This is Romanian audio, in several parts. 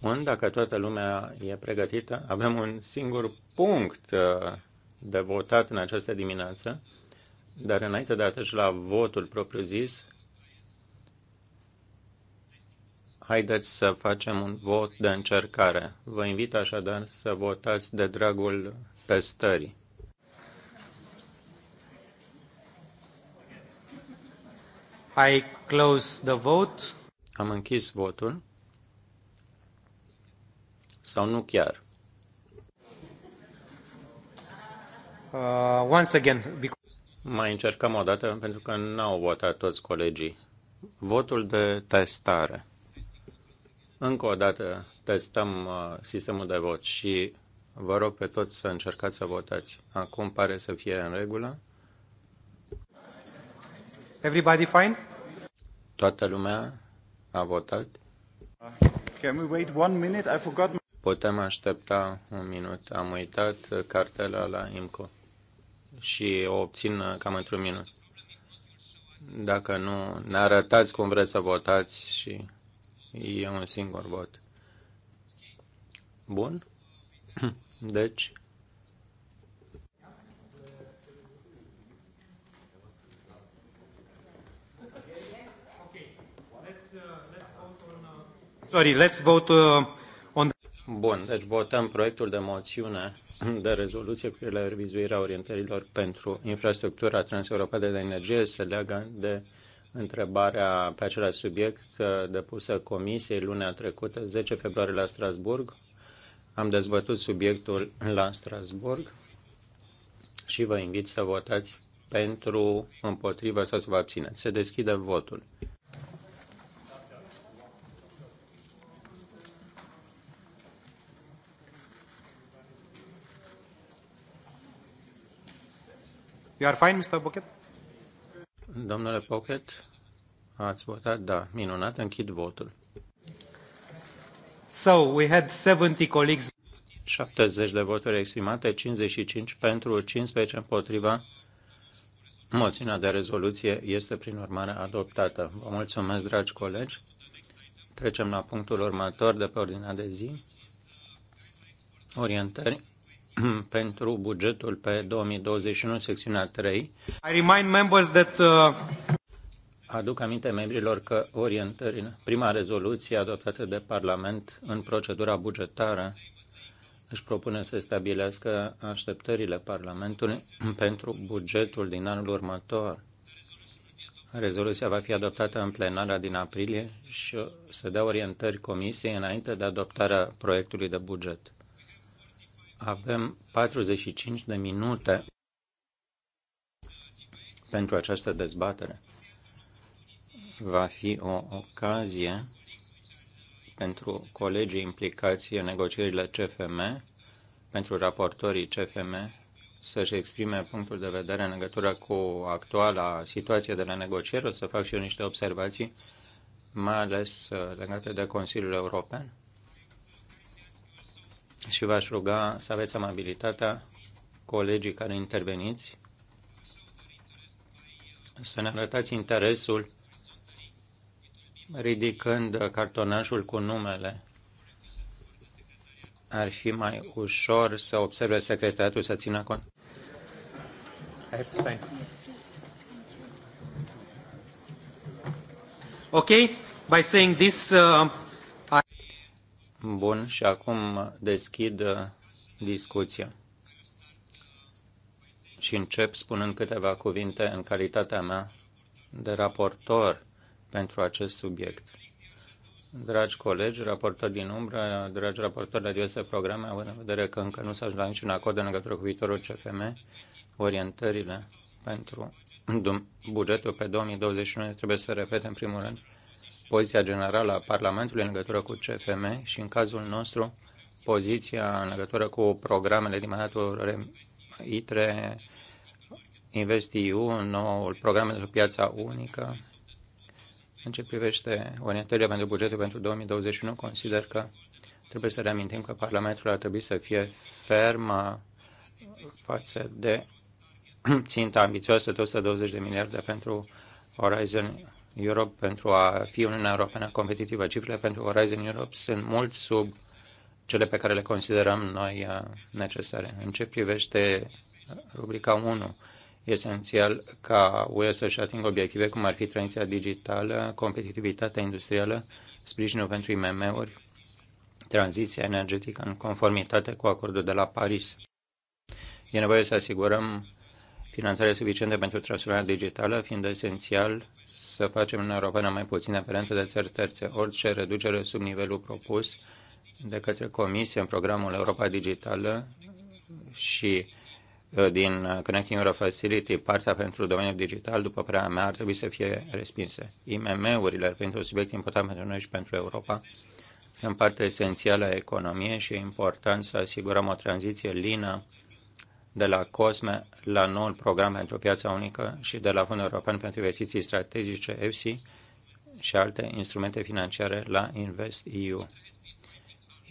Bun, dacă toată lumea e pregătită, avem un singur punct uh, de votat în această dimineață, dar înainte de a la votul propriu-zis, haideți să facem un vot de încercare. Vă invit așadar să votați de dragul testării. I close the vote. Am închis votul sau nu chiar. Uh, once again, because... Mai încercăm o dată pentru că n-au votat toți colegii. Votul de testare. Încă o dată testăm uh, sistemul de vot și vă rog pe toți să încercați să votați. Acum pare să fie în regulă. Everybody fine? Toată lumea a votat. Can we wait one minute? I forgot Putem aștepta un minut. Am uitat cartela la IMCO și o obțin cam într-un minut. Dacă nu, ne arătați cum vreți să votați și e un singur vot. Bun? Deci... Sorry, let's vote uh, Bun, deci votăm proiectul de moțiune de rezoluție cu privire la revizuirea orientărilor pentru infrastructura transeuropeană de energie se leagă de întrebarea pe același subiect uh, depusă Comisiei lunea trecută, 10 februarie la Strasburg. Am dezbătut subiectul la Strasburg și vă invit să votați pentru, împotrivă sau să vă abțineți. Se deschide votul. You are fine, Mr. Pocket? Domnule Pocket, ați votat da. Minunat, închid votul. So, we had 70 colleagues. 70 de voturi exprimate, 55 pentru, 15 împotriva. Moțiunea de rezoluție este, prin urmare, adoptată. Vă mulțumesc, dragi colegi. Trecem la punctul următor de pe ordinea de zi. Orientări pentru bugetul pe 2021, secțiunea 3. I remind members that, uh... Aduc aminte membrilor că orientările, prima rezoluție adoptată de Parlament în procedura bugetară își propune să stabilească așteptările Parlamentului pentru bugetul din anul următor. Rezoluția va fi adoptată în plenara din aprilie și să dea orientări comisiei înainte de adoptarea proiectului de buget. Avem 45 de minute pentru această dezbatere. Va fi o ocazie pentru colegii implicați în negocierile CFM, pentru raportorii CFM, să-și exprime punctul de vedere în legătură cu actuala situație de la negocieri. O să fac și eu niște observații, mai ales uh, legate de Consiliul European și v-aș ruga să aveți amabilitatea colegii care interveniți să ne arătați interesul ridicând cartonașul cu numele. Ar fi mai ușor să observe secretatul să țină cont. Ok, Okay, by saying this, uh, Bun, și acum deschid uh, discuția. Și încep spunând câteva cuvinte în calitatea mea de raportor pentru acest subiect. Dragi colegi, raportori din umbră, dragi raportori de diverse programe, având în vedere că încă nu s-a ajuns la niciun acord în legătură cu viitorul CFM, orientările pentru bugetul pe 2021 trebuie să repete în primul rând poziția generală a Parlamentului în legătură cu CFM și, în cazul nostru, poziția în legătură cu programele din mandatul ITRE, InvestEU, noul program pentru piața unică. În ce privește orientările pentru bugetul pentru 2021, consider că trebuie să reamintim că Parlamentul ar trebui să fie ferm față de ținta ambițioasă de 120 de miliarde pentru Horizon Europe pentru a fi Uniunea Europeană competitivă. Cifrele pentru Horizon Europe sunt mult sub cele pe care le considerăm noi uh, necesare. În ce privește rubrica 1, esențial ca UE să-și atingă obiective cum ar fi tranziția digitală, competitivitatea industrială, sprijinul pentru IMM-uri, tranziția energetică în conformitate cu acordul de la Paris. E nevoie să asigurăm finanțare suficientă pentru transformarea digitală, fiind esențial să facem în Europa mai puțin aferentă de țări terțe. Orice reducere sub nivelul propus de către Comisie în programul Europa Digitală și uh, din Connecting Europe Facility, partea pentru domeniul digital, după părerea mea, ar trebui să fie respinsă. IMM-urile, pentru un subiect important pentru noi și pentru Europa, sunt parte esențială a economiei și e important să asigurăm o tranziție lină de la COSME la noul program pentru piața unică și de la Fondul European pentru Investiții Strategice, EFSI, și alte instrumente financiare la InvestEU.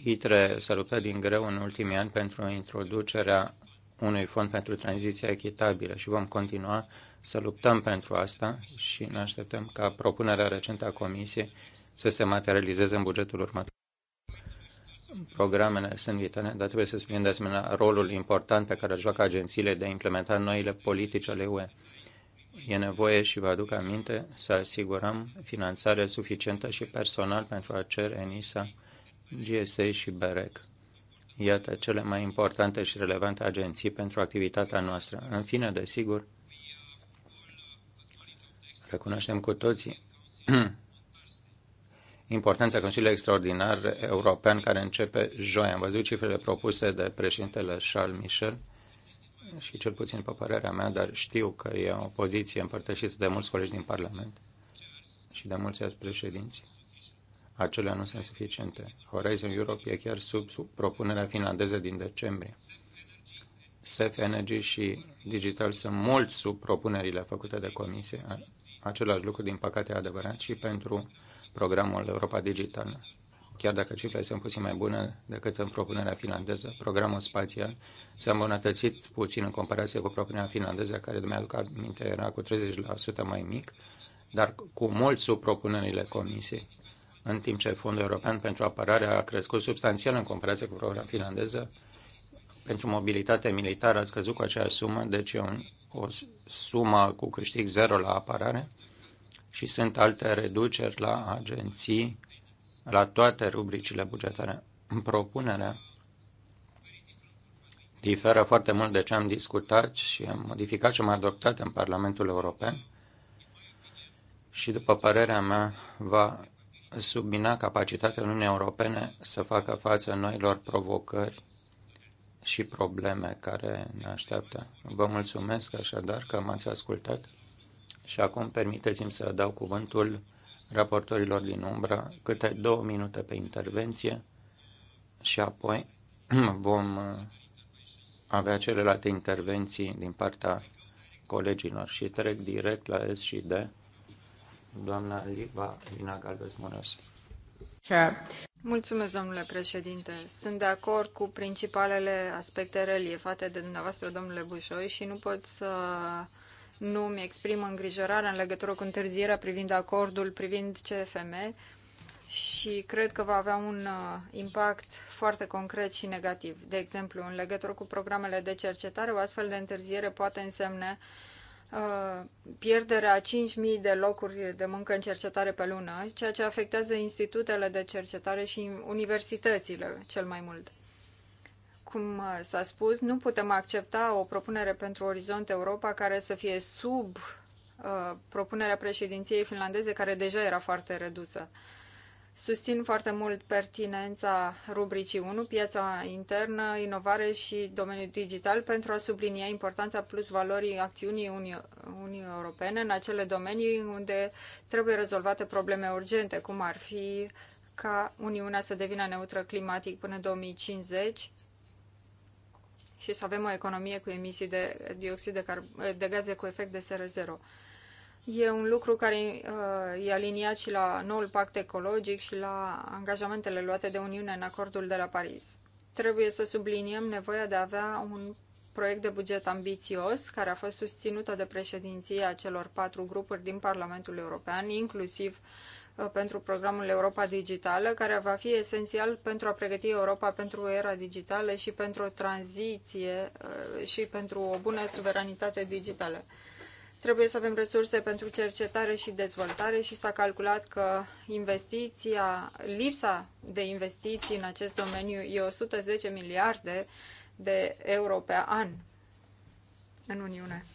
ITRE s-a luptat din greu în ultimii ani pentru introducerea unui fond pentru tranziția echitabilă și vom continua să luptăm pentru asta și ne așteptăm ca propunerea recentă a Comisiei să se materializeze în bugetul următor programele sunt vitale, dar trebuie să spunem de asemenea rolul important pe care îl joacă agențiile de a implementa noile politici ale UE. E nevoie și vă aduc aminte să asigurăm finanțare suficientă și personal pentru a cere ENISA, GSA și BEREC. Iată cele mai importante și relevante agenții pentru activitatea noastră. În fine, desigur, recunoaștem cu toții importanța Consiliului Extraordinar European care începe joi. Am văzut cifrele propuse de președintele Charles Michel și cel puțin pe părerea mea, dar știu că e o poziție împărtășită de mulți colegi din Parlament și de mulți alți președinți. Acelea nu sunt suficiente. Horizon Europe e chiar sub, sub propunerea finlandeză din decembrie. Safe Energy și Digital sunt mult sub propunerile făcute de comisie. Același lucru, din păcate, e adevărat și pentru programul Europa Digitală. Chiar dacă cifrele sunt puțin mai bune decât în propunerea finlandeză, programul spațial s-a îmbunătățit puțin în comparație cu propunerea finlandeză, care, mi-aduc aminte, era cu 30% mai mic, dar cu mult sub propunerile Comisiei în timp ce Fondul European pentru Apărare a crescut substanțial în comparație cu programul finlandeză. Pentru mobilitate militară a scăzut cu aceeași sumă, deci e un, o sumă cu câștig zero la apărare și sunt alte reduceri la agenții, la toate rubricile bugetare. Propunerea diferă foarte mult de ce am discutat și am modificat și am adoptat în Parlamentul European și, după părerea mea, va submina capacitatea Uniunii Europene să facă față noilor provocări și probleme care ne așteaptă. Vă mulțumesc așadar că m-ați ascultat și acum permiteți-mi să dau cuvântul raportorilor din umbră, câte două minute pe intervenție și apoi vom uh, avea celelalte intervenții din partea colegilor și trec direct la S și D. Doamna Liva Lina Galvez -Munos. Mulțumesc, domnule președinte. Sunt de acord cu principalele aspecte reliefate de dumneavoastră, domnule Bușoi, și nu pot să uh, nu mi exprim îngrijorarea în legătură cu întârzierea privind acordul, privind CFM și cred că va avea un uh, impact foarte concret și negativ. De exemplu, în legătură cu programele de cercetare, o astfel de întârziere poate însemne uh, pierderea 5.000 de locuri de muncă în cercetare pe lună, ceea ce afectează institutele de cercetare și universitățile cel mai mult cum uh, s-a spus, nu putem accepta o propunere pentru Orizont Europa care să fie sub uh, propunerea președinției finlandeze, care deja era foarte redusă. Susțin foarte mult pertinența rubricii 1, piața internă, inovare și domeniul digital, pentru a sublinia importanța plus valorii acțiunii Uniunii Europene în acele domenii unde trebuie rezolvate probleme urgente, cum ar fi ca Uniunea să devină neutră climatic până 2050, și să avem o economie cu emisii de dioxid de, car- de gaze cu efect de seră zero. E un lucru care uh, e aliniat și la noul pact ecologic și la angajamentele luate de Uniune în acordul de la Paris. Trebuie să subliniem nevoia de a avea un proiect de buget ambițios, care a fost susținută de președinția celor patru grupuri din Parlamentul European, inclusiv uh, Uh, pentru programul Europa Digitală, care va fi esențial pentru a pregăti Europa pentru era digitală și pentru o tranziție uh, și pentru o bună suveranitate digitală. Trebuie să avem resurse pentru cercetare și dezvoltare și s-a calculat că investiția, lipsa de investiții în acest domeniu e 110 miliarde de euro pe an în Uniune.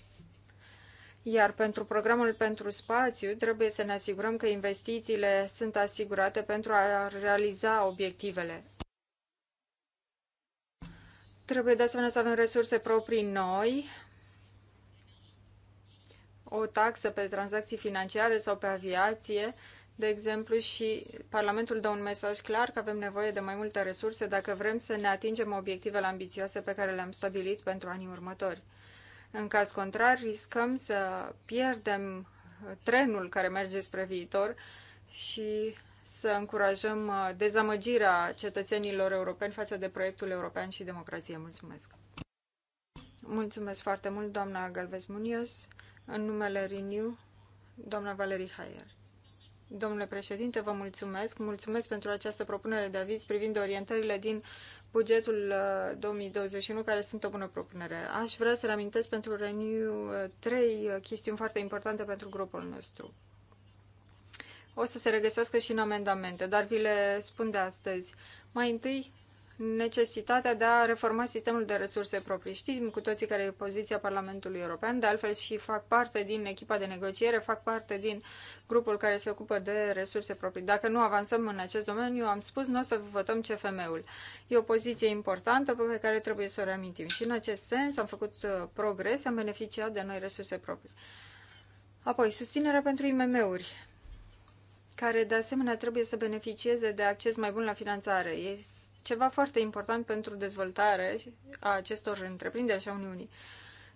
Iar pentru programul pentru spațiu trebuie să ne asigurăm că investițiile sunt asigurate pentru a realiza obiectivele. Trebuie de asemenea să avem resurse proprii noi, o taxă pe tranzacții financiare sau pe aviație, de exemplu, și Parlamentul dă un mesaj clar că avem nevoie de mai multe resurse dacă vrem să ne atingem obiectivele ambițioase pe care le-am stabilit pentru anii următori. În caz contrar, riscăm să pierdem trenul care merge spre viitor și să încurajăm uh, dezamăgirea cetățenilor europeni față de proiectul european și democrație. Mulțumesc! Mulțumesc foarte mult, doamna Galvez Munios, În numele Renew, doamna Valerie Hayer. Domnule președinte, vă mulțumesc. Mulțumesc pentru această propunere de aviz privind orientările din bugetul 2021, uh, care sunt o bună propunere. Aș vrea să reamintesc pentru Renew uh, trei uh, chestiuni foarte importante pentru grupul nostru. O să se regăsească și în amendamente, dar vi le spun de astăzi. Mai întâi, necesitatea de a reforma sistemul de resurse proprii. Știm cu toții care e poziția Parlamentului European, de altfel și fac parte din echipa de negociere, fac parte din grupul care se ocupă de resurse proprii. Dacă nu avansăm în acest domeniu, am spus, nu o să votăm CFM-ul. E o poziție importantă pe care trebuie să o reamintim. Și în acest sens am făcut uh, progres, am beneficiat de noi resurse proprii. Apoi, susținerea pentru IMM-uri care de asemenea trebuie să beneficieze de acces mai bun la finanțare. Ei ceva foarte important pentru dezvoltare a acestor întreprinderi și a Uniunii.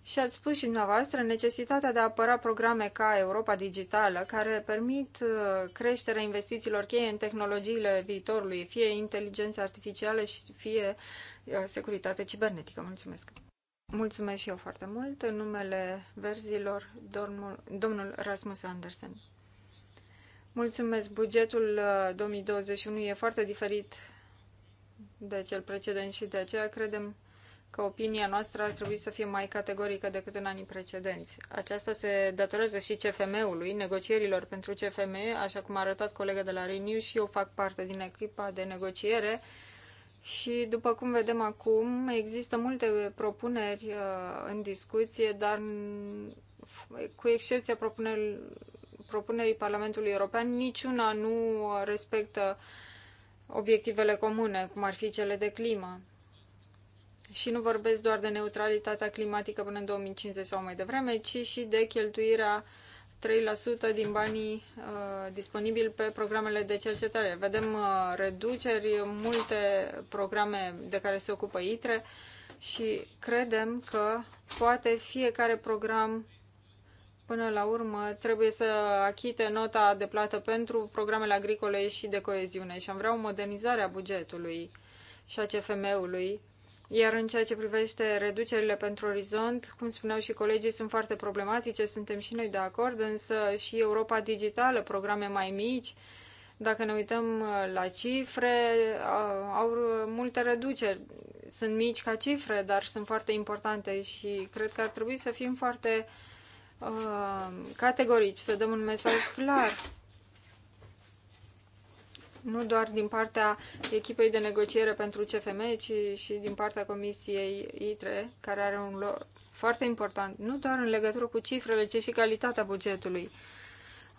Și ați spus și dumneavoastră necesitatea de a apăra programe ca Europa Digitală, care permit uh, creșterea investițiilor cheie în tehnologiile viitorului, fie inteligența artificială și fie uh, securitate cibernetică. Mulțumesc! Mulțumesc și eu foarte mult. În numele verzilor, domnul, domnul Rasmus Andersen. Mulțumesc. Bugetul 2021 uh, e foarte diferit de cel precedent și de aceea credem că opinia noastră ar trebui să fie mai categorică decât în anii precedenți. Aceasta se datorează și CFM-ului, negocierilor pentru CFM, așa cum a arătat colega de la Renew și eu fac parte din echipa de negociere și după cum vedem acum, există multe propuneri uh, în discuție, dar cu excepția propunerii Parlamentului European, niciuna nu respectă uh, obiectivele comune, cum ar fi cele de climă. Și nu vorbesc doar de neutralitatea climatică până în 2050 sau mai devreme, ci și de cheltuirea 3% din banii uh, disponibili pe programele de cercetare. Vedem uh, reduceri, multe programe de care se ocupă ITRE și credem că poate fiecare program până la urmă trebuie să achite nota de plată pentru programele agricole și de coeziune și am vrea o modernizare a bugetului și a CFM-ului. Iar în ceea ce privește reducerile pentru orizont, cum spuneau și colegii, sunt foarte problematice, suntem și noi de acord, însă și Europa Digitală, programe mai mici, dacă ne uităm uh, la cifre, uh, au uh, multe reduceri. Sunt mici ca cifre, dar sunt foarte importante și cred că ar trebui să fim foarte uh, Uh, categorici, să dăm un mesaj clar. Nu doar din partea echipei de negociere pentru CFM, ci și din partea Comisiei ITRE, care are un loc foarte important, nu doar în legătură cu cifrele, ci și calitatea bugetului.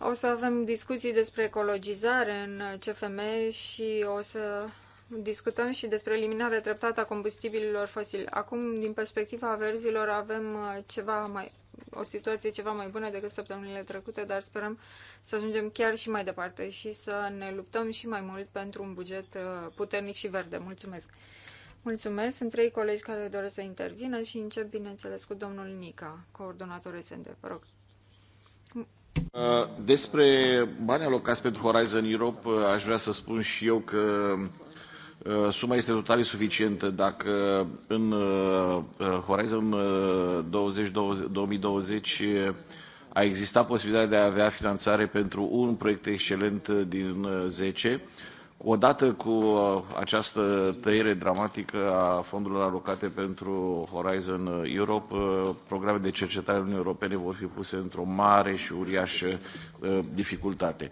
O să avem discuții despre ecologizare în CFM și o să discutăm și despre eliminarea treptată a combustibililor fosili. Acum, din perspectiva verzilor, avem uh, ceva mai o situație ceva mai bună decât săptămânile trecute, dar sperăm să ajungem chiar și mai departe și să ne luptăm și mai mult pentru un buget uh, puternic și verde. Mulțumesc! Mulțumesc! Sunt trei colegi care doresc să intervină și încep, bineînțeles, cu domnul Nica, coordonator SND. Vă rog! Uh, despre banii alocați pentru Horizon Europe, uh, aș vrea să spun și eu că Uh, suma este total suficientă dacă în uh, uh, Horizon 2020, 2020 a existat posibilitatea de a avea finanțare pentru un proiect excelent din 10. Odată cu această tăiere dramatică a fondurilor alocate pentru Horizon Europe, programe de cercetare în Uniunii Europene vor fi puse într-o mare și uriașă dificultate.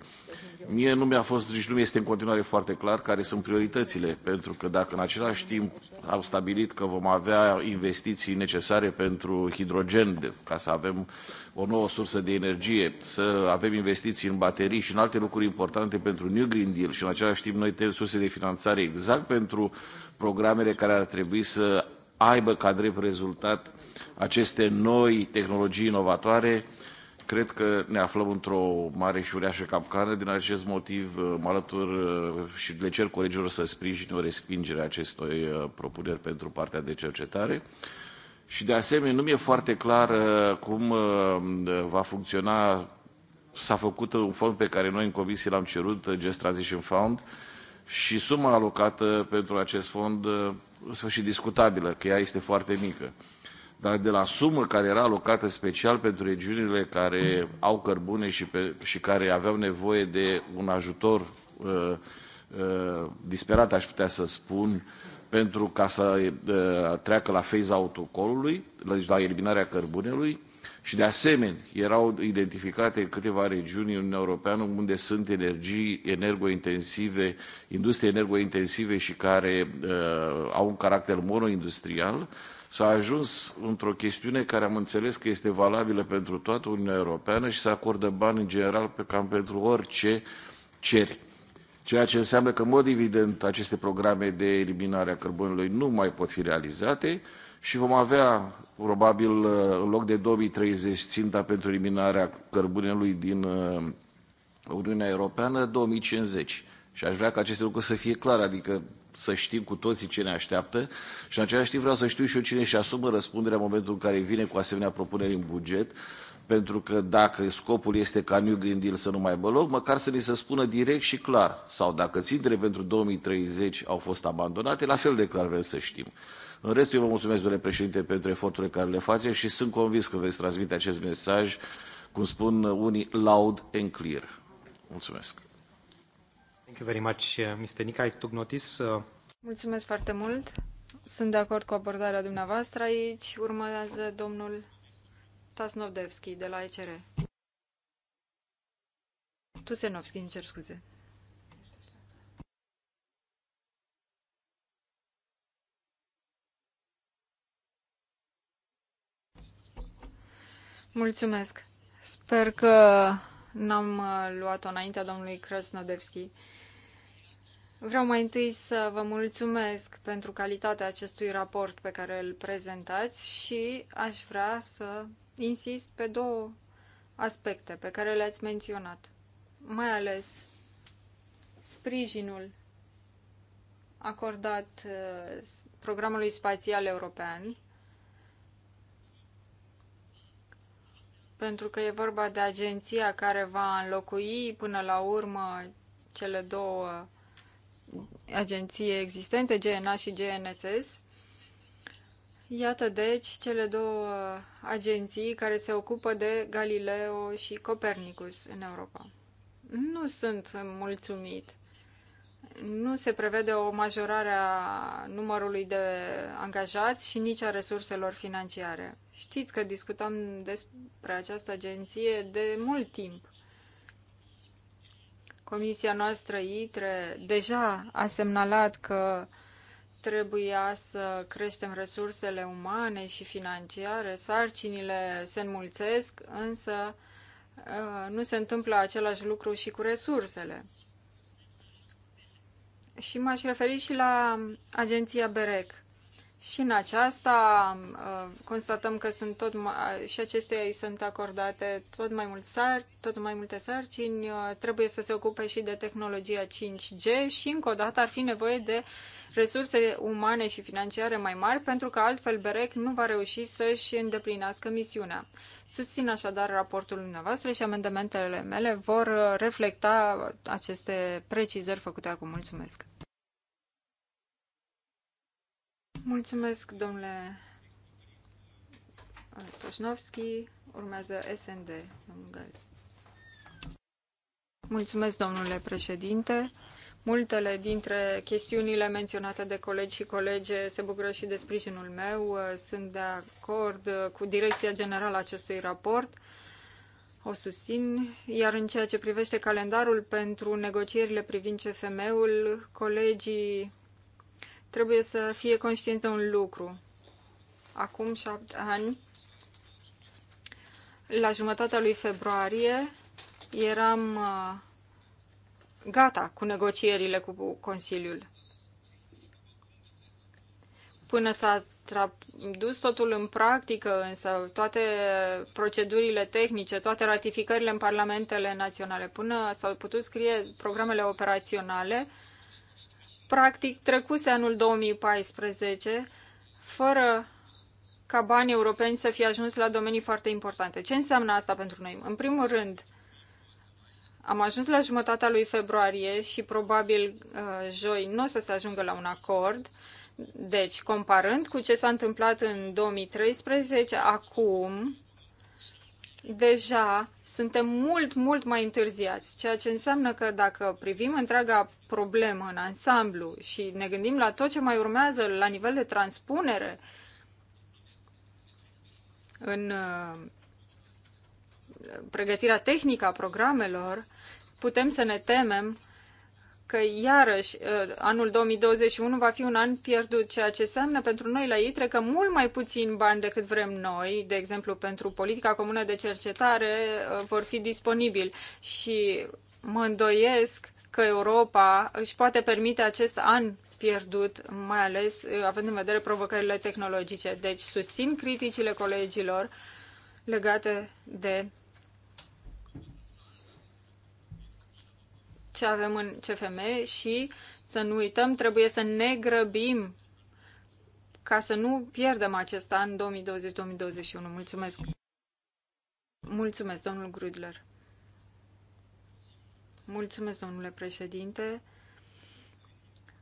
Mie nu mi-a fost, nici nu mi este în continuare foarte clar care sunt prioritățile, pentru că dacă în același timp am stabilit că vom avea investiții necesare pentru hidrogen, ca să avem o nouă sursă de energie, să avem investiții în baterii și în alte lucruri importante pentru New Green Deal și în același timp noi tăiem surse de finanțare exact pentru programele care ar trebui să aibă ca drept rezultat aceste noi tehnologii inovatoare, Cred că ne aflăm într-o mare și uriașă capcană. Din acest motiv uh, mă alătur uh, și le cer colegilor să sprijine o respingere a acestor uh, propuneri pentru partea de cercetare. Și de asemenea, nu mi-e foarte clar cum va funcționa, s-a făcut un fond pe care noi în comisie l-am cerut, Just Transition Fund, și suma alocată pentru acest fond, în sfârșit discutabilă, că ea este foarte mică dar de la sumă care era alocată special pentru regiunile care au cărbune și, pe, și care aveau nevoie de un ajutor uh, uh, disperat, aș putea să spun, pentru ca să uh, treacă la faza autocolului, la, deci la eliminarea cărbunelui, și de asemenea, erau identificate câteva regiuni în Uniunea Europeană unde sunt energii energointensive, industrie energointensive și care uh, au un caracter monoindustrial, s-a ajuns într-o chestiune care am înțeles că este valabilă pentru toată Uniunea Europeană și se acordă bani în general pe cam pentru orice ceri. Ceea ce înseamnă că, în mod evident, aceste programe de eliminare a cărbunelui nu mai pot fi realizate și vom avea, probabil, în loc de 2030, ținta pentru eliminarea cărbunelui din uh, Uniunea Europeană, 2050. Și aș vrea ca aceste lucruri să fie clare, adică să știm cu toții ce ne așteaptă și în același timp vreau să știu și eu cine și asumă răspunderea în momentul în care vine cu asemenea propuneri în buget, pentru că dacă scopul este ca New Green Deal să nu mai băloc, măcar să ni se spună direct și clar, sau dacă țintele pentru 2030 au fost abandonate, la fel de clar vrem să știm. În rest, eu vă mulțumesc, domnule președinte, pentru eforturile care le face și sunt convins că veți transmite acest mesaj, cum spun unii, loud and clear. Mulțumesc you very much, uh, Mr. I took notice. Uh, Mulțumesc foarte mult. Sunt de acord cu abordarea dumneavoastră aici. Urmează domnul Tasnovdevski de la ECR. Tusenovski, îmi cer scuze. Mulțumesc. Sper că n-am uh, luat-o înaintea domnului Krasnodevski. Vreau mai întâi să vă mulțumesc pentru calitatea acestui raport pe care îl prezentați și aș vrea să insist pe două aspecte pe care le-ați menționat, mai ales sprijinul acordat uh, programului spațial european, pentru că e vorba de agenția care va înlocui până la urmă cele două agenții existente, GNA și GNSS. Iată deci cele două agenții care se ocupă de Galileo și Copernicus în Europa. Nu sunt mulțumit. Nu se prevede o majorare a numărului de angajați și nici a resurselor financiare. Știți că discutam despre această agenție de mult timp. Comisia noastră ITRE deja a semnalat că trebuia să creștem resursele umane și financiare, sarcinile se înmulțesc, însă uh, nu se întâmplă același lucru și cu resursele. Și m-aș referi și la agenția BEREC. Și în aceasta uh, constatăm că sunt tot mai, și acestea îi sunt acordate tot mai, mult sar, tot mai multe sarcini, uh, trebuie să se ocupe și de tehnologia 5G și încă o dată ar fi nevoie de resurse umane și financiare mai mari pentru că altfel BEREC nu va reuși să-și îndeplinească misiunea. Susțin așadar raportul dumneavoastră și amendamentele mele vor uh, reflecta aceste precizări făcute acum. Mulțumesc! Mulțumesc, domnule Toșnovski. Urmează SND, domnul Gal. Mulțumesc, domnule președinte. Multele dintre chestiunile menționate de colegi și colege se bucură și de sprijinul meu. Sunt de acord cu direcția generală a acestui raport. O susțin. Iar în ceea ce privește calendarul pentru negocierile privind CFM-ul, colegii trebuie să fie conștienți de un lucru. Acum șapte ani, la jumătatea lui februarie, eram uh, gata cu negocierile cu Consiliul. Până s-a dus totul în practică, însă toate procedurile tehnice, toate ratificările în parlamentele naționale, până s-au putut scrie programele operaționale, uh, practic trecuse anul 2014 fără ca banii europeni să fie ajuns la domenii foarte importante. Ce înseamnă asta pentru noi? În primul rând, am ajuns la jumătatea lui februarie și probabil uh, joi nu o să se ajungă la un acord. Deci, comparând cu ce s-a întâmplat în 2013, acum deja suntem mult, mult mai întârziați, ceea ce înseamnă că dacă privim întreaga problemă în ansamblu și ne gândim la tot ce mai urmează la nivel de transpunere în uh, pregătirea tehnică a programelor, putem să ne temem că iarăși uh, anul 2021 va fi un an pierdut, ceea ce înseamnă pentru noi la ITRE că mult mai puțin bani decât vrem noi, de exemplu pentru politica comună de cercetare, uh, vor fi disponibili. Și mă îndoiesc că Europa își poate permite acest an pierdut, mai ales uh, având în vedere provocările tehnologice. Deci susțin criticile colegilor legate de ce avem în CFM și să nu uităm, trebuie să ne grăbim ca să nu pierdem acest an 2020-2021. Mulțumesc! Mulțumesc, domnul Grudler! Mulțumesc, domnule președinte!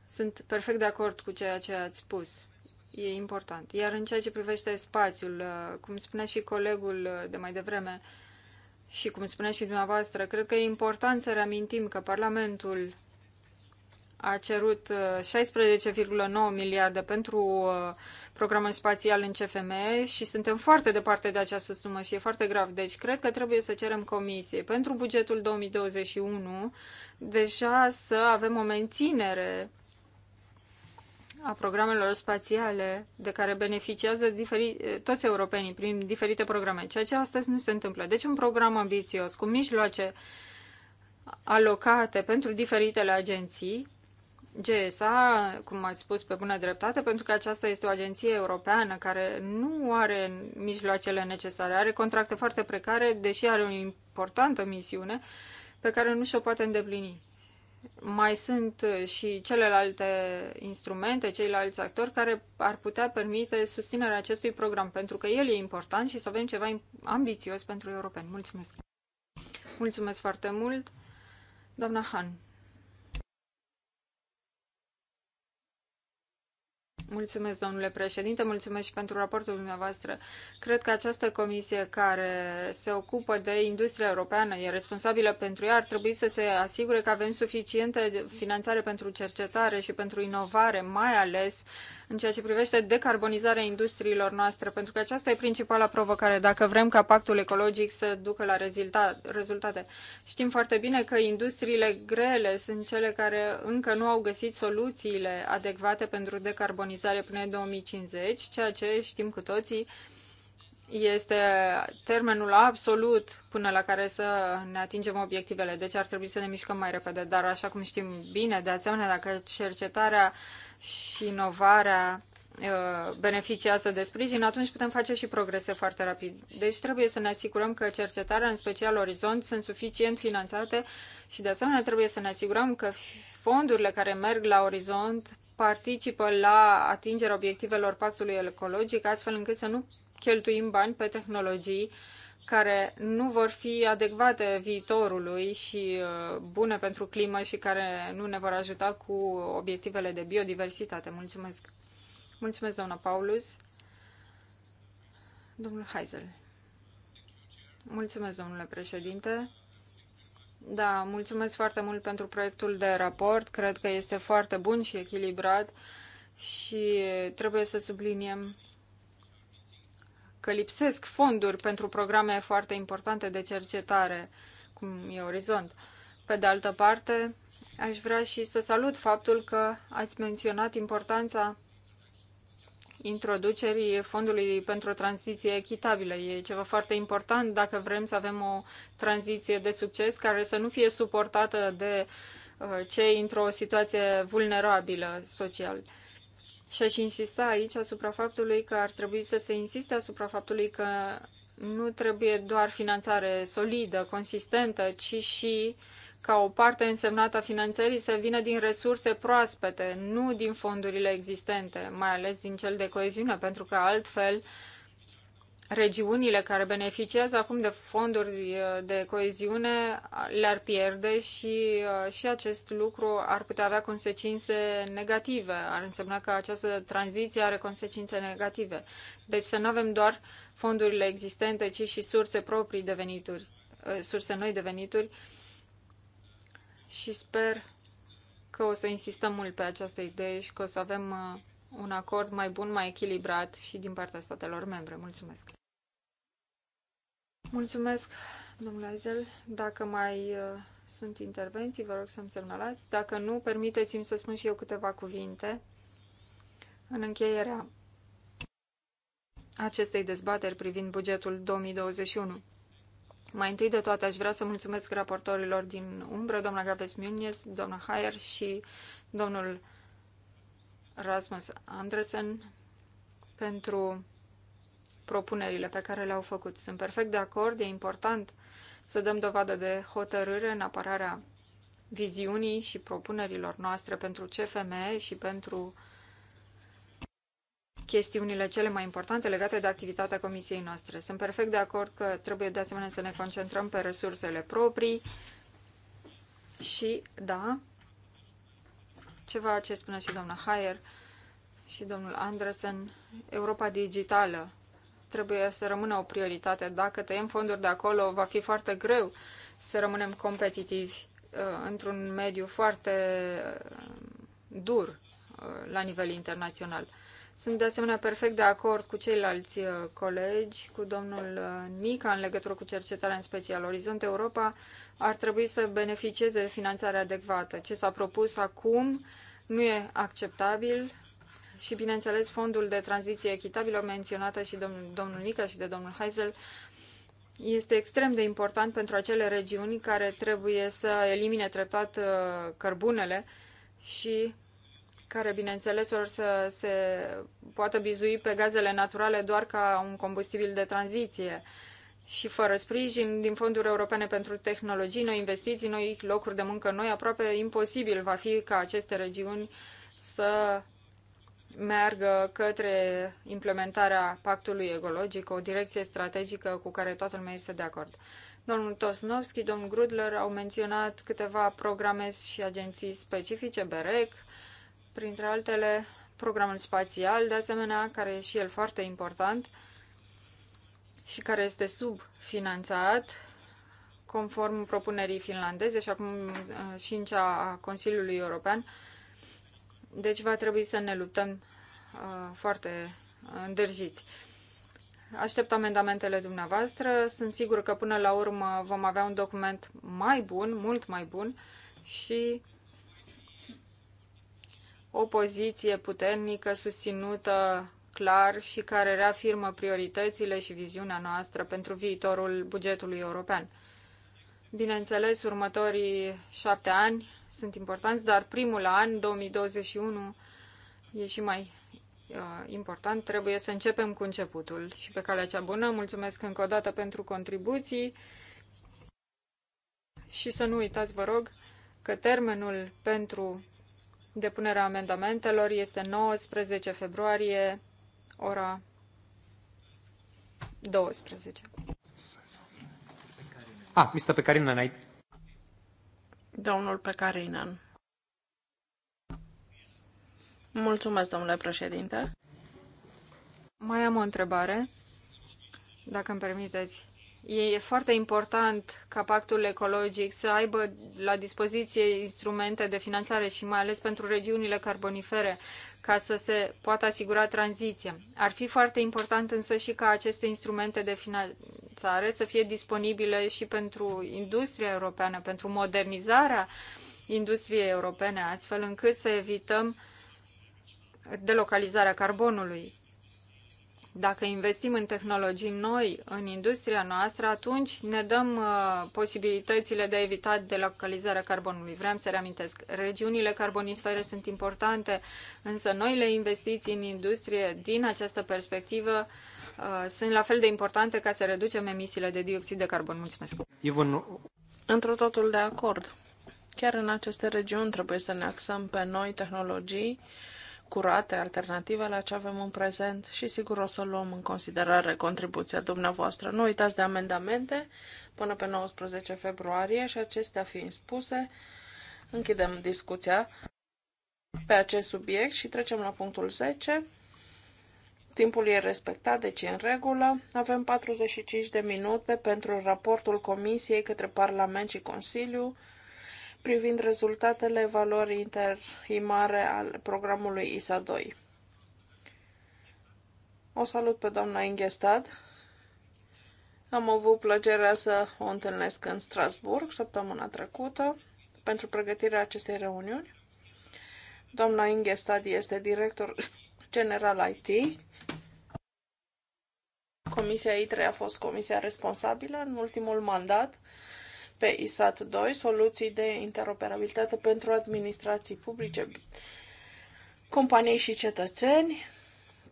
Sunt perfect de acord cu ceea ce ați spus. E important. Iar în ceea ce privește spațiul, uh, cum spunea și colegul uh, de mai devreme, uh, și cum spuneți și dumneavoastră, cred că e important să reamintim că Parlamentul a cerut 16,9 uh, miliarde pentru uh, programul spațial în CFM și suntem foarte departe de această sumă și e foarte grav. Deci cred că trebuie să cerem comisiei pentru bugetul 2021 deja să avem o menținere a programelor spațiale de care beneficiază diferi, toți europenii prin diferite programe, ceea ce astăzi nu se întâmplă. Deci un program ambițios cu mijloace alocate pentru diferitele agenții, GSA, cum ați spus pe bună dreptate, pentru că aceasta este o agenție europeană care nu are mijloacele necesare, are contracte foarte precare, deși are o importantă misiune pe care nu și-o poate îndeplini mai sunt și celelalte instrumente, ceilalți actori care ar putea permite susținerea acestui program, pentru că el e important și să avem ceva ambițios pentru europeni. Mulțumesc! Mulțumesc foarte mult, doamna Han! Mulțumesc, domnule președinte, mulțumesc și pentru raportul dumneavoastră. Cred că această comisie care se ocupă de industria europeană, e responsabilă pentru ea, ar trebui să se asigure că avem suficientă finanțare pentru cercetare și pentru inovare, mai ales în ceea ce privește decarbonizarea industriilor noastre, pentru că aceasta e principala provocare, dacă vrem ca pactul ecologic să ducă la rezultate. Știm foarte bine că industriile grele sunt cele care încă nu au găsit soluțiile adecvate pentru decarbonizare decarbonizare până în 2050, ceea ce știm cu toții este termenul absolut până la care să ne atingem obiectivele, deci ar trebui să ne mișcăm mai repede, dar așa cum știm bine, de asemenea, dacă cercetarea și inovarea uh, beneficiază de sprijin, atunci putem face și progrese foarte rapid. Deci trebuie să ne asigurăm că cercetarea, în special Orizont, sunt suficient finanțate și de asemenea trebuie să ne asigurăm că fondurile care merg la Orizont participă la atingerea obiectivelor pactului ecologic, astfel încât să nu cheltuim bani pe tehnologii care nu vor fi adecvate viitorului și uh, bune pentru climă și care nu ne vor ajuta cu obiectivele de biodiversitate. Mulțumesc! Mulțumesc, doamna Paulus. Domnul Heisel. Mulțumesc, domnule președinte. Da, mulțumesc foarte mult pentru proiectul de raport. Cred că este foarte bun și echilibrat și trebuie să subliniem că lipsesc fonduri pentru programe foarte importante de cercetare, cum e Orizont. Pe de altă parte, aș vrea și să salut faptul că ați menționat importanța introducerii Fondului pentru o tranziție echitabilă. E ceva foarte important dacă vrem să avem o tranziție de succes care să nu fie suportată de uh, cei într-o situație vulnerabilă social. Și aș insista aici asupra faptului că ar trebui să se insiste asupra faptului că nu trebuie doar finanțare solidă, consistentă, ci și uh, ca o parte însemnată a finanțării să vină din resurse proaspete, nu din fondurile existente, mai ales din cel de coeziune, pentru că altfel regiunile care beneficiază acum de fonduri uh, de coeziune uh, le-ar pierde și, uh, și acest lucru ar putea avea consecințe negative. Ar însemna că această tranziție are consecințe negative. Deci să nu avem doar fondurile existente, ci și surse proprii de venituri, surse noi de venituri și sper că o să insistăm mult pe această idee și că o să avem uh, un acord mai bun, mai echilibrat și din partea statelor membre. Mulțumesc! Mulțumesc, domnule Aizel. Dacă mai uh, sunt intervenții, vă rog să-mi semnalați. Dacă nu, permiteți-mi să spun și eu câteva cuvinte în încheierea acestei dezbateri privind bugetul 2021. Mai întâi de toate aș vrea să mulțumesc raportorilor din umbră, doamna Gaves Munies, doamna Haier și domnul Rasmus Andresen pentru propunerile pe care le-au făcut. Sunt perfect de acord, e important să dăm dovadă de hotărâre în apărarea viziunii și propunerilor noastre pentru CFM și pentru uh, chestiunile cele mai importante legate de activitatea comisiei noastre. Sunt perfect de acord că trebuie de asemenea să ne concentrăm pe resursele proprii și, da, ceva ce spune și doamna Haier și domnul Andresen, Europa digitală trebuie să rămână o prioritate. Dacă tăiem fonduri de acolo, va fi foarte greu să rămânem competitivi uh, într-un mediu foarte uh, dur uh, la nivel internațional. Sunt de asemenea perfect de acord cu ceilalți uh, colegi, cu domnul uh, Mica, în legătură cu cercetarea în special. Orizont Europa ar trebui să beneficieze de finanțare adecvată. Ce s-a propus acum nu e acceptabil și, bineînțeles, fondul de tranziție echitabilă menționată și de domnul, domnul Nica și de domnul Heisel este extrem de important pentru acele regiuni care trebuie să elimine treptat uh, cărbunele și care, bineînțeles, or să se poată bizui pe gazele naturale doar ca un combustibil de tranziție și fără sprijin din fonduri europene pentru tehnologii, noi investiții, noi locuri de muncă noi, aproape imposibil va fi ca aceste regiuni să meargă către implementarea pactului ecologic, o direcție strategică cu care toată lumea este de acord. Domnul Tosnovski, domnul Grudler au menționat câteva programe și agenții specifice, BEREC, printre altele, programul spațial, de asemenea, care e și el foarte important și care este subfinanțat conform propunerii finlandeze și acum uh, și în cea a Consiliului European. Deci va trebui să ne luptăm uh, foarte îndrăjiți. Aștept amendamentele dumneavoastră. Sunt sigur că până la urmă vom avea un document mai bun, mult mai bun și o poziție puternică, susținută clar și care reafirmă prioritățile și viziunea noastră pentru viitorul bugetului european. Bineînțeles, următorii șapte ani sunt importanți, dar primul an, 2021, e și mai uh, important. Trebuie să începem cu începutul și pe calea cea bună. Mulțumesc încă o dată pentru contribuții și să nu uitați, vă rog, că termenul pentru Depunerea amendamentelor este 19 februarie, ora 12. Ah, Mr. Pecarinan, ai... Domnul Pecarinan. Mulțumesc, domnule președinte. Mai am o întrebare, dacă îmi permiteți. E foarte important ca pactul ecologic să aibă la dispoziție instrumente de finanțare și mai ales pentru regiunile carbonifere, ca să se poată asigura tranziția. Ar fi foarte important însă și ca aceste instrumente de finanțare să fie disponibile și pentru industria europeană, pentru modernizarea industriei europene, astfel încât să evităm delocalizarea carbonului dacă investim în tehnologii noi în industria noastră, atunci ne dăm uh, posibilitățile de a evita delocalizarea carbonului. Vreau să reamintesc, regiunile carbonisfere sunt importante, însă noile investiții în industrie din această perspectivă uh, sunt la fel de importante ca să reducem emisiile de dioxid de carbon. Mulțumesc! Even... Într-o totul de acord. Chiar în aceste regiuni trebuie să ne axăm pe noi tehnologii, uh, curate, alternative la ce avem în prezent și sigur o să luăm în considerare contribuția dumneavoastră. Nu uitați de amendamente până pe 19 februarie și acestea fiind spuse, închidem discuția pe acest subiect și trecem la punctul 10. Timpul e respectat, deci e în regulă. Avem 45 de minute pentru raportul Comisiei către Parlament și Consiliu privind rezultatele evaluării interimare al programului ISA 2. O salut pe doamna Ingestad. Am avut plăcerea să o întâlnesc în Strasburg săptămâna trecută pentru pregătirea acestei reuniuni. Doamna Ingestad este director general IT. Comisia ITRE a fost comisia responsabilă în ultimul mandat pe ISAT 2, soluții de interoperabilitate pentru administrații publice, companii și cetățeni.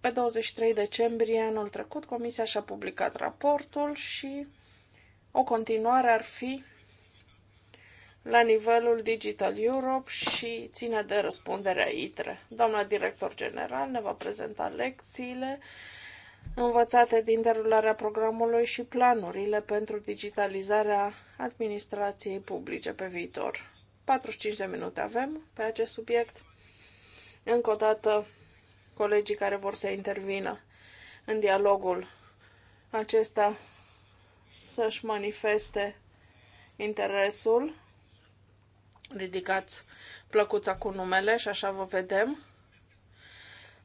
Pe 23 decembrie anul trecut, Comisia și-a publicat raportul și o continuare ar fi la nivelul Digital Europe și ține de răspunderea ITRE. Doamna director general ne va prezenta lecțiile învățate din derularea programului și planurile pentru digitalizarea administrației publice pe viitor. 45 de minute avem pe acest subiect. Încă o dată, colegii care vor să intervină în dialogul acesta să-și manifeste interesul. Ridicați plăcuța cu numele și așa vă vedem.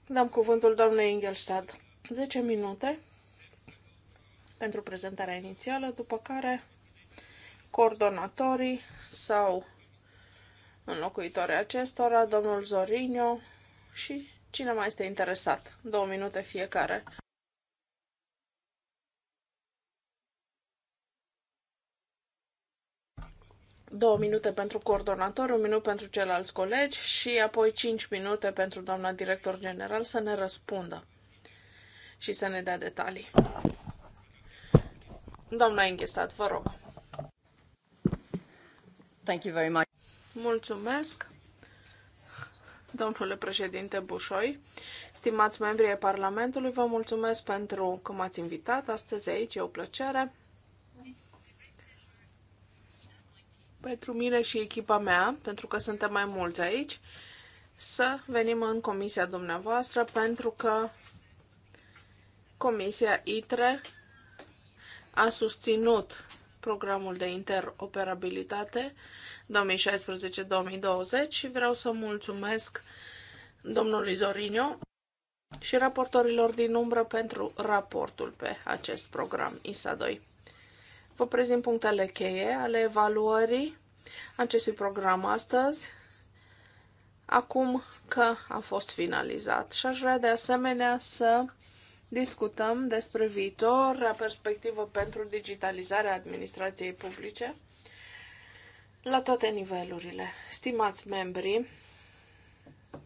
Dăm cuvântul doamnei Ingelstad. 10 minute pentru prezentarea inițială, după care coordonatorii sau înlocuitoarea acestora, domnul Zorinio și cine mai este interesat. Două minute fiecare. două minute pentru coordonator, un minut pentru ceilalți colegi și apoi cinci minute pentru doamna director general să ne răspundă și să ne dea detalii. Doamna Inghesat, vă rog. Thank you very much. Mulțumesc, domnule președinte Bușoi. Stimați membri ai Parlamentului, vă mulțumesc pentru că m-ați invitat astăzi aici, e o plăcere. Pentru mine și echipa mea, pentru că suntem mai mulți aici, să venim în comisia dumneavoastră pentru că Comisia ITRE a susținut programul de interoperabilitate 2016-2020 și vreau să mulțumesc domnului Zorinio și raportorilor din umbră pentru raportul pe acest program ISA 2. Vă prezint punctele cheie ale evaluării acestui program astăzi, acum că a fost finalizat. Și aș vrea de asemenea să discutăm despre viitor, perspectivă pentru digitalizarea administrației publice la toate nivelurile. Stimați membri,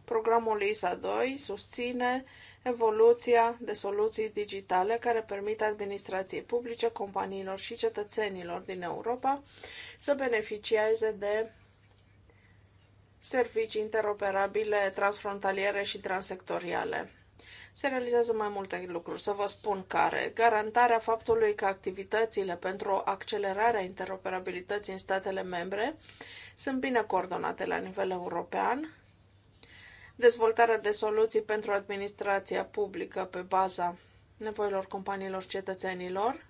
programul ISA 2 susține evoluția de soluții digitale care permit administrației publice, companiilor și cetățenilor din Europa să beneficieze de servicii interoperabile, transfrontaliere și transsectoriale se realizează mai multe lucruri. Să vă spun care. Garantarea faptului că activitățile pentru accelerarea interoperabilității în statele membre sunt bine coordonate la nivel european, dezvoltarea de soluții pentru administrația publică pe baza nevoilor companiilor cetățenilor,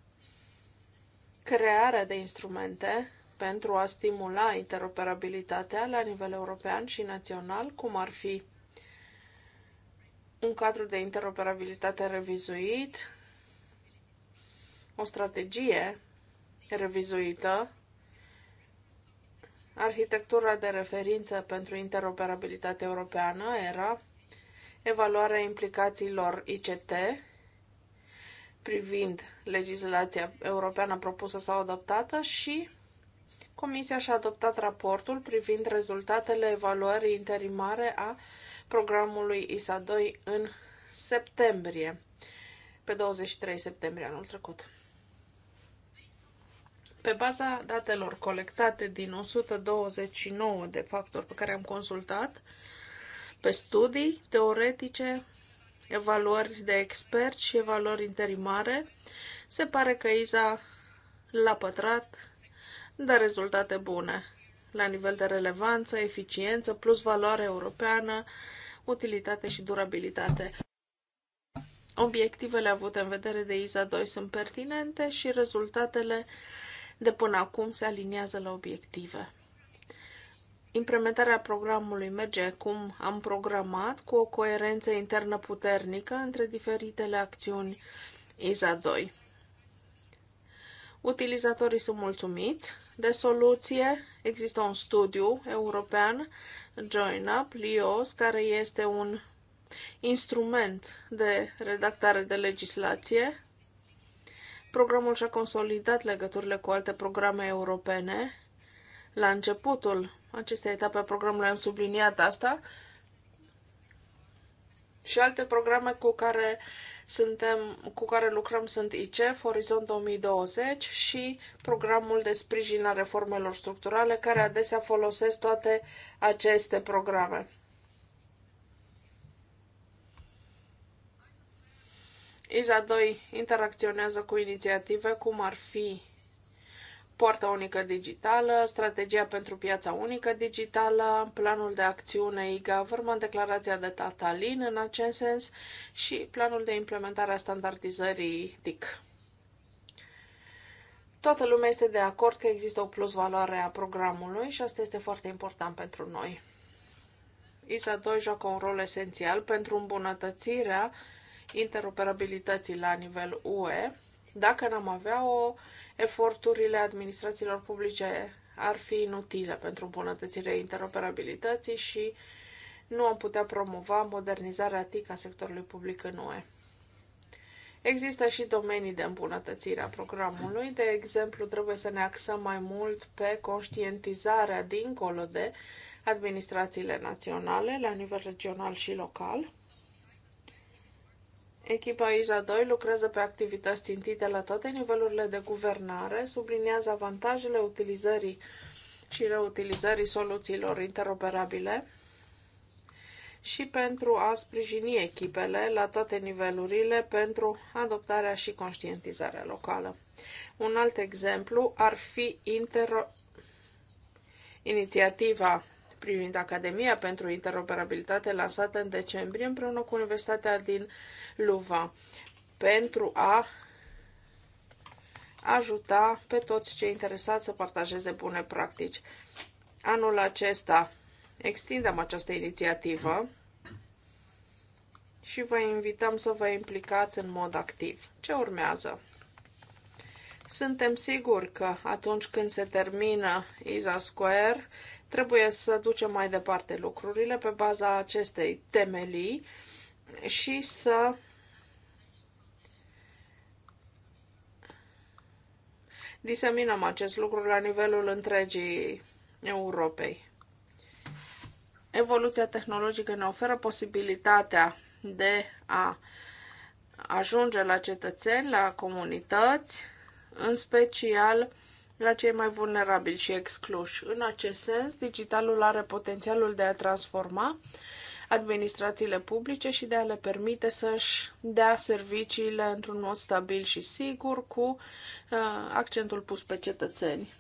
crearea de instrumente pentru a stimula interoperabilitatea la nivel european și național, cum ar fi un cadru de interoperabilitate revizuit, o strategie revizuită, arhitectura de referință pentru interoperabilitate europeană, ERA, evaluarea implicațiilor ICT privind legislația europeană propusă sau adoptată și Comisia și-a adoptat raportul privind rezultatele evaluării interimare a programului ISA 2 în septembrie, pe 23 septembrie anul trecut. Pe baza datelor colectate din 129 de factori pe care am consultat, pe studii teoretice, evaluări de expert și evaluări interimare, se pare că ISA l-a pătrat, dar rezultate bune la nivel de relevanță, eficiență, plus valoare europeană utilitate și durabilitate. Obiectivele avute în vedere de ISA 2 sunt pertinente și rezultatele de până acum se aliniază la obiective. Implementarea programului merge cum am programat, cu o coerență internă puternică între diferitele acțiuni ISA 2. Utilizatorii sunt mulțumiți de soluție. Există un studiu european, JoinUp, LIOS, care este un instrument de redactare de legislație. Programul și-a consolidat legăturile cu alte programe europene. La începutul acestei etape a programului am subliniat asta și alte programe cu care uh, suntem, cu care lucrăm sunt ICEF, Orizont 2020 și programul de sprijin la reformelor structurale, care adesea folosesc toate aceste programe. ISA 2 interacționează cu inițiative cum ar fi Poarta unică digitală, strategia pentru piața unică digitală, planul de acțiune e-government, declarația de Tatalin în acest sens și planul de implementare a standardizării TIC. Toată lumea este de acord că există o plusvaloare a programului și asta este foarte important pentru noi. ISA 2 joacă un rol esențial pentru îmbunătățirea interoperabilității la nivel UE, dacă n-am avea-o, eforturile administrațiilor publice ar fi inutile pentru îmbunătățirea interoperabilității și nu am putea promova modernizarea TIC a sectorului public în UE. Există și domenii de îmbunătățire a programului, de exemplu, trebuie să ne axăm mai mult pe conștientizarea dincolo de administrațiile naționale, la nivel regional și local, Echipa ISA 2 lucrează pe activități țintite la toate nivelurile de guvernare, subliniază avantajele utilizării și reutilizării soluțiilor interoperabile și pentru a sprijini echipele la toate nivelurile pentru adoptarea și conștientizarea locală. Un alt exemplu ar fi inter... inițiativa privind Academia pentru Interoperabilitate lansată în decembrie împreună cu Universitatea din Luva pentru a ajuta pe toți cei interesați să partajeze bune practici. Anul acesta extindem această inițiativă și vă invităm să vă implicați în mod activ. Ce urmează? Suntem siguri că atunci când se termină ISA Square, Trebuie să ducem mai departe lucrurile pe baza acestei temelii și să diseminăm acest lucru la nivelul întregii Europei. Evoluția tehnologică ne oferă posibilitatea de a ajunge la cetățeni, la comunități, în special la cei mai vulnerabili și excluși. În acest sens, digitalul are potențialul de a transforma administrațiile publice și de a le permite să-și dea serviciile într-un mod stabil și sigur, cu uh, accentul pus pe cetățeni.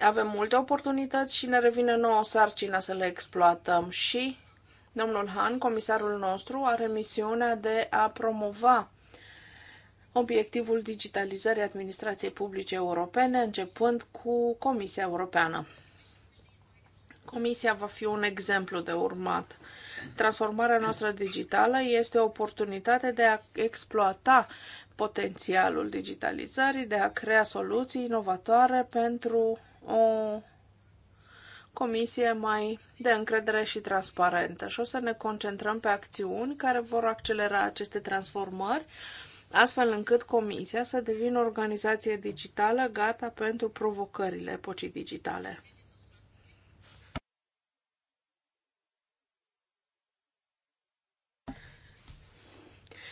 Avem multe oportunități și ne revine nouă sarcina să le exploatăm și Domnul Han, comisarul nostru, are misiunea de a promova obiectivul digitalizării administrației publice europene, începând cu Comisia Europeană. Comisia va fi un exemplu de urmat. Transformarea noastră digitală este o oportunitate de a exploata potențialul digitalizării, de a crea soluții inovatoare pentru o comisie mai de încredere și transparentă și o să ne concentrăm pe acțiuni care vor accelera aceste transformări, astfel încât comisia să devină o organizație digitală gata pentru provocările epocii digitale.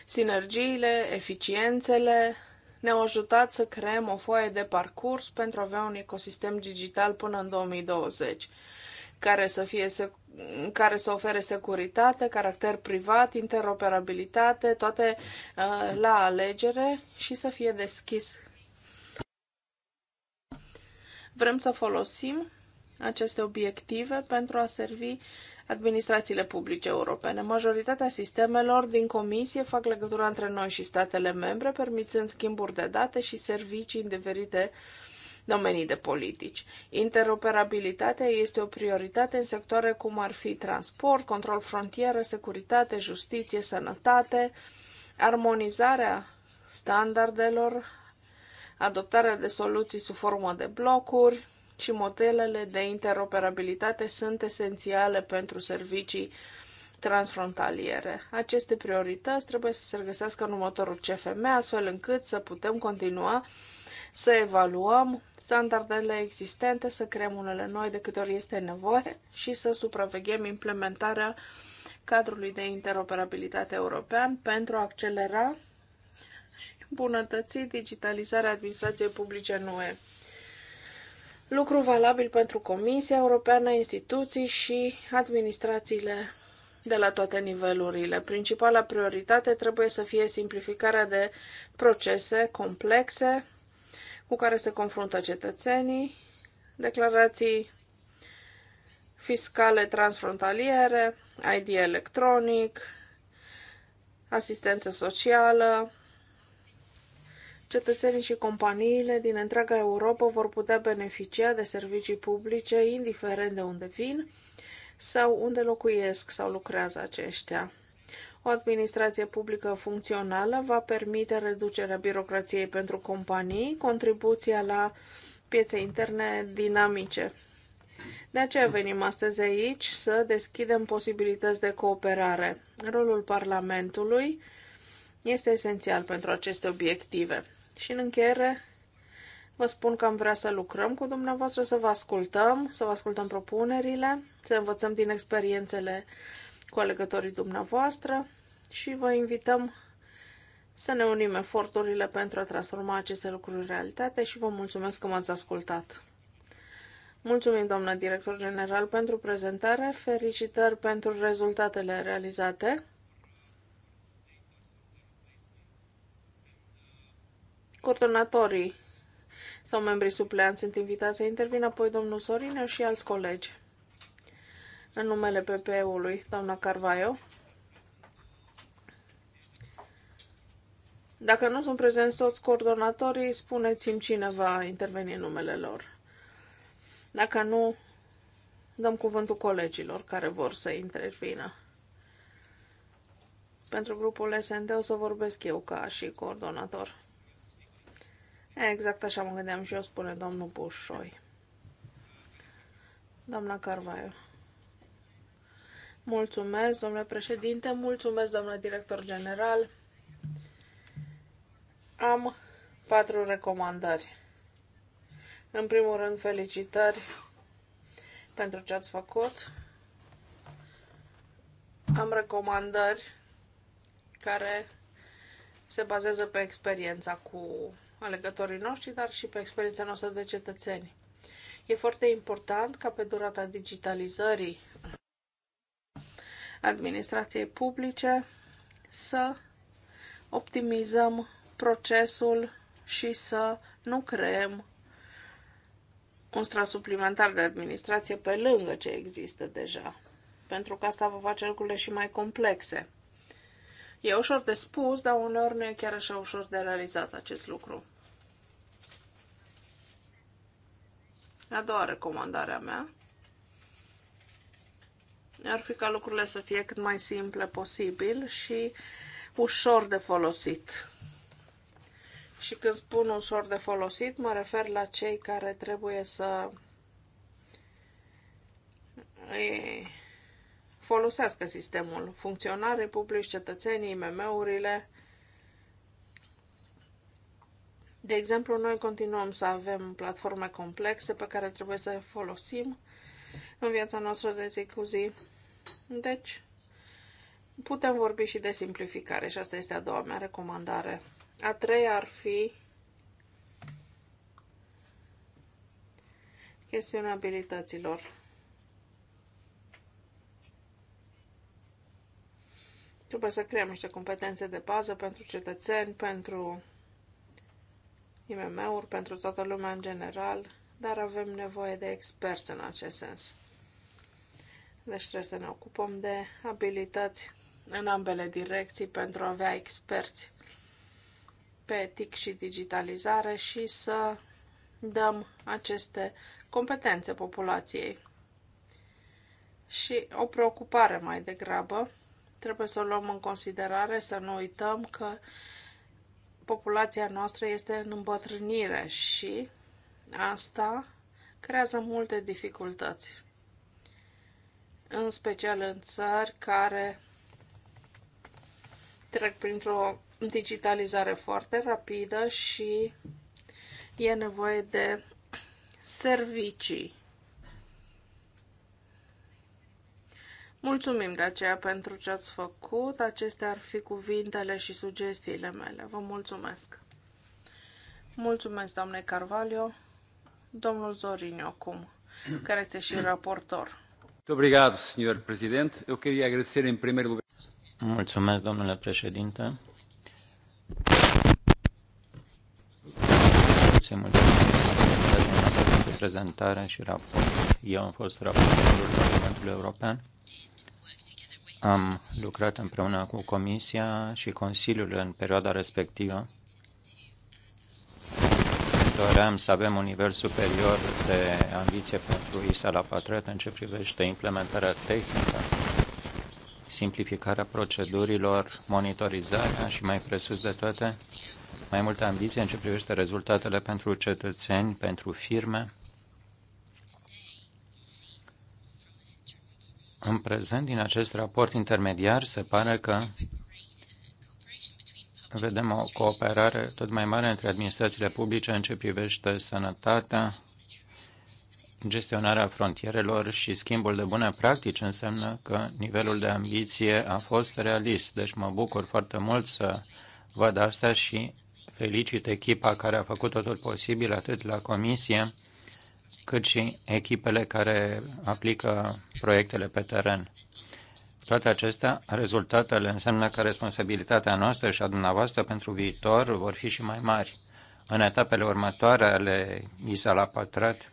Sinergiile, eficiențele, ne-au ajutat să creăm o foaie de parcurs pentru a avea un ecosistem digital până în 2020, care să, fie, care să ofere securitate, caracter privat, interoperabilitate, toate uh, la alegere și să fie deschis. Vrem să folosim aceste obiective pentru a servi administrațiile publice europene. Majoritatea sistemelor din comisie fac legătura între noi și statele membre, permițând schimburi de date și servicii în diferite domenii de politici. Interoperabilitatea este o prioritate în sectoare cum ar fi transport, control frontieră, securitate, justiție, sănătate, armonizarea standardelor, adoptarea de soluții sub formă de blocuri, și modelele de interoperabilitate sunt esențiale pentru servicii transfrontaliere. Aceste priorități trebuie să se regăsească în următorul CFM, astfel încât să putem continua să evaluăm standardele existente, să creăm unele noi de câte ori este nevoie și să supraveghem implementarea cadrului de interoperabilitate european pentru a accelera și îmbunătăți digitalizarea administrației publice în UE lucru valabil pentru Comisia Europeană, instituții și administrațiile de la toate nivelurile. Principala prioritate trebuie să fie simplificarea de procese complexe cu care se confruntă cetățenii, declarații fiscale transfrontaliere, ID electronic, asistență socială, cetățenii și companiile din întreaga Europa vor putea beneficia de servicii publice, indiferent de unde vin sau unde locuiesc sau lucrează aceștia. O administrație publică funcțională va permite reducerea birocrației pentru companii, contribuția la piețe interne dinamice. De aceea venim astăzi aici să deschidem posibilități de cooperare. Rolul Parlamentului este esențial pentru aceste obiective. Și în încheiere, vă spun că am vrea să lucrăm cu dumneavoastră, să vă ascultăm, să vă ascultăm propunerile, să învățăm din experiențele cu alegătorii dumneavoastră și vă invităm să ne unim eforturile pentru a transforma aceste lucruri în realitate și vă mulțumesc că m-ați ascultat. Mulțumim, doamna director general, pentru prezentare, felicitări pentru rezultatele realizate. Coordonatorii sau membrii supleanți sunt invitați să intervină, apoi domnul Sorină și alți colegi. În numele pp ului doamna Carvaio. Dacă nu sunt prezenți toți coordonatorii, spuneți-mi cine va interveni în numele lor. Dacă nu, dăm cuvântul colegilor care vor să intervină. Pentru grupul SND o să vorbesc eu ca și coordonator. Exact așa mă gândeam și eu, spune domnul Bușoi. Doamna Carvaiu. Mulțumesc, domnule președinte, mulțumesc, domnule director general. Am patru recomandări. În primul rând, felicitări pentru ce ați făcut. Am recomandări care se bazează pe experiența cu alegătorii noștri, dar și pe experiența noastră de cetățeni. E foarte important ca pe durata digitalizării administrației publice să optimizăm procesul și să nu creăm un strat suplimentar de administrație pe lângă ce există deja, pentru că asta va face lucrurile și mai complexe. E ușor de spus, dar uneori nu e chiar așa ușor de realizat acest lucru. A doua recomandare a mea ar fi ca lucrurile să fie cât mai simple posibil și ușor de folosit. Și când spun ușor de folosit, mă refer la cei care trebuie să folosească sistemul. Funcționarii publici, cetățenii, IMM-urile, de exemplu, noi continuăm să avem platforme complexe pe care trebuie să le folosim în viața noastră de zi cu zi. Deci, putem vorbi și de simplificare și asta este a doua mea recomandare. A treia ar fi chestiunea abilităților. Trebuie să creăm niște competențe de bază pentru cetățeni, pentru IMM-uri, pentru toată lumea în general, dar avem nevoie de experți în acest sens. Deci trebuie să ne ocupăm de abilități în ambele direcții pentru a avea experți pe etic și digitalizare și să dăm aceste competențe populației. Și o preocupare mai degrabă, trebuie să o luăm în considerare, să nu uităm că populația noastră este în îmbătrânire și asta creează multe dificultăți, în special în țări care trec printr-o digitalizare foarte rapidă și e nevoie de servicii Mulțumim de aceea pentru ce ați făcut. Acestea ar fi cuvintele și sugestiile mele. Vă mulțumesc. Mulțumesc, doamne Carvalho. Domnul Zorinio acum, care este și raportor. Obrigado, senhor presidente. Eu queria agradecer em primeiro lugar. Mulțumesc, domnule președinte. Să mulțumesc pentru prezentare și raport. Eu am fost raportorul Parlamentului European am lucrat împreună cu Comisia și Consiliul în perioada respectivă. Doream să avem un nivel superior de ambiție pentru ISA la Patriot în ce privește implementarea tehnică, simplificarea procedurilor, monitorizarea și, mai presus de toate, mai multă ambiție în ce privește rezultatele pentru cetățeni, pentru firme, În prezent, din acest raport intermediar, se pare că vedem o cooperare tot mai mare între administrațiile publice în ce privește sănătatea, gestionarea frontierelor și schimbul de bune practici înseamnă că nivelul de ambiție a fost realist. Deci mă bucur foarte mult să văd asta și felicit echipa care a făcut totul posibil atât la comisie cât și echipele care aplică proiectele pe teren. Toate acestea, rezultatele înseamnă că responsabilitatea noastră și a dumneavoastră pentru viitor vor fi și mai mari. În etapele următoare ale ISA la pătrat,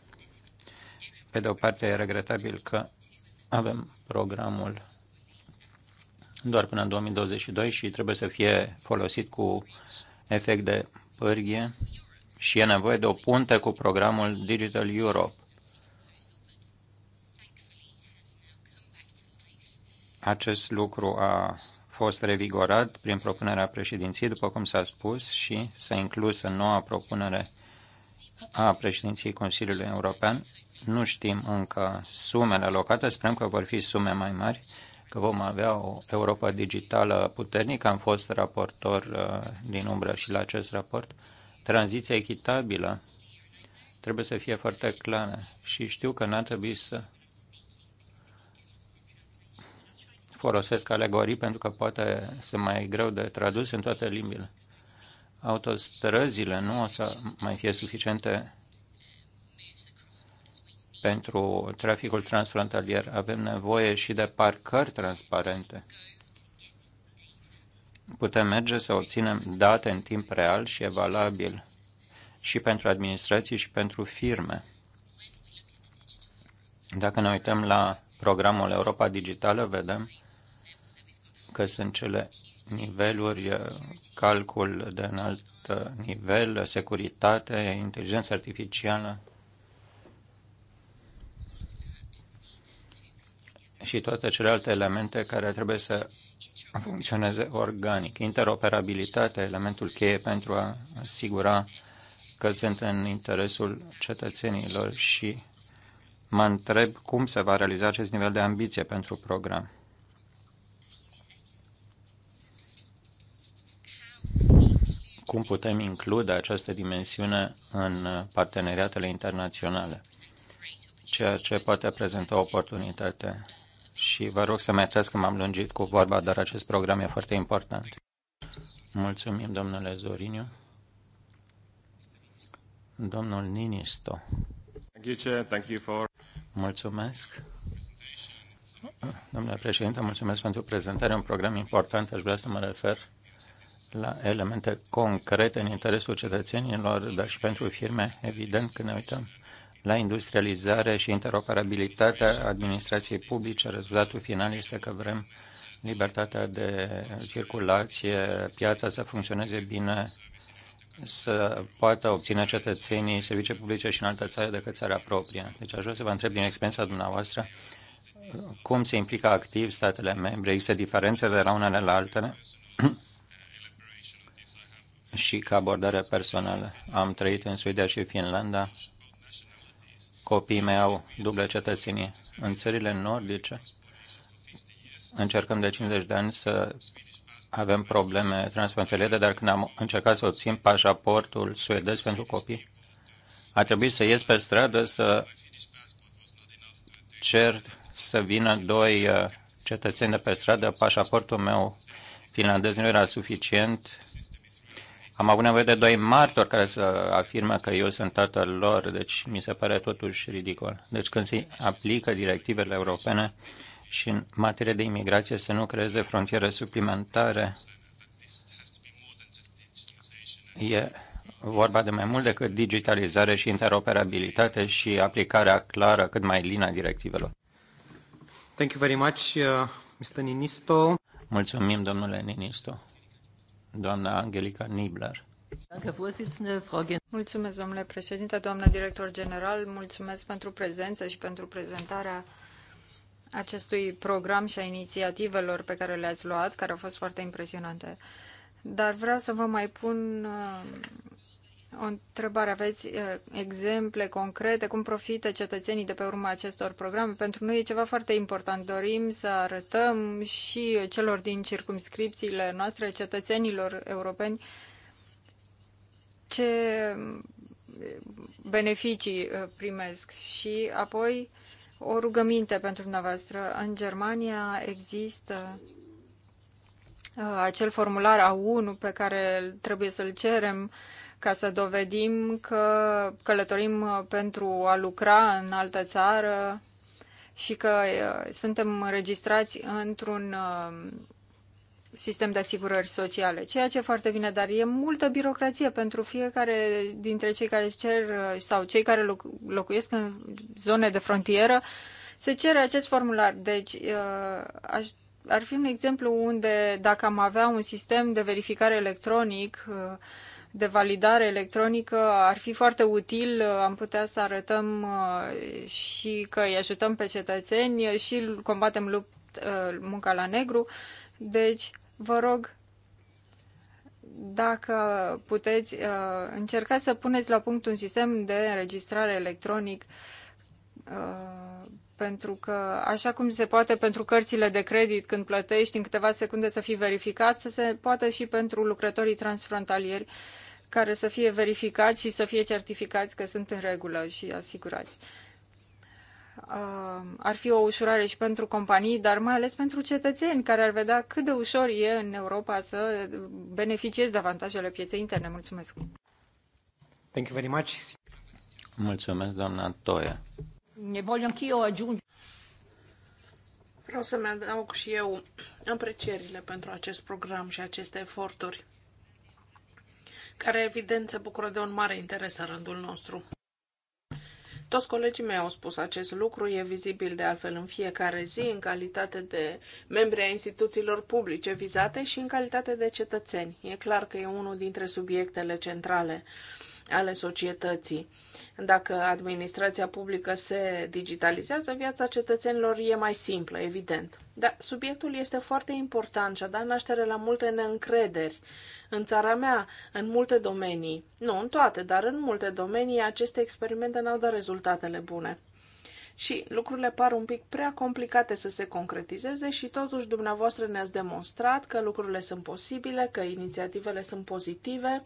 pe de o parte e regretabil că avem programul doar până în 2022 și trebuie să fie folosit cu efect de pârghie și e nevoie de o punte cu programul Digital Europe. Acest lucru a fost revigorat prin propunerea președinției, după cum s-a spus, și s-a inclus în noua propunere a președinției Consiliului European. Nu știm încă sumele alocate, sperăm că vor fi sume mai mari, că vom avea o Europa digitală puternică. Am fost raportor uh, din umbră și la acest raport tranziția echitabilă trebuie să fie foarte clară și știu că n-ar trebui să folosesc alegorii pentru că poate sunt mai greu de tradus în toate limbile. Autostrăzile nu o să mai fie suficiente pentru traficul transfrontalier. Avem nevoie și de parcări transparente putem merge să obținem date în timp real și evalabil, și pentru administrații și pentru firme. Dacă ne uităm la programul Europa Digitală, vedem că sunt cele niveluri, calcul de înalt nivel, securitate, inteligență artificială. Și toate celelalte elemente care trebuie să funcționeze organic. Interoperabilitatea, elementul cheie pentru a asigura că sunt în interesul cetățenilor și mă întreb cum se va realiza acest nivel de ambiție pentru program. Cum putem include această dimensiune în parteneriatele internaționale, ceea ce poate prezenta oportunitate și vă rog să mă atras că m-am lungit cu vorba, dar acest program e foarte important. Mulțumim, domnule Zoriniu. Domnul Ninisto. Mulțumesc. Domnule președinte, mulțumesc pentru prezentare. Un program important. Aș vrea să mă refer la elemente concrete în interesul cetățenilor, dar și pentru firme. Evident, când ne uităm la industrializare și interoperabilitatea administrației publice, rezultatul final este că vrem libertatea de circulație, piața să funcționeze bine, să poată obține cetățenii servicii publice și în altă țară decât țara proprie. Deci aș vrea să vă întreb din experiența dumneavoastră cum se implică activ statele membre, există diferențe de la unele la altele și ca abordare personală. Am trăit în Suedia și Finlanda copiii mei au dublă cetățenie. În țările nordice încercăm de 50 de ani să avem probleme transfrontaliere, dar când am încercat să obțin pașaportul suedez pentru copii, a trebuit să ies pe stradă să cer să vină doi uh, cetățeni de pe stradă, pașaportul meu finlandez nu era suficient am avut nevoie de doi martori care să afirmă că eu sunt tatăl lor, deci mi se pare totuși ridicol. Deci când se aplică directivele europene și în materie de imigrație să nu creeze frontiere suplimentare, e vorba de mai mult decât digitalizare și interoperabilitate și aplicarea clară cât mai lină a directivelor. Thank you very much, uh, Mr. Ninisto. Mulțumim, domnule Ninisto doamna Angelica Nibler. Mulțumesc, domnule președinte, doamnă director general, mulțumesc pentru prezență și pentru prezentarea acestui program și a inițiativelor pe care le-ați luat, care au fost foarte impresionante. Dar vreau să vă mai pun uh, o întrebare, aveți uh, exemple concrete cum profită cetățenii de pe urma acestor programe? Pentru noi e ceva foarte important. Dorim să arătăm și celor din circumscripțiile noastre, cetățenilor europeni, ce beneficii uh, primesc. Și apoi o rugăminte pentru dumneavoastră. În Germania există uh, acel formular A1 pe care trebuie să-l cerem ca să dovedim că călătorim uh, pentru a lucra în altă țară și că uh, suntem înregistrați într-un uh, sistem de asigurări sociale, ceea ce e foarte bine, dar e multă birocrație pentru fiecare dintre cei care cer sau cei care locuiesc în zone de frontieră, se cere acest formular. Deci aș, ar fi un exemplu unde dacă am avea un sistem de verificare electronic, de validare electronică ar fi foarte util, am putea să arătăm uh, și că îi ajutăm pe cetățeni și combatem lupt, uh, munca la negru. Deci, vă rog, dacă puteți, uh, încercați să puneți la punct un sistem de înregistrare electronic pentru că, așa cum se poate pentru cărțile de credit, când plătești în câteva secunde să fii verificat, să se poată și pentru lucrătorii transfrontalieri care să fie verificați și să fie certificați că sunt în regulă și asigurați. Uh, ar fi o ușurare și pentru companii, dar mai ales pentru cetățeni care ar vedea cât de ușor e în Europa să beneficiezi de avantajele pieței interne. Mulțumesc! Thank you very much. Mulțumesc, doamna Toia. Ne și eu aggiungere. Vreau să-mi adaug și eu aprecierile pentru acest program și aceste eforturi care evident se bucură de un mare interes în rândul nostru. Toți colegii mei au spus acest lucru, e vizibil de altfel în fiecare zi, în calitate de membri ai instituțiilor publice vizate și în calitate de cetățeni. E clar că e unul dintre subiectele centrale uh, ale societății. Dacă administrația publică se digitalizează, viața cetățenilor e mai simplă, evident. Dar subiectul este foarte important și a dat naștere la multe neîncrederi. În țara mea, în multe domenii, nu în toate, dar în multe domenii, aceste experimente n-au dat rezultatele bune și lucrurile par un pic prea complicate să se concretizeze și totuși dumneavoastră ne-ați demonstrat că lucrurile sunt posibile, că inițiativele sunt pozitive.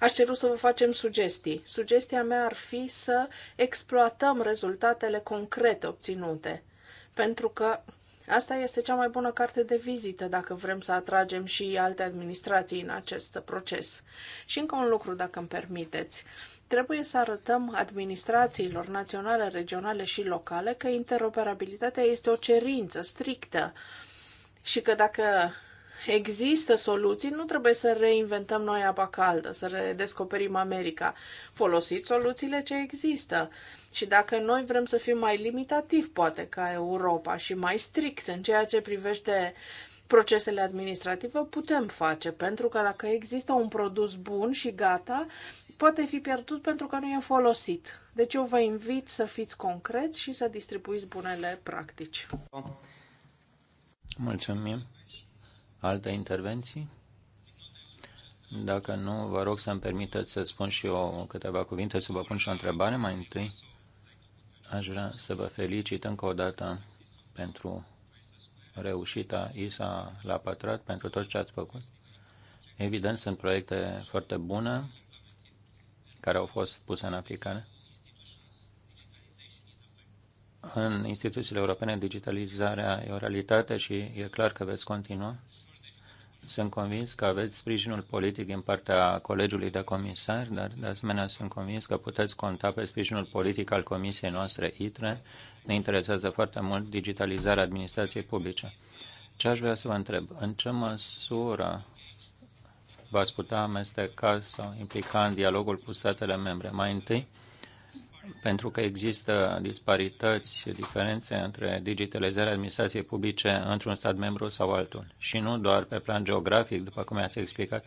Aș cerut să vă facem sugestii. Sugestia mea ar fi să exploatăm rezultatele concrete obținute, pentru că Asta este cea mai bună carte de vizită dacă vrem să atragem și alte administrații în acest proces. Și încă un lucru, dacă îmi permiteți. Trebuie să arătăm administrațiilor naționale, regionale și locale că interoperabilitatea este o cerință strictă și că dacă există soluții, nu trebuie să reinventăm noi apa caldă, să redescoperim America. Folosiți soluțiile ce există. Și dacă noi vrem să fim mai limitativ, poate, ca Europa și mai strict în ceea ce privește uh, procesele administrative putem face, pentru că dacă există un produs bun și gata, poate fi pierdut pentru că nu e folosit. Deci eu vă invit să fiți concreți și să distribuiți bunele practici. Mulțumim. Alte intervenții? Dacă nu, vă rog să-mi permiteți să spun și eu câteva cuvinte, să vă pun și o întrebare mai întâi. Aș vrea să vă felicit încă o dată pentru s-a la pătrat pentru tot ce ați făcut. Evident, sunt proiecte foarte bune care au fost puse în aplicare. În instituțiile europene, digitalizarea e o realitate și e clar că veți continua sunt convins că aveți sprijinul politic din partea colegiului de comisar, dar de asemenea sunt convins că puteți conta pe sprijinul politic al comisiei noastre ITRE. Ne interesează foarte mult digitalizarea administrației publice. Ce aș vrea să vă întreb? În ce măsură v-ați putea amesteca sau implica în dialogul cu statele membre? Mai întâi, pentru că există disparități, diferențe între digitalizarea administrației publice într-un stat membru sau altul. Și nu doar pe plan geografic, după cum ați explicat.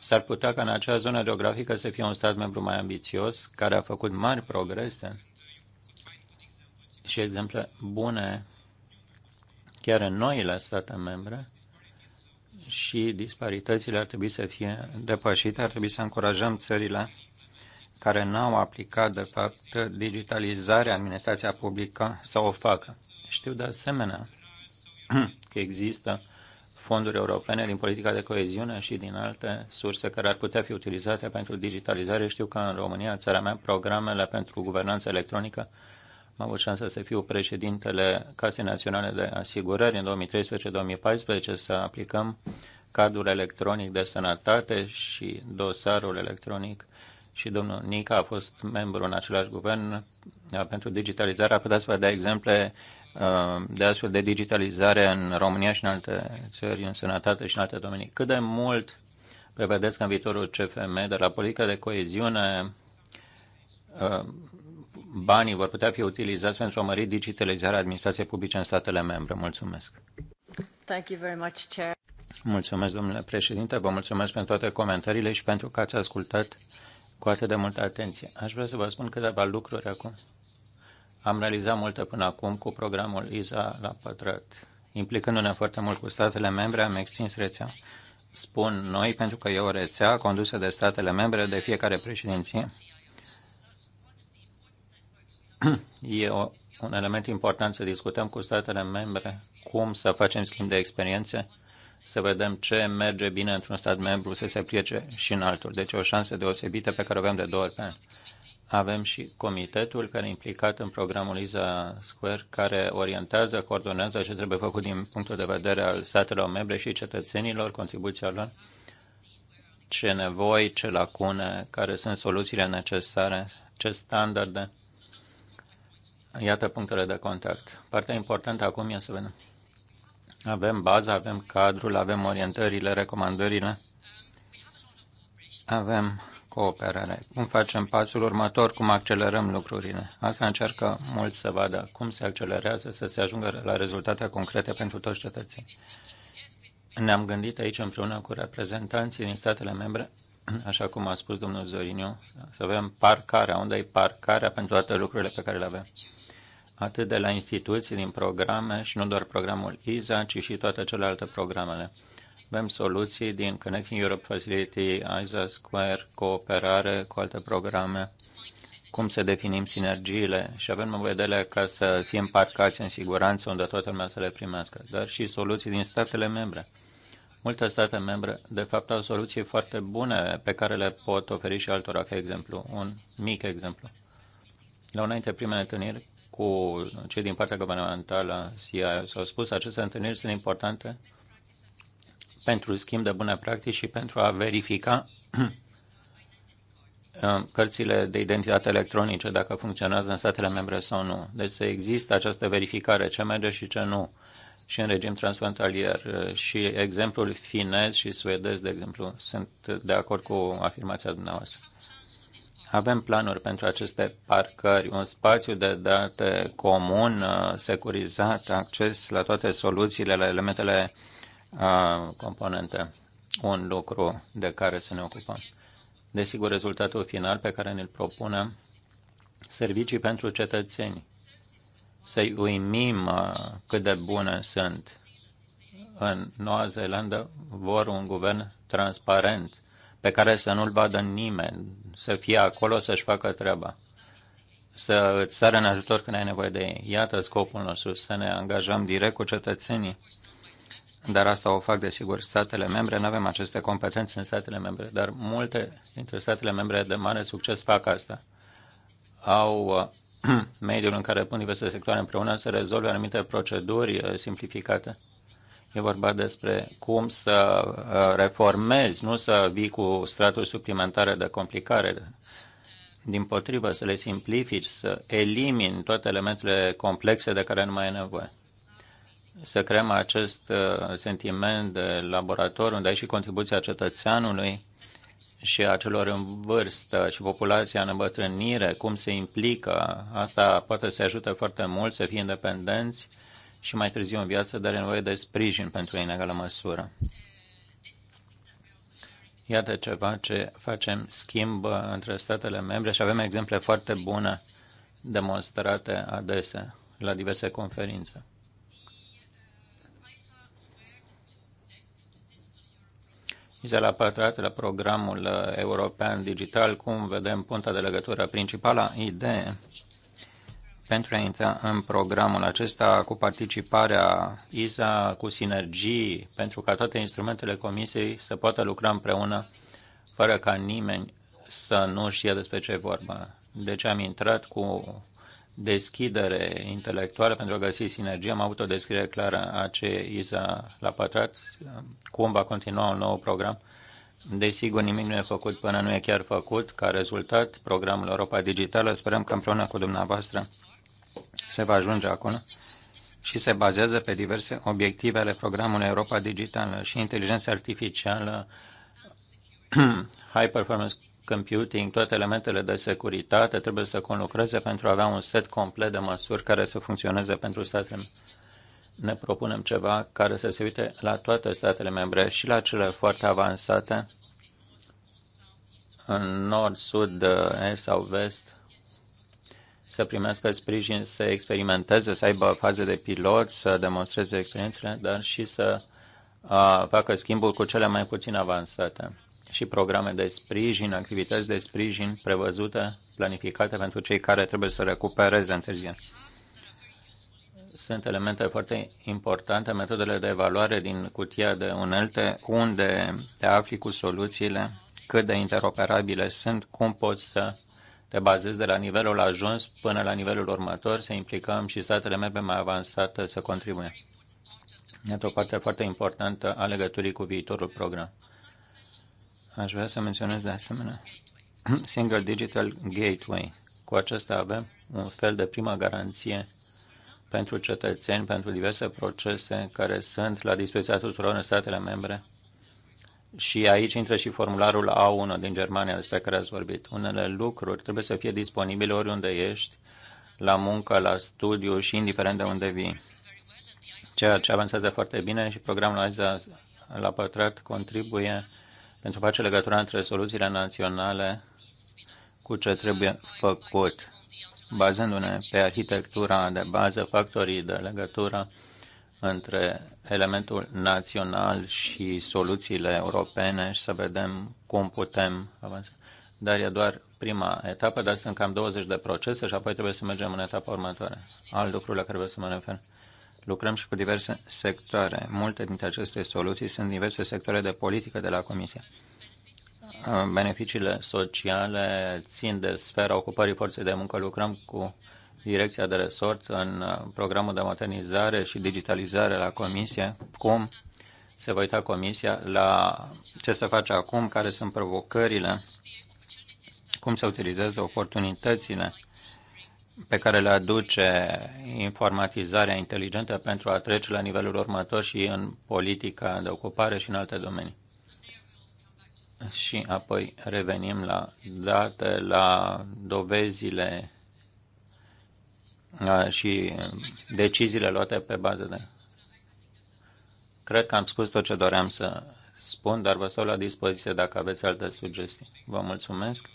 S-ar putea ca în acea zonă geografică să fie un stat membru mai ambițios, care a făcut mari progrese și exemple bune chiar în noile state membre și disparitățile ar trebui să fie depășite, ar trebui să încurajăm țările care n-au aplicat, de fapt, digitalizarea administrația publică să o facă. Știu de asemenea că există fonduri europene din politica de coeziune și din alte surse care ar putea fi utilizate pentru digitalizare. Știu că în România, în țara mea, programele pentru guvernanță electronică am avut șansa să fiu președintele Casei Naționale de Asigurări în 2013-2014 să aplicăm cardul electronic de sănătate și dosarul electronic și domnul Nica a fost membru în același guvern uh, pentru digitalizare, A putea să vă dea exemple uh, de astfel de digitalizare în România și în alte țări, în sănătate și în alte domenii. Cât de mult prevedeți că în viitorul CFM, de la politica de coeziune, uh, banii vor putea fi utilizați pentru a mări digitalizarea administrației publice în statele membre? Mulțumesc! Thank you very much, Chair. Mulțumesc, domnule președinte, vă mulțumesc pentru toate comentariile și pentru că ați ascultat cu atât de multă atenție. Aș vrea să vă spun câteva lucruri acum. Am realizat multe până acum cu programul ISA la pătrat. Implicându-ne foarte mult cu statele membre, am extins rețea. Spun noi, pentru că e o rețea condusă de statele membre de fiecare președinție. E o, un element important să discutăm cu statele membre cum să facem schimb de experiențe să vedem ce merge bine într-un stat membru să se plece și în altul. Deci o șansă deosebită pe care o avem de două ori pe an. Avem și comitetul care e implicat în programul ISA Square, care orientează, coordonează ce trebuie făcut din punctul de vedere al statelor membre și cetățenilor, contribuția lor, ce nevoi, ce lacune, care sunt soluțiile necesare, ce standarde. Iată punctele de contact. Partea importantă acum e să vedem avem baza, avem cadrul, avem orientările, recomandările, avem cooperare. Cum facem pasul următor, cum accelerăm lucrurile. Asta încearcă mult să vadă cum se accelerează, să se ajungă la rezultate concrete pentru toți cetățenii. Ne-am gândit aici împreună cu reprezentanții din statele membre, așa cum a spus domnul Zoriniu, să avem parcarea, unde e parcarea pentru toate lucrurile pe care le avem atât de la instituții, din programe și nu doar programul ISA, ci și toate celelalte programele. Avem soluții din Connecting Europe Facility, ISA Square, cooperare cu alte programe, cum să definim sinergiile și avem nevoie de ca să fim parcați în siguranță unde toată lumea să le primească, dar și soluții din statele membre. Multe state membre, de fapt, au soluții foarte bune pe care le pot oferi și altora, ca exemplu, un mic exemplu. La una dintre primele întâlniri, cu cei din partea guvernamentală CIA s-au spus, aceste întâlniri sunt importante pentru schimb de bune practici și pentru a verifica uh, cărțile de identitate electronice, dacă funcționează în statele membre sau nu. Deci să există această verificare, ce merge și ce nu, și în regim transfrontalier. Uh, și exemplul finez și suedez, de exemplu, sunt de acord cu afirmația dumneavoastră. Avem planuri pentru aceste parcări, un spațiu de date comun, uh, securizat, acces la toate soluțiile, la elementele uh, componente. Un lucru de care să ne ocupăm. Desigur, rezultatul final pe care ne-l propunem, servicii pentru cetățeni. Să-i uimim uh, cât de bune sunt. În Noua Zeelandă vor un guvern transparent pe care să nu-l vadă nimeni, să fie acolo să-și facă treaba, să îți sară în ajutor când ai nevoie de ei. Iată scopul nostru, să ne angajăm direct cu cetățenii. Dar asta o fac, desigur, statele membre. Nu avem aceste competențe în statele membre, dar multe dintre statele membre de mare succes fac asta. Au uh, mediul în care pun diverse sectoare împreună să rezolve anumite proceduri uh, simplificate E vorba despre cum să uh, reformezi, nu să vii cu straturi suplimentare de complicare. Din potrivă, să le simplifici, să elimini toate elementele complexe de care nu mai e nevoie. Să creăm acest uh, sentiment de laborator, unde ai și contribuția cetățeanului și a celor în vârstă și populația în îmbătrânire, cum se implică. Asta poate să ajute foarte mult să fie independenți, și mai târziu în viață, dar e nevoie de sprijin pentru ei în egală măsură. Iată ceva ce facem schimb uh, între statele membre și avem exemple foarte bune demonstrate adesea la diverse conferințe. Izela Pătrat, la programul uh, european digital, cum vedem punta de legătură principala idee pentru a intra în programul acesta cu participarea ISA, cu sinergii, pentru ca toate instrumentele comisiei să poată lucra împreună fără ca nimeni să nu știe despre ce e vorba. Deci am intrat cu deschidere intelectuală pentru a găsi sinergie. Am avut o descriere clară a ce ISA l-a pătrat, cum va continua un nou program. Desigur, nimic nu e făcut până nu e chiar făcut. Ca rezultat, programul Europa Digitală, sperăm că împreună cu dumneavoastră se va ajunge acolo și se bazează pe diverse obiective ale programului Europa Digitală și inteligența artificială, high performance computing, toate elementele de securitate trebuie să conlucreze pentru a avea un set complet de măsuri care să funcționeze pentru statele ne propunem ceva care să se uite la toate statele membre și la cele foarte avansate în nord, sud, est sau vest, să primească sprijin, să experimenteze, să aibă faze de pilot, să demonstreze experiențele, dar și să a, facă schimbul cu cele mai puțin avansate și programe de sprijin, activități de sprijin prevăzute, planificate pentru cei care trebuie să recupereze întârziere. Sunt elemente foarte importante, metodele de evaluare din cutia de unelte, unde te afli cu soluțiile, cât de interoperabile sunt, cum poți să te bazezi de la nivelul ajuns până la nivelul următor, să implicăm și statele membre mai avansate să contribuie. Iată o parte foarte importantă a legăturii cu viitorul program. Aș vrea să menționez de asemenea Single Digital Gateway. Cu acesta avem un fel de prima garanție pentru cetățeni, pentru diverse procese care sunt la dispoziția tuturor în statele membre și aici intră și formularul A1 din Germania despre care ați vorbit. Unele lucruri trebuie să fie disponibile oriunde ești, la muncă, la studiu și indiferent de unde vii. Ceea ce avansează foarte bine și programul AISA la pătrat contribuie pentru a face legătura între soluțiile naționale cu ce trebuie făcut. Bazându-ne pe arhitectura de bază, factorii de legătură, între elementul național și soluțiile europene și să vedem cum putem avansa. Dar e doar prima etapă, dar sunt cam 20 de procese și apoi trebuie să mergem în etapa următoare. Alt lucru la care vreau să mă refer. Lucrăm și cu diverse sectoare. Multe dintre aceste soluții sunt diverse sectoare de politică de la Comisie. Beneficiile sociale țin de sfera ocupării forței de muncă. Lucrăm cu direcția de resort în uh, programul de modernizare și digitalizare la Comisie, cum se va uita Comisia la ce se face acum, care sunt provocările, cum se utilizează oportunitățile pe care le aduce informatizarea inteligentă pentru a trece la nivelul următor și în politica de ocupare și în alte domenii. Și apoi revenim la date, la dovezile și deciziile luate pe bază de. Cred că am spus tot ce doream să spun, dar vă stau la dispoziție dacă aveți alte sugestii. Vă mulțumesc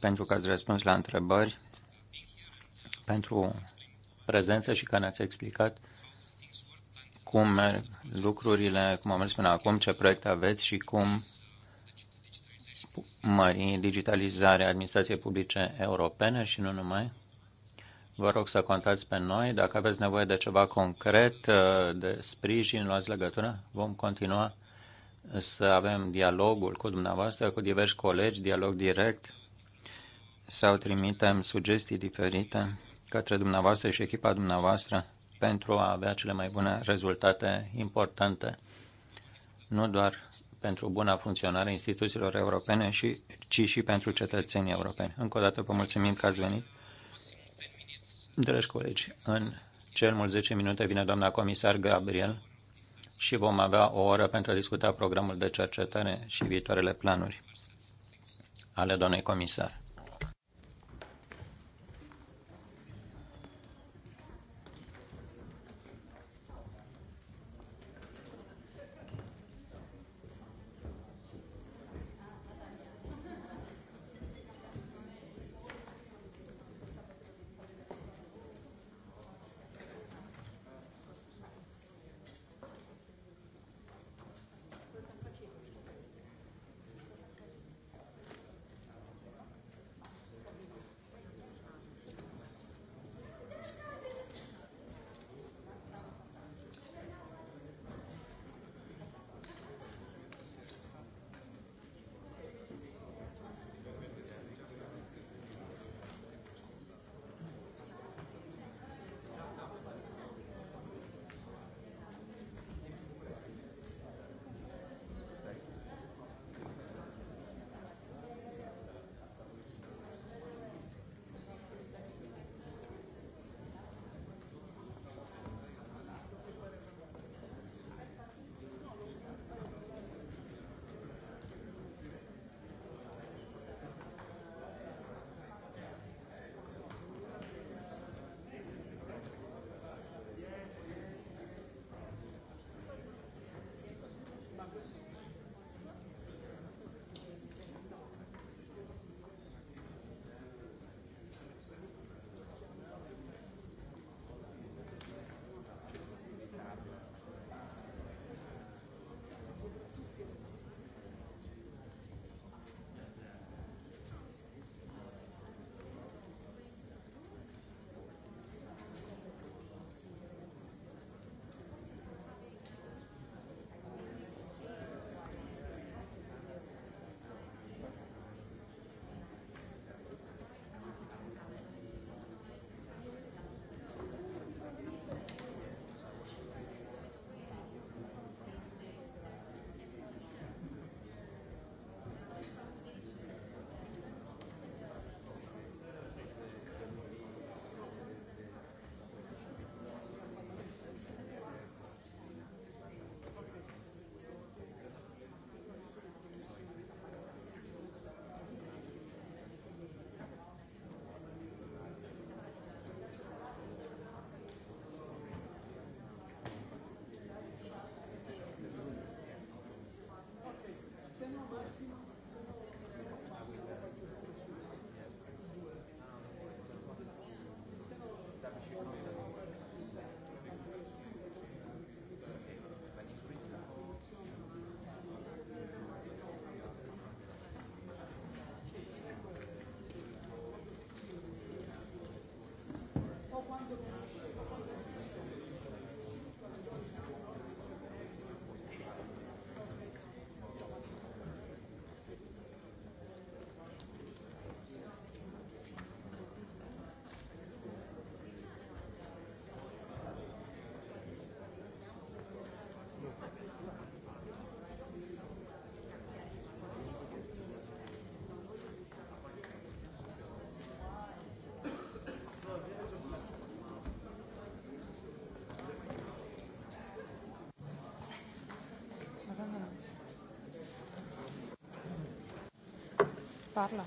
pentru că ați răspuns la întrebări, pentru prezență și că ne-ați explicat cum merg lucrurile, cum am mers până acum, ce proiecte aveți și cum mări digitalizarea administrației publice europene și nu numai. Vă rog să contați pe noi. Dacă aveți nevoie de ceva concret, uh, de sprijin, luați legătură. Vom continua să avem dialogul cu dumneavoastră, cu diversi colegi, dialog direct sau trimitem sugestii diferite către dumneavoastră și echipa dumneavoastră pentru a avea cele mai bune rezultate importante, nu doar pentru buna funcționare a instituțiilor europene, ci și pentru cetățenii europeni. Încă o dată vă mulțumim că ați venit. Dragi colegi, în cel mult 10 minute vine doamna comisar Gabriel și vom avea o oră pentru a discuta programul de cercetare și viitoarele planuri ale doamnei comisar. parla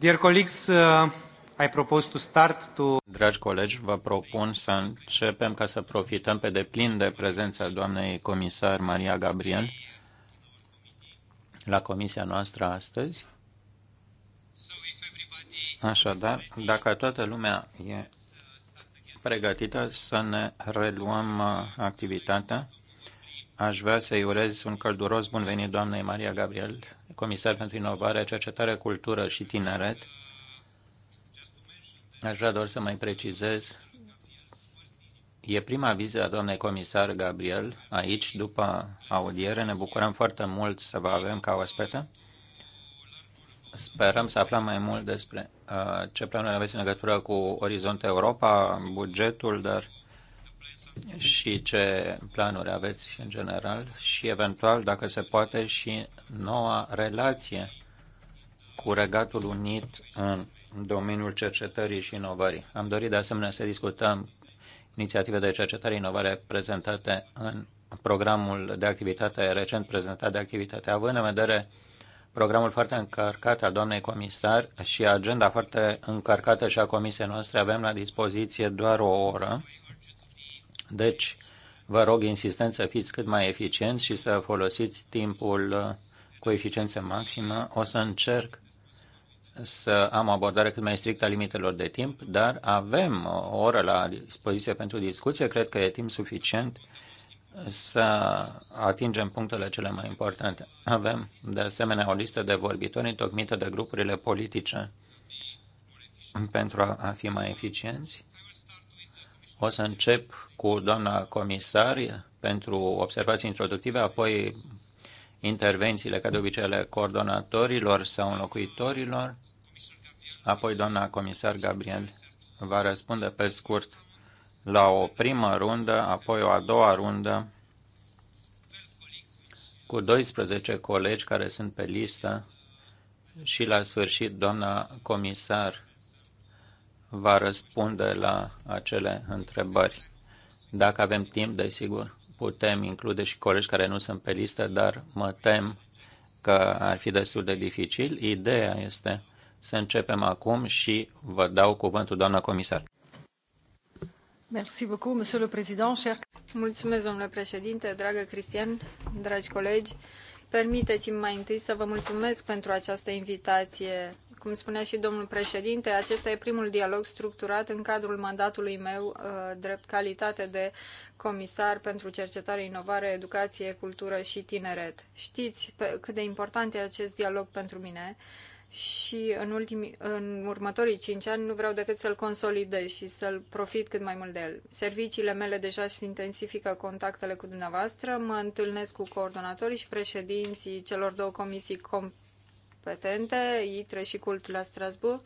Dear colleagues, uh, I propose to start to... Dragi colegi, vă propun să începem ca să profităm pe deplin de prezența doamnei comisar Maria Gabriel la comisia noastră astăzi. Așadar, dacă toată lumea e pregătită să ne reluăm uh, activitatea, aș vrea să-i urez un călduros bun venit doamnei Maria Gabriel comisar pentru inovare, cercetare, cultură și tineret. Aș vrea doar să mai precizez. E prima vizită a doamnei comisar Gabriel aici, după audiere. Ne bucurăm foarte mult să vă avem ca oaspetă. Sperăm să aflăm mai mult despre uh, ce planuri aveți în legătură cu Orizont Europa, bugetul, dar și ce planuri aveți în general și eventual, dacă se poate, și noua relație cu Regatul Unit în domeniul cercetării și inovării. Am dorit de asemenea să discutăm inițiative de cercetare inovare prezentate în programul de activitate recent prezentat de activitate, având în vedere programul foarte încărcat al doamnei comisar și agenda foarte încărcată și a comisiei noastre, avem la dispoziție doar o oră deci, vă rog insistent să fiți cât mai eficienți și să folosiți timpul uh, cu eficiență maximă. O să încerc să am o abordare cât mai strictă a limitelor de timp, dar avem o oră la dispoziție pentru discuție. Cred că e timp suficient să atingem punctele cele mai importante. Avem, de asemenea, o listă de vorbitori întocmită de grupurile politice pentru a fi mai eficienți. O să încep cu doamna comisar pentru observații introductive, apoi intervențiile, ca de obicei, ale coordonatorilor sau înlocuitorilor. Apoi doamna comisar Gabriel va răspunde pe scurt la o primă rundă, apoi o a doua rundă cu 12 colegi care sunt pe listă și la sfârșit doamna comisar va răspunde la acele întrebări. Dacă avem timp, desigur, putem include și colegi care nu sunt pe listă, dar mă tem că ar fi destul de dificil. Ideea este să începem acum și vă dau cuvântul, doamna comisar. Merci beaucoup, monsieur le président. Cher... Mulțumesc, domnule președinte, dragă Cristian, dragi colegi. Permiteți-mi mai întâi să vă mulțumesc pentru această invitație cum spunea și domnul președinte, acesta e primul dialog structurat în cadrul mandatului meu uh, drept calitate de comisar pentru cercetare, inovare, educație, cultură și tineret. Știți cât de important e acest dialog pentru mine și în, ultimii, în următorii cinci ani nu vreau decât să-l consolidez și să-l profit cât mai mult de el. Serviciile mele deja se intensifică contactele cu dumneavoastră, mă întâlnesc cu coordonatorii și președinții celor două comisii competente competente, ITRE și CULT la Strasbourg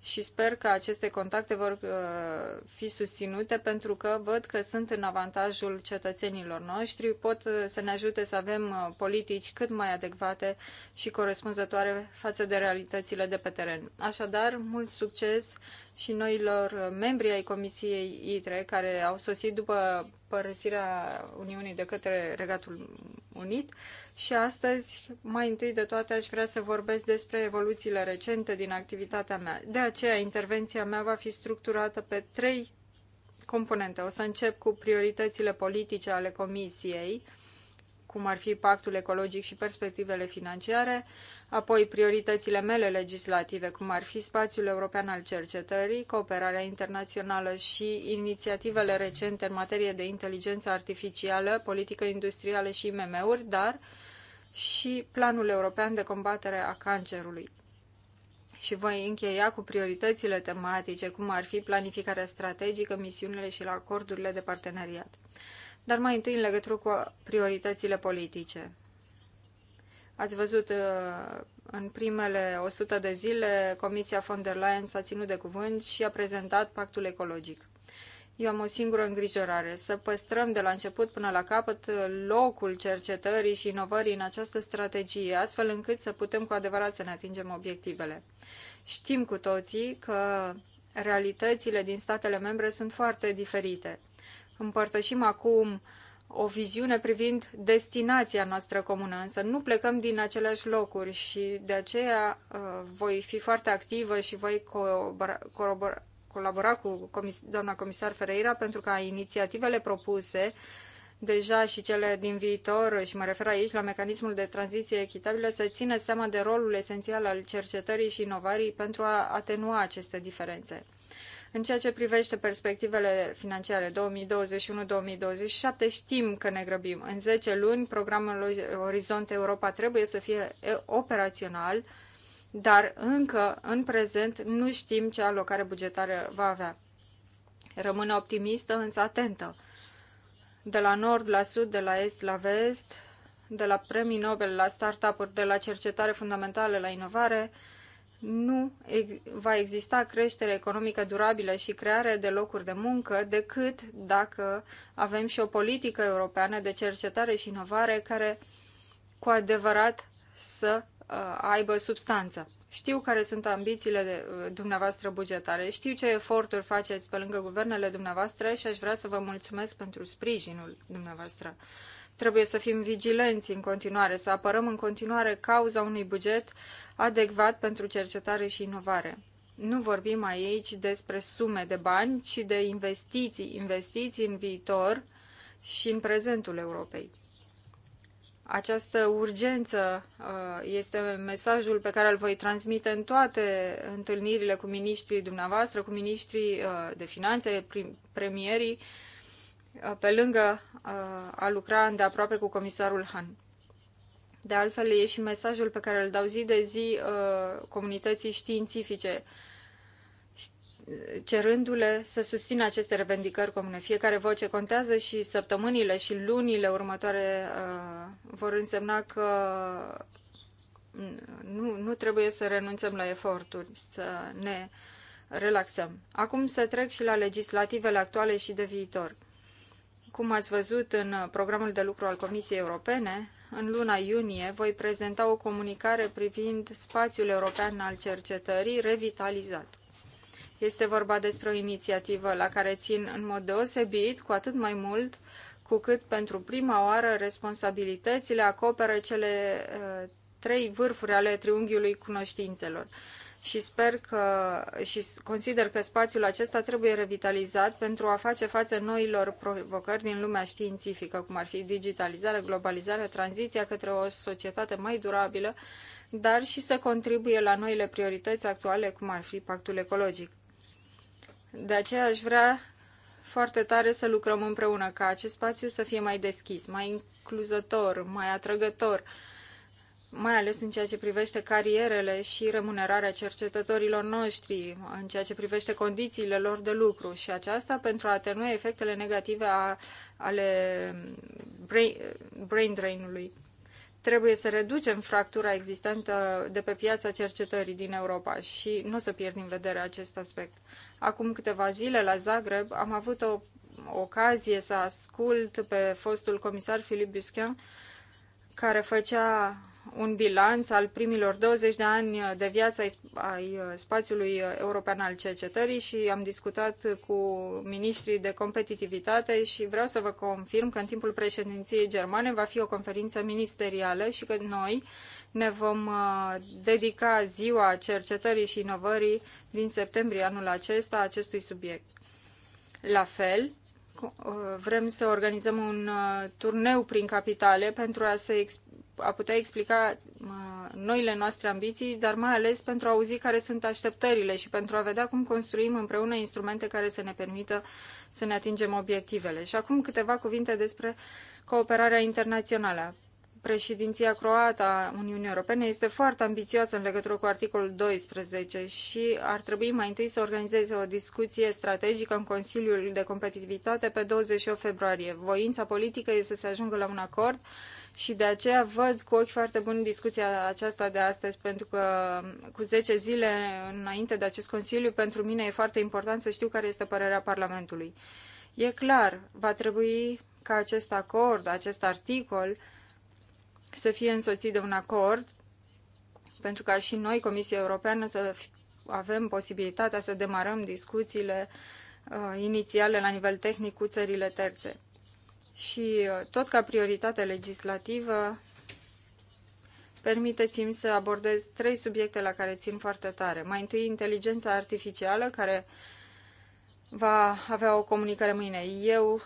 și sper că aceste contacte vor uh, fi susținute pentru că văd că sunt în avantajul cetățenilor noștri, pot uh, să ne ajute să avem uh, politici cât mai adecvate și corespunzătoare față de realitățile de pe teren. Așadar, mult succes și noilor membri ai Comisiei ITRE care au sosit după părăsirea Uniunii de către Regatul Unit și astăzi, mai întâi de toate, aș vrea să vorbesc despre evoluțiile recente din activitatea mea. De aceea, intervenția mea va fi structurată pe trei componente. O să încep cu prioritățile politice ale Comisiei, cum ar fi pactul ecologic și perspectivele financiare, apoi prioritățile mele legislative, cum ar fi spațiul european al cercetării, cooperarea internațională și inițiativele recente în materie de inteligență artificială, politică industrială și IMM-uri, dar și planul european de combatere a cancerului și voi încheia cu prioritățile tematice, cum ar fi planificarea strategică, misiunile și la acordurile de parteneriat dar mai întâi în legătură cu prioritățile politice. Ați văzut uh, în primele 100 de zile, Comisia von der Leyen s-a ținut de cuvânt și a prezentat pactul ecologic. Eu am o singură îngrijorare, să păstrăm de la început până la capăt locul cercetării și inovării în această strategie, astfel încât să putem cu adevărat să ne atingem obiectivele. Știm cu toții că realitățile din statele membre sunt foarte diferite Împărtășim acum o viziune privind destinația noastră comună, însă nu plecăm din aceleași locuri și de aceea uh, voi fi foarte activă și voi colabora cu comis, doamna comisar Ferreira pentru ca inițiativele propuse deja și cele din viitor, și mă refer aici la mecanismul de tranziție echitabilă, să țină seama de rolul esențial al cercetării și inovării pentru a atenua aceste diferențe. În ceea ce privește perspectivele financiare 2021-2027, știm că ne grăbim. În 10 luni, programul Orizont Europa trebuie să fie operațional, dar încă, în prezent, nu știm ce alocare bugetară va avea. Rămân optimistă, însă atentă. De la nord la sud, de la est la vest, de la premii Nobel la startup-uri, de la cercetare fundamentală la inovare, nu va exista creștere economică durabilă și creare de locuri de muncă decât dacă avem și o politică europeană de cercetare și inovare care cu adevărat să uh, aibă substanță. Știu care sunt ambițiile de, uh, dumneavoastră bugetare, știu ce eforturi faceți pe lângă guvernele dumneavoastră și aș vrea să vă mulțumesc pentru sprijinul dumneavoastră. Uh, Trebuie să fim vigilenți în continuare, să apărăm în continuare cauza unui buget adecvat pentru cercetare și inovare. Nu vorbim aici despre sume de bani, ci de investiții, investiții în viitor și în prezentul Europei. Această urgență uh, este mesajul pe care îl voi transmite în toate întâlnirile cu miniștrii dumneavoastră, cu miniștrii uh, de finanțe, premierii, Uh, pe lângă uh, a lucra îndeaproape cu comisarul Han. De altfel, e și mesajul pe care îl dau zi de zi uh, comunității științifice, cerându-le să susțină aceste revendicări comune. Fiecare voce contează și săptămânile și lunile următoare vor însemna că nu, nu trebuie să renunțăm la eforturi, să ne relaxăm. Acum să trec și la legislativele actuale și de viitor. Cum ați văzut în uh, programul de lucru al Comisiei Europene, în luna iunie voi prezenta o comunicare privind spațiul european al cercetării revitalizat. Este vorba despre o inițiativă la care țin în mod deosebit, cu atât mai mult cu cât pentru prima oară responsabilitățile acoperă cele uh, trei vârfuri ale triunghiului cunoștințelor și sper că și consider că spațiul acesta trebuie revitalizat pentru a face față noilor provocări din lumea științifică, cum ar fi digitalizarea, globalizarea, tranziția către o societate mai durabilă, dar și să contribuie la noile priorități actuale, cum ar fi pactul ecologic. De aceea aș vrea foarte tare să lucrăm împreună ca acest spațiu să fie mai deschis, mai incluzător, mai atrăgător, uh, mai ales în ceea ce privește carierele și remunerarea cercetătorilor noștri, în ceea ce privește condițiile lor de lucru și aceasta pentru a atenua efectele negative a, ale brain, brain drain-ului. Trebuie să reducem fractura existentă de pe piața cercetării din Europa și nu o să pierd din vedere acest aspect. Acum câteva zile la Zagreb am avut o ocazie să ascult pe fostul comisar Filip Busquin, care făcea un bilanț al primilor 20 de ani de viață ai uh, spațiului european al cercetării și am discutat cu ministrii de competitivitate și vreau să vă confirm că în timpul președinției germane va fi o conferință ministerială și că noi ne vom uh, dedica ziua cercetării și inovării din septembrie anul acesta acestui subiect. La fel, uh, vrem să organizăm un turneu prin capitale pentru a se explica a putea explica noile noastre ambiții, dar mai ales pentru a auzi care sunt așteptările și pentru a vedea cum construim împreună instrumente care să ne permită să ne atingem obiectivele. Și acum câteva cuvinte despre cooperarea internațională. Președinția croată a Uniunii Europene este foarte ambițioasă în legătură cu articolul 12 și ar trebui mai întâi să organizeze o discuție strategică în Consiliul de Competitivitate pe 28 februarie. Voința politică este să se ajungă la un acord și de aceea văd cu ochi foarte buni discuția aceasta de astăzi, pentru că cu 10 zile înainte de acest Consiliu, pentru mine e foarte important să știu care este părerea Parlamentului. E clar, va trebui ca acest acord, acest articol, să fie însoțit de un acord, pentru ca și noi, Comisia Europeană, să avem posibilitatea să demarăm discuțiile uh, inițiale la nivel tehnic cu țările terțe și uh, tot ca prioritate legislativă, permiteți-mi să abordez trei subiecte la care țin foarte tare. Mai întâi, inteligența artificială, care va avea o comunicare mâine. Eu,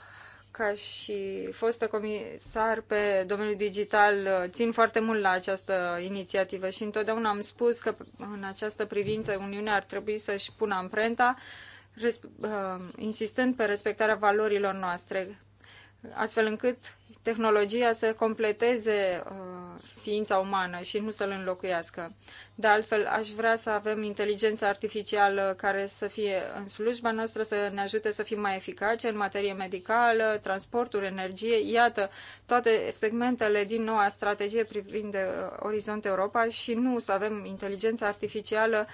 ca și fostă comisar pe domeniul digital, uh, țin foarte mult la această inițiativă și întotdeauna am spus că în această privință Uniunea ar trebui să-și pună amprenta uh, insistând pe respectarea valorilor noastre astfel încât tehnologia să completeze uh, ființa umană și nu să-l înlocuiască. De altfel, aș vrea să avem inteligența artificială care să fie în slujba noastră, să ne ajute să fim mai eficace în materie medicală, transporturi, energie, iată, toate segmentele din noua strategie privind uh, Orizont Europa și nu să avem inteligența artificială uh,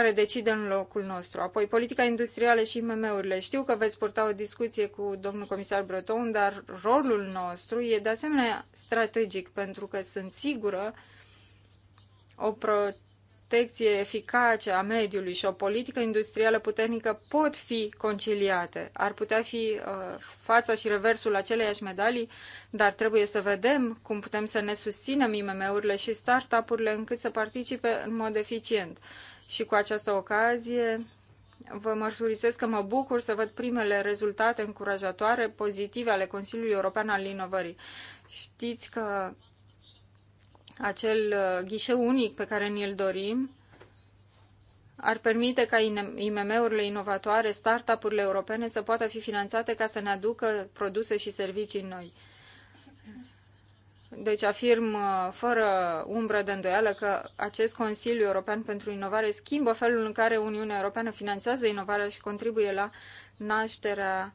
care decid în locul nostru. Apoi, politica industrială și IMM-urile. Știu că veți purta o discuție cu domnul comisar Breton, dar rolul nostru e de asemenea strategic, pentru că sunt sigură o protecție eficace a mediului și o politică industrială puternică pot fi conciliate. Ar putea fi uh, fața și reversul aceleiași medalii, dar trebuie să vedem cum putem să ne susținem IMM-urile și startup-urile încât să participe în mod eficient și cu această ocazie vă mărturisesc că mă bucur să văd primele rezultate încurajatoare, pozitive ale Consiliului European al Inovării. Știți că acel uh, ghișeu unic pe care ni-l dorim ar permite ca IMM-urile inovatoare, startup-urile europene să poată fi finanțate ca să ne aducă produse și servicii noi. Deci afirm uh, fără umbră de îndoială că acest Consiliu European pentru Inovare schimbă felul în care Uniunea Europeană finanțează inovarea și contribuie la nașterea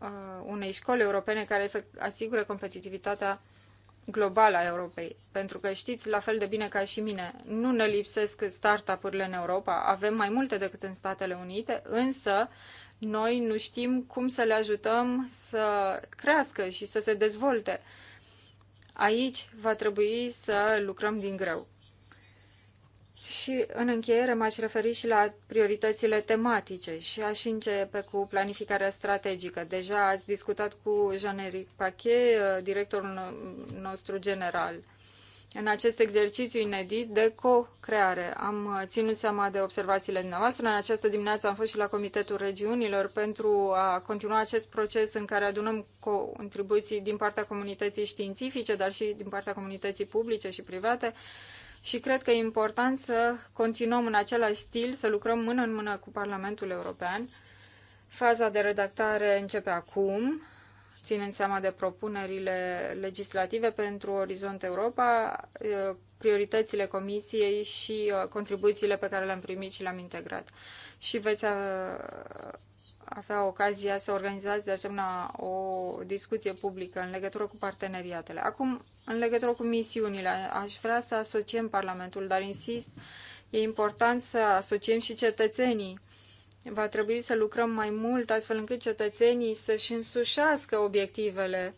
uh, unei școli europene care să asigure competitivitatea globală a Europei. Pentru că știți la fel de bine ca și mine, nu ne lipsesc startup-urile în Europa, avem mai multe decât în Statele Unite, însă noi nu știm cum să le ajutăm să crească și să se dezvolte. Aici va trebui să lucrăm din greu. Și în încheiere m-aș referi și la prioritățile tematice și aș începe cu planificarea strategică. Deja ați discutat cu Jean-Éric Paquet, uh, directorul nostru general în acest exercițiu inedit de co-creare. Am uh, ținut seama de observațiile dumneavoastră. În această dimineață am fost și la Comitetul Regiunilor pentru a continua acest proces în care adunăm contribuții din partea comunității științifice, dar și din partea comunității publice și private. Și cred că e important să continuăm în același stil, să lucrăm mână în mână cu Parlamentul European. Faza de redactare începe acum ținând seama de propunerile legislative pentru Orizont Europa, prioritățile comisiei și contribuțiile pe care le-am primit și le-am integrat. Și veți avea ocazia să organizați de asemenea o discuție publică în legătură cu parteneriatele. Acum, în legătură cu misiunile, aș vrea să asociem Parlamentul, dar insist, e important să asociem și cetățenii Va trebui să lucrăm mai mult astfel încât cetățenii să-și însușească obiectivele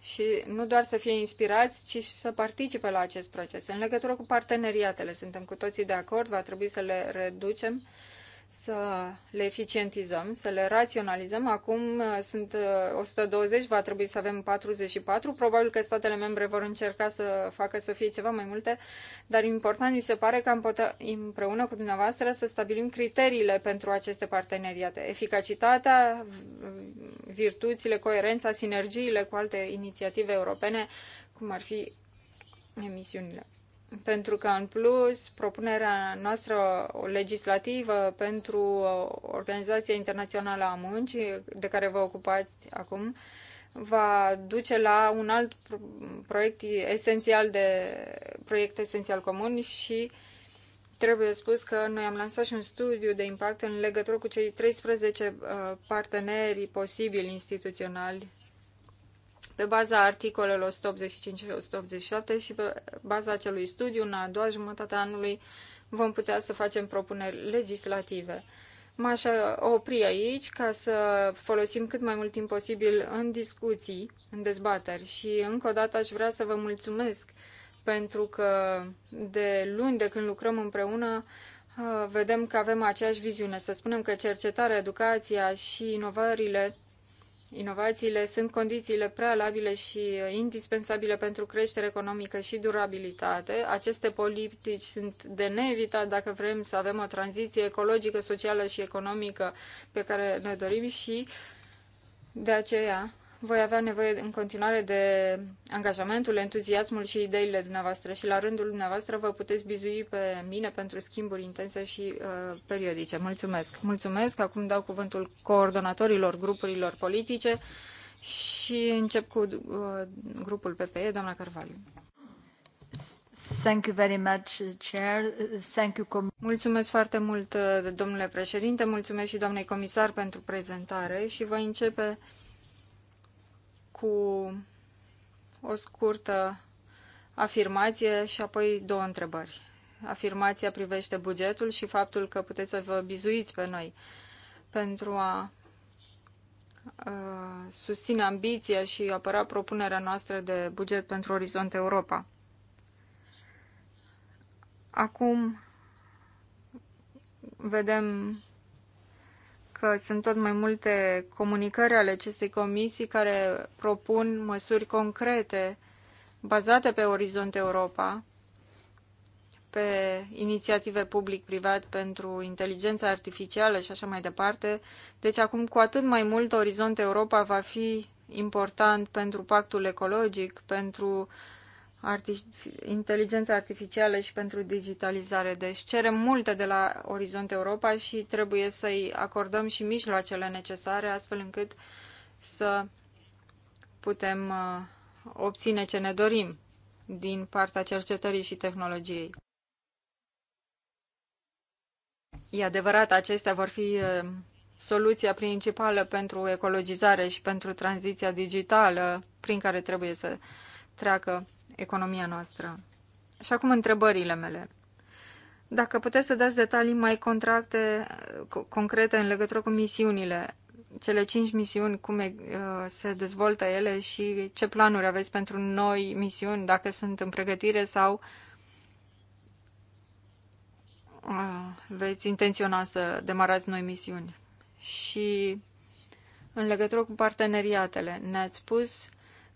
și nu doar să fie inspirați, ci și să participe la acest proces. În legătură cu parteneriatele, suntem cu toții de acord, va trebui să le reducem să le eficientizăm, să le raționalizăm. Acum uh, sunt 120, uh, va trebui să avem 44. Probabil că statele membre vor încerca să facă să fie ceva mai multe, dar important mi se pare că am putea împreună cu dumneavoastră să stabilim criteriile pentru aceste parteneriate. Eficacitatea, virtuțile, coerența, sinergiile cu alte inițiative europene, cum ar fi emisiunile pentru că, în plus, propunerea noastră legislativă pentru uh, Organizația Internațională a Muncii, de care vă ocupați acum, va duce la un alt proiect esențial de proiect esențial comun și trebuie spus că noi am lansat și un studiu de impact în legătură cu cei 13 uh, parteneri posibili instituționali pe baza articolelor 185 și 187 și pe baza acelui studiu, în a doua jumătate a anului, vom putea să facem propuneri legislative. M-aș opri aici ca să folosim cât mai mult timp posibil în discuții, în dezbateri și încă o dată aș vrea să vă mulțumesc pentru că de luni de când lucrăm împreună vedem că avem aceeași viziune. Să spunem că cercetarea, educația și inovările Inovațiile sunt condițiile prealabile și uh, indispensabile pentru creștere economică și durabilitate. Aceste politici sunt de neevitat dacă vrem să avem o tranziție ecologică, socială și economică pe care ne dorim și de aceea voi avea nevoie în continuare de angajamentul, entuziasmul și ideile dumneavoastră și la rândul dumneavoastră vă puteți bizui pe mine pentru schimburi intense și uh, periodice. Mulțumesc! Mulțumesc! Acum dau cuvântul coordonatorilor grupurilor politice și încep cu uh, grupul PPE, doamna Carvaliu. Thank you very much, Chair. Thank you. Mulțumesc foarte mult, domnule președinte, mulțumesc și doamnei comisar pentru prezentare și voi începe uh, cu o scurtă afirmație și apoi două întrebări. Afirmația privește bugetul și faptul că puteți să vă bizuiți pe noi pentru a susține ambiția și apăra propunerea noastră de buget pentru Orizont Europa. Acum vedem că sunt tot mai multe comunicări ale acestei comisii care propun măsuri concrete bazate pe Orizont Europa, pe inițiative public-privat pentru inteligența artificială și așa mai departe. Deci acum cu atât mai mult Orizont Europa va fi important pentru pactul ecologic, pentru uh, artific- inteligența artificială și pentru digitalizare. Deci cerem multe de la Orizont Europa și trebuie să-i acordăm și mijloacele necesare, astfel încât să putem uh, obține ce ne dorim din partea cercetării și tehnologiei. E adevărat, acestea vor fi uh, soluția principală pentru ecologizare și pentru tranziția digitală prin care trebuie să treacă economia noastră. Și acum întrebările mele. Dacă puteți să dați detalii mai contracte, concrete în legătură cu misiunile, cele cinci misiuni, cum uh, se dezvoltă ele și ce planuri aveți pentru noi misiuni, dacă sunt în pregătire sau uh, veți intenționa să demarați noi misiuni. Și în legătură cu parteneriatele, ne-ați spus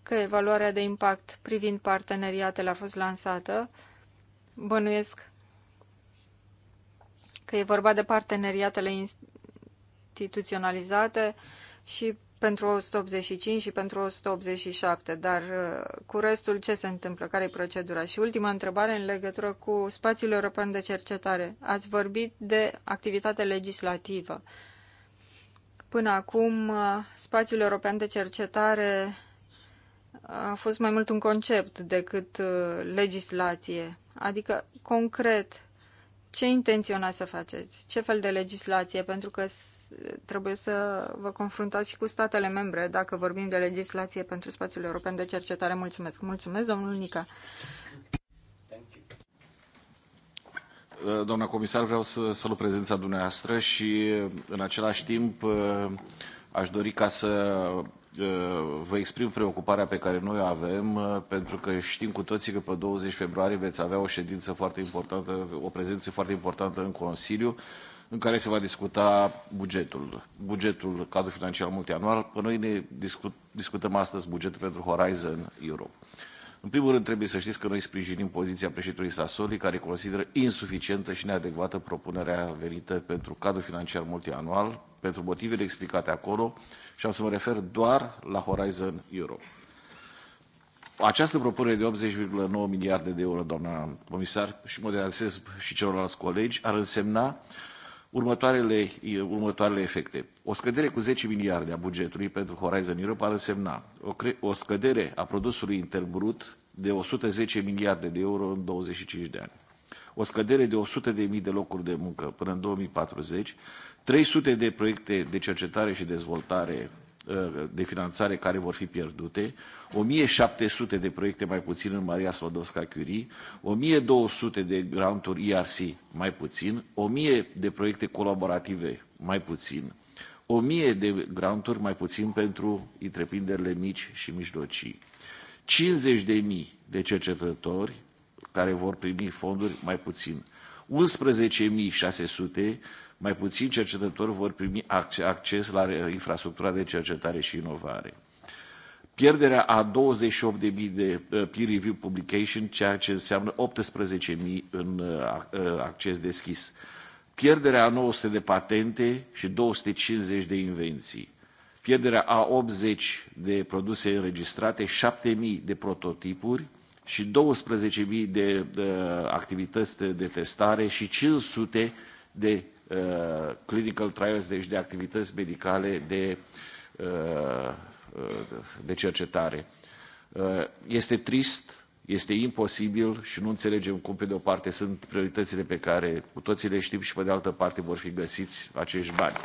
că evaluarea de impact privind parteneriatele a fost lansată. Bănuiesc că e vorba de parteneriatele instituționalizate și pentru 185 și pentru 187, dar uh, cu restul ce se întâmplă? Care e procedura? Și ultima întrebare în legătură cu spațiul european de cercetare. Ați vorbit de activitate legislativă. Până acum, uh, spațiul european de cercetare a fost mai mult un concept decât uh, legislație. Adică, concret, ce intenționați să faceți? Ce fel de legislație? Pentru că trebuie să vă confruntați și cu statele membre dacă vorbim de legislație pentru spațiul european de cercetare. Mulțumesc! Mulțumesc, domnul Nica! Doamna comisar, vreau să salut prezența dumneavoastră și în același timp uh, aș dori ca să Eh, vă exprim preocuparea pe care noi o avem, eh, pentru că știm cu toții că pe 20 februarie veți avea o ședință foarte importantă, o prezență foarte importantă în Consiliu, în care se va discuta bugetul, bugetul cadrul financiar multianual. Pe noi ne discut, discutăm astăzi bugetul pentru Horizon Europe. În primul rând, trebuie să știți că noi sprijinim poziția președintelui Sassoli, care consideră insuficientă și neadecvată propunerea venită pentru cadrul financiar multianual, pentru motivele explicate acolo, și am să mă refer doar la Horizon Europe. Această propunere de 80,9 miliarde de euro, doamna comisar, și mă și celorlalți colegi, ar însemna următoarele, următoarele efecte. O scădere cu 10 miliarde a bugetului pentru Horizon Europe ar însemna o, o scădere a produsului interbrut de 110 miliarde de euro în 25 de ani, o scădere de 100 de mii de locuri de muncă până în 2040, 300 de proiecte de cercetare și dezvoltare Uh, de finanțare care vor fi pierdute, 1700 de proiecte mai puțin în Maria Slodowska Curie, 1200 de granturi ERC mai puțin, 1000 de proiecte colaborative mai puțin, 1000 de granturi mai puțin pentru întreprinderile mici și mijlocii, 50.000 de cercetători care vor primi fonduri mai puțin, 11.600 mai puțini cercetători vor primi acces la uh, infrastructura de cercetare și inovare. Pierderea a 28.000 de uh, peer review publication, ceea ce înseamnă 18.000 în uh, acces deschis. Pierderea a 900 de patente și 250 de invenții. Pierderea a 80 de produse înregistrate, 7.000 de prototipuri, și 12.000 de, de activități de, de testare și 500 de Uh, clinical trials, deci de activități medicale de, uh, uh, de cercetare. este trist, este imposibil și nu înțelegem cum, pe de o parte, sunt prioritățile pe care cu toții le știm și, pe de altă parte, vor fi găsiți acești bani.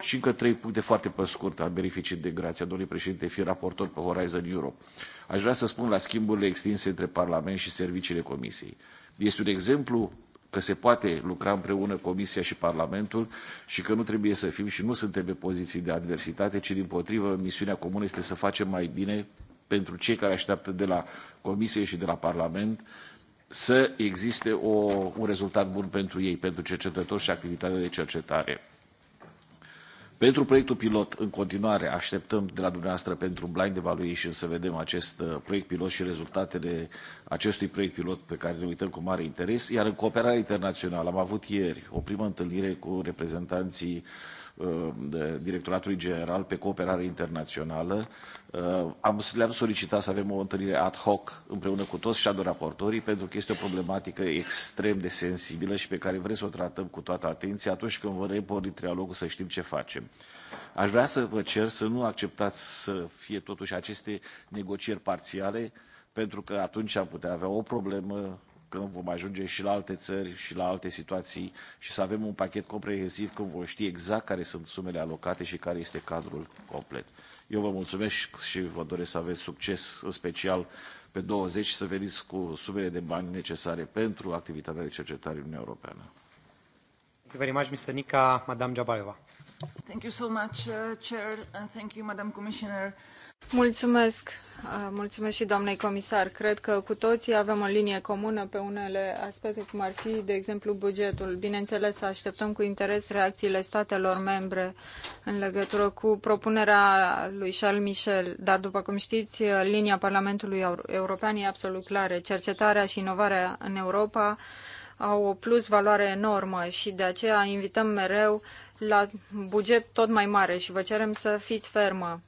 Și încă trei puncte foarte pe scurt, am beneficiat de grația domnului președinte, fi raportor pe Horizon Europe. Aș vrea să spun la schimburile extinse între Parlament și serviciile Comisiei. Este un exemplu că se poate lucra împreună Comisia și Parlamentul și că nu trebuie să fim și nu suntem pe poziții de adversitate, ci din potrivă misiunea comună este să facem mai bine pentru cei care așteaptă de la Comisie și de la Parlament să existe o, un rezultat bun pentru ei, pentru cercetători și activitatea de cercetare. Pentru proiectul pilot, în continuare, așteptăm de la dumneavoastră pentru un blind evaluation să vedem acest uh, proiect pilot și rezultatele acestui proiect pilot pe care ne uităm cu mare interes. Iar în cooperare internațională am avut ieri o primă întâlnire cu reprezentanții uh, Uh, de Directoratului General pe cooperare internațională. Uh, am, le-am solicitat să avem o întâlnire ad hoc împreună cu toți shadow raportorii pentru că este o problematică extrem de sensibilă și pe care vrem să o tratăm cu toată atenția atunci când vom repori trialogul să știm ce facem. Aș vrea să vă cer să nu acceptați să fie totuși aceste negocieri parțiale, pentru că atunci am putea avea o problemă când vom ajunge și la alte țări și la alte situații și să avem un pachet comprehensiv când vom ști exact care sunt sumele alocate și care este cadrul complet. Eu vă mulțumesc și vă doresc să aveți succes, în special pe 20, și să veniți cu sumele de bani necesare pentru activitatea de cercetare în Uniunea Europeană. Thank you very much, Mr. Jabayeva. Thank you so much, uh, Chair, Uh, thank you, Madam Commissioner. Mulțumesc. Mulțumesc și doamnei comisar. Cred că cu toții avem o linie comună pe unele aspecte, cum ar fi, de exemplu, bugetul. Bineînțeles, așteptăm cu interes reacțiile statelor membre în legătură cu propunerea lui Charles Michel, dar, după cum știți, linia Parlamentului European e absolut clară. Cercetarea și inovarea în Europa au o plus valoare enormă și de aceea invităm mereu la buget tot mai mare și vă cerem să fiți fermă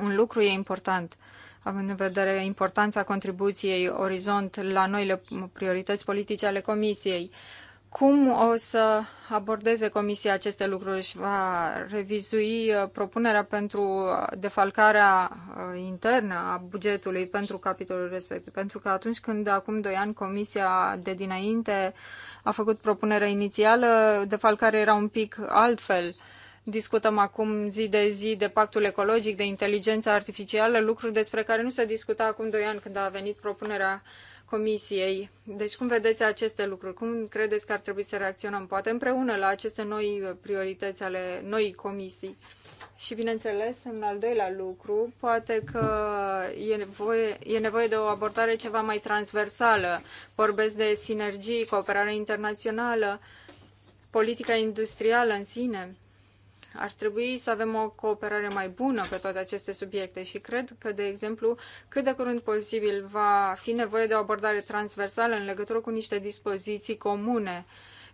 un lucru e important, având în vedere importanța contribuției Orizont la noile priorități politice ale Comisiei. Cum o să abordeze Comisia aceste lucruri și va revizui uh, propunerea pentru uh, defalcarea uh, internă a bugetului pentru capitolul respectiv? Pentru că atunci când acum doi ani Comisia de dinainte a făcut propunerea inițială, defalcarea era un pic altfel. Uh, discutăm acum zi de zi de pactul ecologic, de inteligența artificială, lucruri despre care nu se discuta acum doi ani când a venit propunerea Comisiei. Deci cum vedeți aceste lucruri? Cum credeți că ar trebui să reacționăm, poate împreună, la aceste noi priorități ale noii comisii? Și, bineînțeles, un al doilea lucru, poate că e nevoie, e nevoie de o abordare ceva mai transversală. Vorbesc de sinergii, cooperare internațională, politica industrială în sine. Ar trebui să avem o cooperare mai bună pe toate aceste subiecte și cred că, de exemplu, cât de curând posibil va fi nevoie de o abordare transversală în legătură cu niște dispoziții comune.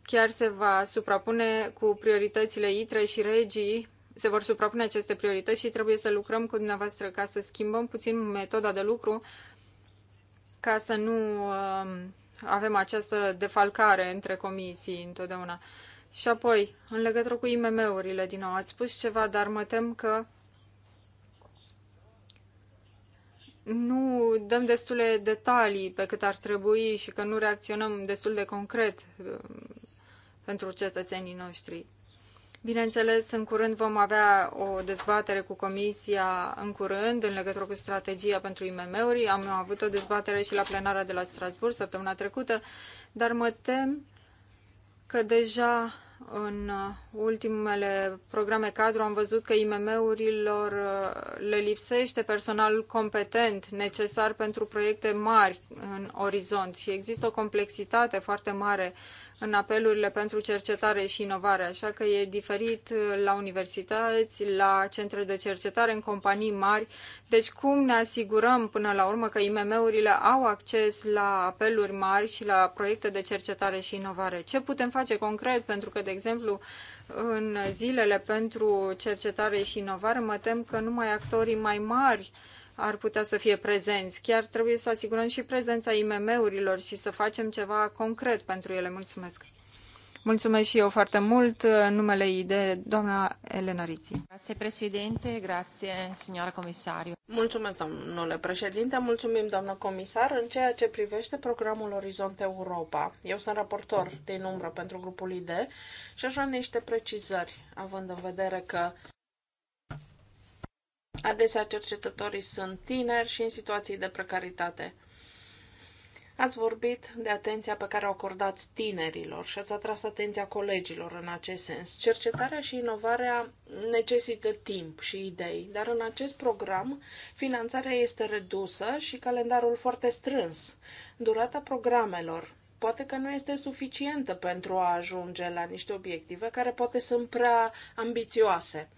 Chiar se va suprapune cu prioritățile ITRE și regii se vor suprapune aceste priorități și trebuie să lucrăm cu dumneavoastră ca să schimbăm puțin metoda de lucru ca să nu um, avem această defalcare între comisii întotdeauna. Și apoi, în legătură cu IMM-urile, din nou, ați spus ceva, dar mă tem că nu dăm destule detalii pe cât ar trebui și că nu reacționăm destul de concret um, pentru cetățenii noștri. Bineînțeles, în curând vom avea o dezbatere cu Comisia în curând în legătură cu strategia pentru IMM-uri. Am avut o dezbatere și la plenara de la Strasburg săptămâna trecută, dar mă tem că deja în uh, ultimele programe cadru am văzut că IMM-urilor uh, le lipsește personal competent necesar pentru proiecte mari în orizont și există o complexitate foarte mare în apelurile pentru cercetare și inovare, așa că e diferit la universități, la centre de cercetare, în companii mari. Deci cum ne asigurăm până la urmă că IMM-urile au acces la apeluri mari și la proiecte de cercetare și inovare? Ce putem face concret? Pentru că, de exemplu, în zilele pentru cercetare și inovare mă tem că numai actorii mai mari uh, ar putea să fie prezenți. Chiar trebuie să asigurăm și prezența IMM-urilor și să facem ceva concret pentru ele. Mulțumesc! Mulțumesc și eu foarte mult. Numele IDE, doamna Elena Riții. Grazie, președinte, grazie, signora comisariu. Mulțumesc, domnule președinte, mulțumim, doamnă comisar, în ceea ce privește programul Orizont Europa. Eu sunt raportor din umbră pentru grupul IDE și aș vrea niște precizări, având în vedere că Adesea cercetătorii sunt tineri și în situații de precaritate. Ați vorbit de atenția pe care o acordați tinerilor și ați atras atenția colegilor în acest sens. Cercetarea și inovarea necesită timp și idei, dar în acest program finanțarea este redusă și calendarul foarte strâns. Durata programelor poate că nu este suficientă pentru a ajunge la niște obiective care poate sunt prea ambițioase.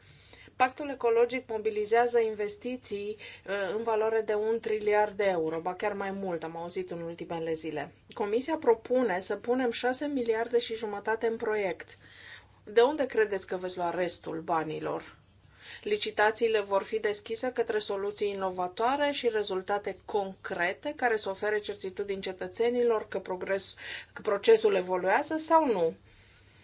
Pactul ecologic mobilizează investiții uh, în valoare de un triliard de euro, ba chiar mai mult, am auzit în ultimele zile. Comisia propune să punem 6 miliarde și jumătate în proiect. De unde credeți că veți lua restul banilor? Licitațiile vor fi deschise către soluții inovatoare și rezultate concrete care să ofere certitudini cetățenilor că, progres, că procesul evoluează sau nu.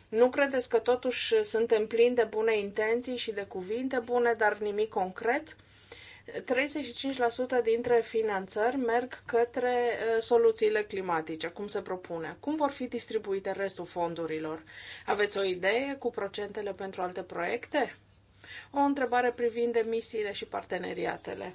Nu credeți că totuși suntem plini de bune intenții și de cuvinte bune, dar nimic concret? 35% dintre finanțări merg către uh, soluțiile climatice, cum se propune. Cum vor fi distribuite restul fondurilor? Aveți o idee cu procentele pentru alte proiecte? O întrebare privind emisiile și parteneriatele.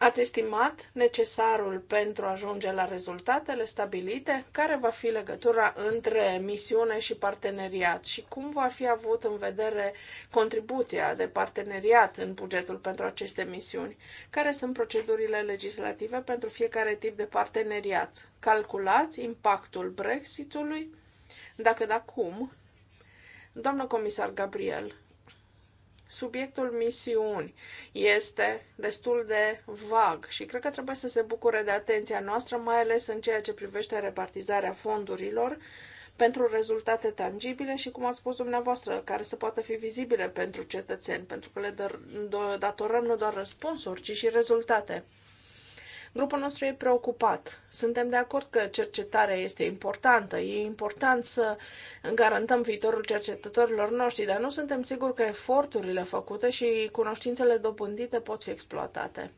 Ați estimat necesarul pentru a ajunge la rezultatele stabilite? Care va fi legătura între misiune și parteneriat și cum va fi avut în vedere contribuția de parteneriat în bugetul pentru aceste misiuni? Care sunt procedurile legislative pentru fiecare tip de parteneriat? Calculați impactul Brexitului? Dacă da, cum? Doamnă comisar Gabriel, subiectul misiuni este destul de vag și cred că trebuie să se bucure de atenția noastră, mai ales în ceea ce privește repartizarea fondurilor pentru rezultate tangibile și, cum a spus dumneavoastră, care să poată fi vizibile pentru cetățeni, pentru că le datorăm nu doar răspunsuri, ci și rezultate. Grupul nostru e preocupat. Suntem de acord că cercetarea este importantă, e important să garantăm viitorul cercetătorilor noștri, dar nu suntem siguri că eforturile făcute și cunoștințele dobândite pot fi exploatate.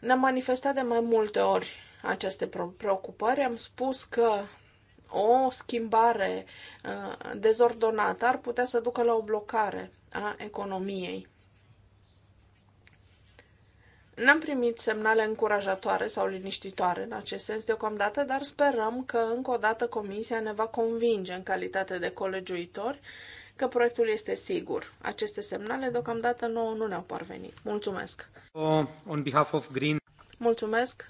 Ne-am manifestat de mai multe ori aceste preocupări, am spus că o schimbare uh, dezordonată ar putea să ducă la o blocare a economiei. N-am primit semnale încurajatoare sau liniștitoare în acest sens deocamdată, dar sperăm că încă o dată Comisia ne va convinge în calitate de colegiuitori că proiectul este sigur. Aceste semnale deocamdată nouă nu ne-au parvenit. Mulțumesc! Oh, on behalf of Green. Mulțumesc,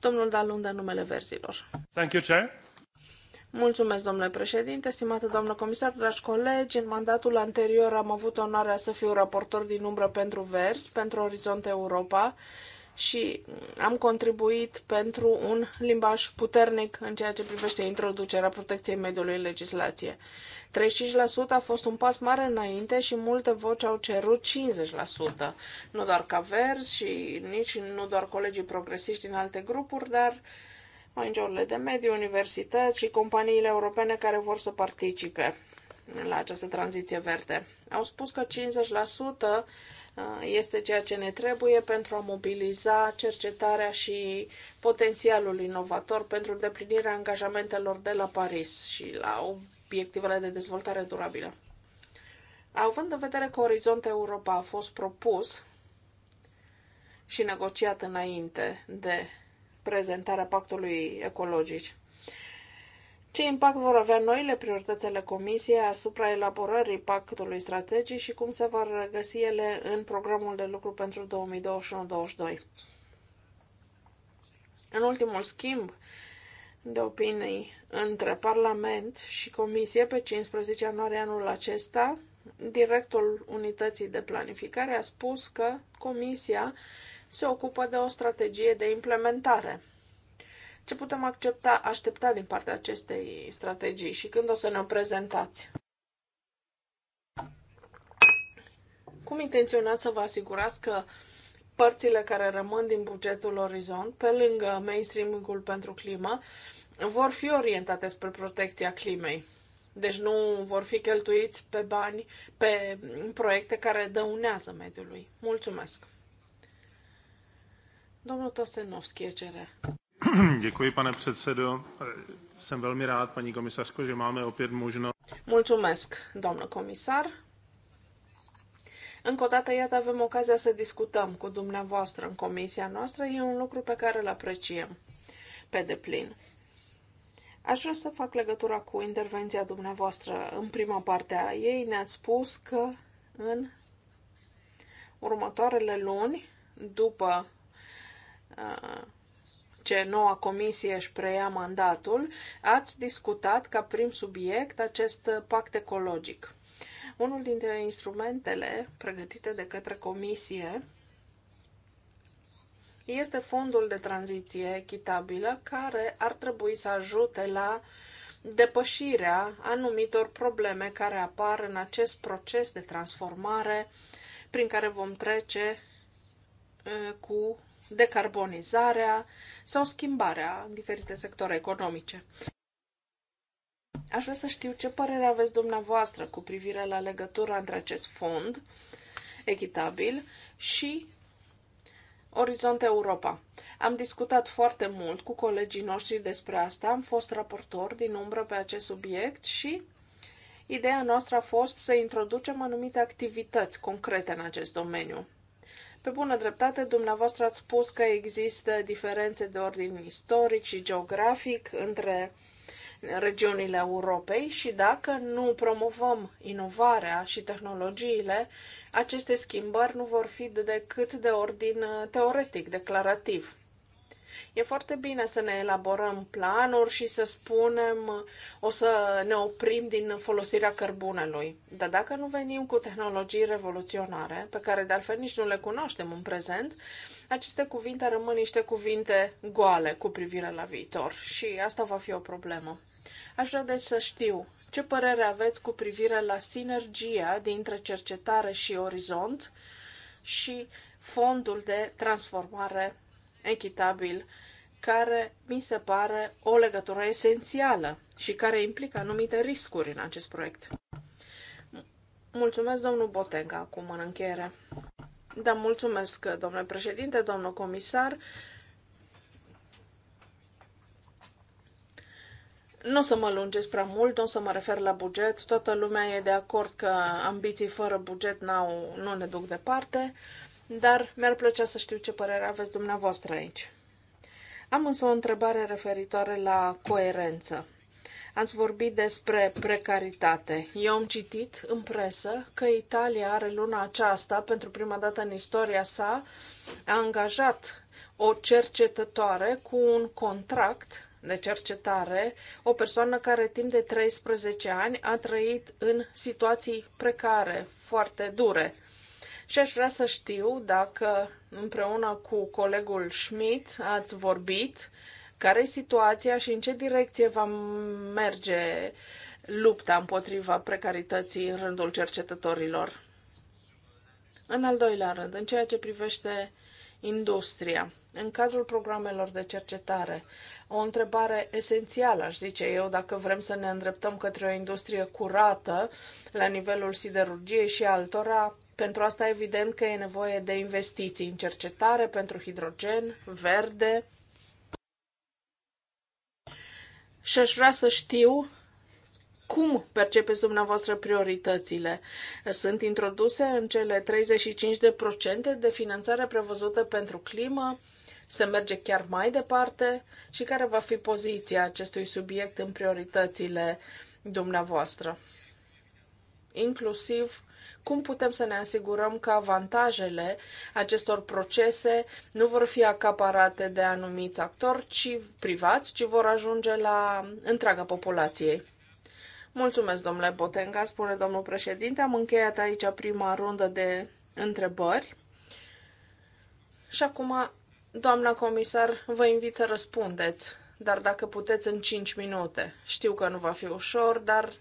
domnul Dalunda, numele verzilor. Thank you, Chair. Mulțumesc, domnule președinte, stimată doamnă comisar, dragi colegi. În mandatul anterior am avut onoarea să fiu raportor din umbră pentru VERS, pentru Orizont Europa și am contribuit pentru un limbaj puternic în ceea ce privește introducerea protecției mediului în legislație. 35% a fost un pas mare înainte și multe voci au cerut 50%. Nu doar ca vers și nici nu doar colegii progresiști din alte grupuri, dar ONG-urile de mediu, universități și companiile europene care vor să participe la această tranziție verde. Au spus că 50% uh, este ceea ce ne trebuie pentru a mobiliza cercetarea și potențialul inovator pentru îndeplinirea angajamentelor de la Paris și la obiectivele de dezvoltare durabilă. Având în vedere că Orizont Europa a fost propus și negociat înainte de prezentarea pactului ecologic. Ce impact vor avea noile prioritățile Comisiei asupra elaborării pactului strategic și cum se vor regăsi ele în programul de lucru pentru 2021-2022? În ultimul schimb de opinii între Parlament și Comisie pe 15 ianuarie anul acesta, directorul Unității de Planificare a spus că Comisia se ocupă de o strategie de implementare. Ce putem accepta, aștepta din partea acestei strategii și când o să ne-o prezentați? Cum intenționați să vă asigurați că părțile care rămân din bugetul Orizont, pe lângă mainstreaming-ul pentru climă, vor fi orientate spre protecția climei? Deci nu vor fi cheltuiți pe bani, pe proiecte care dăunează mediului. Mulțumesc! Domnul Děkuji, pane předsedo. Jsem velmi rád, paní komisařko, že máme opět možnost. Mulțumesc, doamnă comisar. Încă o dată, iată, avem ocazia să discutăm cu dumneavoastră în comisia noastră. E un lucru pe care îl apreciem pe deplin. Aș vrea să fac legătura cu intervenția dumneavoastră în prima parte a ei. Ne-ați spus că în următoarele luni, după ce noua comisie își preia mandatul, ați discutat ca prim subiect acest pact ecologic. Unul dintre instrumentele pregătite de către comisie este fondul de tranziție echitabilă care ar trebui să ajute la depășirea anumitor probleme care apar în acest proces de transformare prin care vom trece uh, cu decarbonizarea sau schimbarea în diferite sectoare economice. Aș vrea să știu ce părere aveți dumneavoastră cu privire la legătura între acest fond echitabil și Orizont Europa. Am discutat foarte mult cu colegii noștri despre asta, am fost raportor din umbră pe acest subiect și ideea noastră a fost să introducem anumite activități concrete în acest domeniu. Pe bună dreptate, dumneavoastră ați spus că există diferențe de ordin istoric și geografic între regiunile Europei și dacă nu promovăm inovarea și tehnologiile, aceste schimbări nu vor fi decât de ordin teoretic, declarativ. E foarte bine să ne elaborăm planuri și să spunem o să ne oprim din folosirea cărbunelui. Dar dacă nu venim cu tehnologii revoluționare, pe care de altfel nici nu le cunoaștem în prezent, aceste cuvinte rămân niște cuvinte goale cu privire la viitor și asta va fi o problemă. Aș vrea deci să știu ce părere aveți cu privire la sinergia dintre cercetare și orizont și fondul de transformare echitabil, care mi se pare o legătură esențială și care implică anumite riscuri în acest proiect. Mulțumesc, domnul Botenga, acum în încheiere. Da, mulțumesc, domnule președinte, domnul comisar. Nu o să mă lungesc prea mult, nu o să mă refer la buget. Toată lumea e de acord că ambiții fără buget n-au, nu ne duc departe. Uh, dar mi-ar plăcea să știu ce părere aveți dumneavoastră aici. Am însă o întrebare referitoare la coerență. Ați vorbit despre precaritate. Eu am citit în presă că Italia are luna aceasta, pentru prima dată în istoria sa, a angajat o cercetătoare cu un contract de cercetare, o persoană care timp de 13 ani a trăit în situații precare, foarte dure și aș vrea să știu dacă împreună cu colegul Schmidt ați vorbit care e situația și în ce direcție va merge lupta împotriva precarității în rândul cercetătorilor. În al doilea rând, în ceea ce privește industria, în cadrul programelor de cercetare, o întrebare esențială, aș zice eu, dacă vrem să ne îndreptăm către o industrie curată la nivelul siderurgiei și altora, pentru asta evident că e nevoie de investiții în cercetare pentru hidrogen verde. Și aș vrea să știu cum percepeți dumneavoastră prioritățile? Sunt introduse în cele 35% de, procente de finanțare prevăzută pentru climă? Se merge chiar mai departe? Și care va fi poziția acestui subiect în prioritățile dumneavoastră? Inclusiv cum putem să ne asigurăm că avantajele acestor procese nu vor fi acaparate de anumiți actori ci privați, ci vor ajunge la întreaga populație. Mulțumesc, domnule Botenga, spune domnul președinte. Am încheiat aici prima rundă de întrebări. Și acum, doamna comisar, vă invit să răspundeți, dar dacă puteți în 5 minute. Știu că nu va fi ușor, dar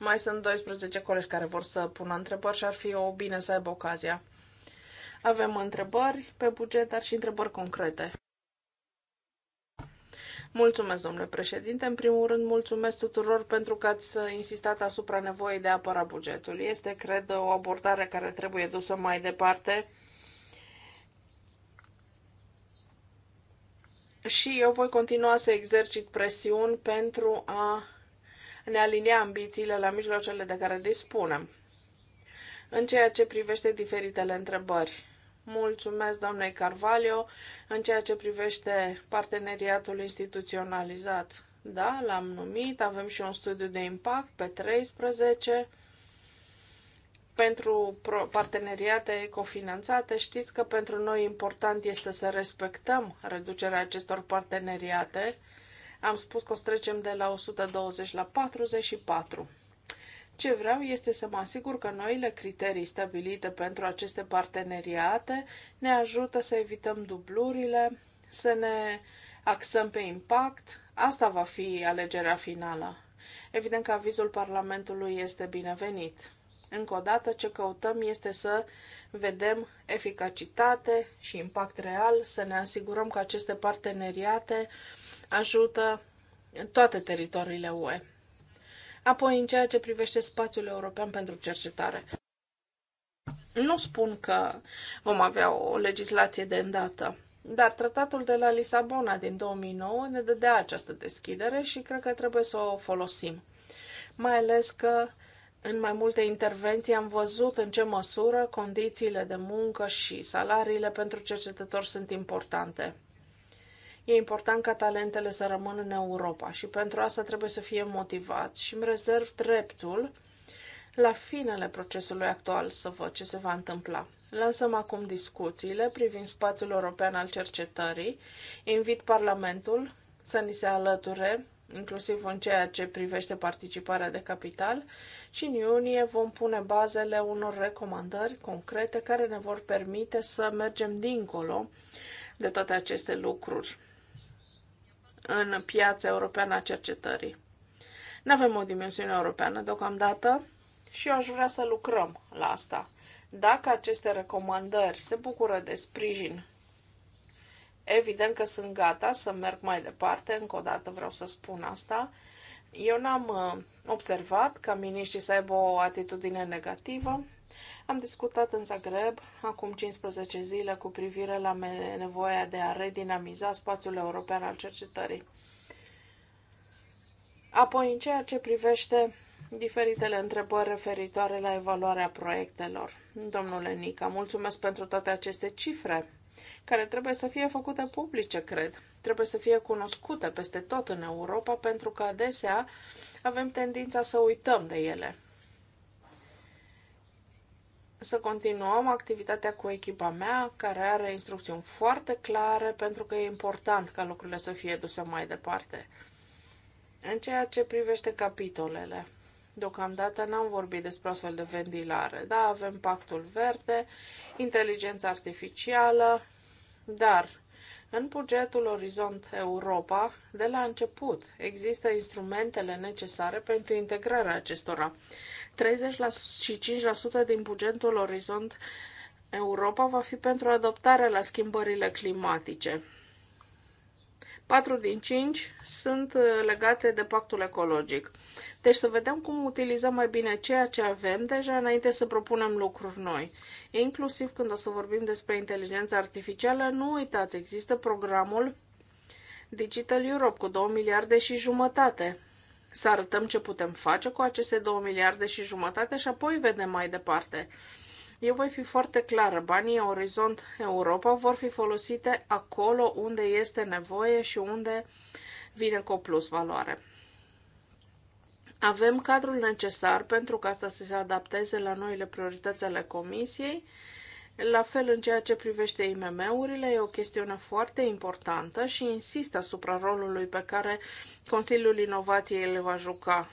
mai sunt 12 colegi care vor să pună întrebări și ar fi o bine să aibă ocazia. Avem întrebări pe buget, dar și întrebări concrete. Mulțumesc, domnule președinte. În primul rând, mulțumesc tuturor pentru că ați insistat asupra nevoii de a apăra bugetul. Este, cred, o abordare care trebuie dusă mai departe. Și eu voi continua să exercit presiuni pentru a ne alinia ambițiile la mijloacele de care dispunem. În ceea ce privește diferitele întrebări, mulțumesc doamnei Carvalho în ceea ce privește parteneriatul instituționalizat. Da, l-am numit, avem și un studiu de impact pe 13 pentru parteneriate cofinanțate. Știți că pentru noi important este să respectăm reducerea acestor parteneriate am spus că o să trecem de la 120 la 44. Ce vreau este să mă asigur că noile criterii stabilite pentru aceste parteneriate ne ajută să evităm dublurile, să ne axăm pe impact. Asta va fi alegerea finală. Evident că avizul Parlamentului este binevenit. Încă o dată, ce căutăm este să vedem eficacitate și impact real, să ne asigurăm că aceste parteneriate ajută în toate teritoriile UE. Apoi, în ceea ce privește spațiul european pentru cercetare. Nu spun că vom avea o legislație de îndată, dar tratatul de la Lisabona din 2009 ne dădea această deschidere și cred că trebuie să o folosim. Mai ales că în mai multe intervenții am văzut în ce măsură condițiile de muncă și salariile pentru cercetători sunt importante. E important ca talentele să rămână în Europa și pentru asta trebuie să fie motivat și îmi rezerv dreptul la finele procesului actual să văd ce se va întâmpla. Lansăm acum discuțiile privind spațiul european al cercetării. Invit Parlamentul să ni se alăture, inclusiv în ceea ce privește participarea de capital, și în iunie vom pune bazele unor recomandări concrete care ne vor permite să mergem dincolo de toate aceste lucruri în piața europeană a cercetării. Nu avem o dimensiune europeană deocamdată și eu aș vrea să lucrăm la asta. Dacă aceste recomandări se bucură de sprijin, evident că sunt gata să merg mai departe, încă o dată vreau să spun asta. Eu n-am uh, observat ca miniștrii să aibă o atitudine negativă, am discutat în Zagreb acum 15 zile cu privire la nevoia de a redinamiza spațiul european al cercetării. Apoi, în ceea ce privește diferitele întrebări referitoare la evaluarea proiectelor. Domnule Nica, mulțumesc pentru toate aceste cifre, care trebuie să fie făcute publice, cred. Trebuie să fie cunoscute peste tot în Europa, pentru că adesea avem tendința să uităm de ele să continuăm activitatea cu echipa mea, care are instrucțiuni foarte clare, pentru că e important ca lucrurile să fie duse mai departe. În ceea ce privește capitolele, deocamdată n-am vorbit despre astfel de ventilare. Da, avem pactul verde, inteligența artificială, dar în bugetul Orizont Europa, de la început, există instrumentele necesare pentru integrarea acestora. 35% din bugetul Orizont Europa va fi pentru adoptare la schimbările climatice. 4 din 5 sunt uh, legate de pactul ecologic. Deci să vedem cum utilizăm mai bine ceea ce avem deja înainte să propunem lucruri noi. Inclusiv când o să vorbim despre inteligența artificială, nu uitați, există programul Digital Europe cu 2 miliarde și jumătate să arătăm ce putem face cu aceste 2 miliarde și jumătate și apoi vedem mai departe. Eu voi fi foarte clară, banii Orizont Europa vor fi folosite acolo unde este nevoie și unde vine cu o plus valoare. Avem cadrul necesar pentru ca asta să se adapteze la noile priorități ale Comisiei la fel în ceea ce privește IMM-urile, e o chestiune foarte importantă și insist asupra rolului pe care Consiliul Inovației îl va juca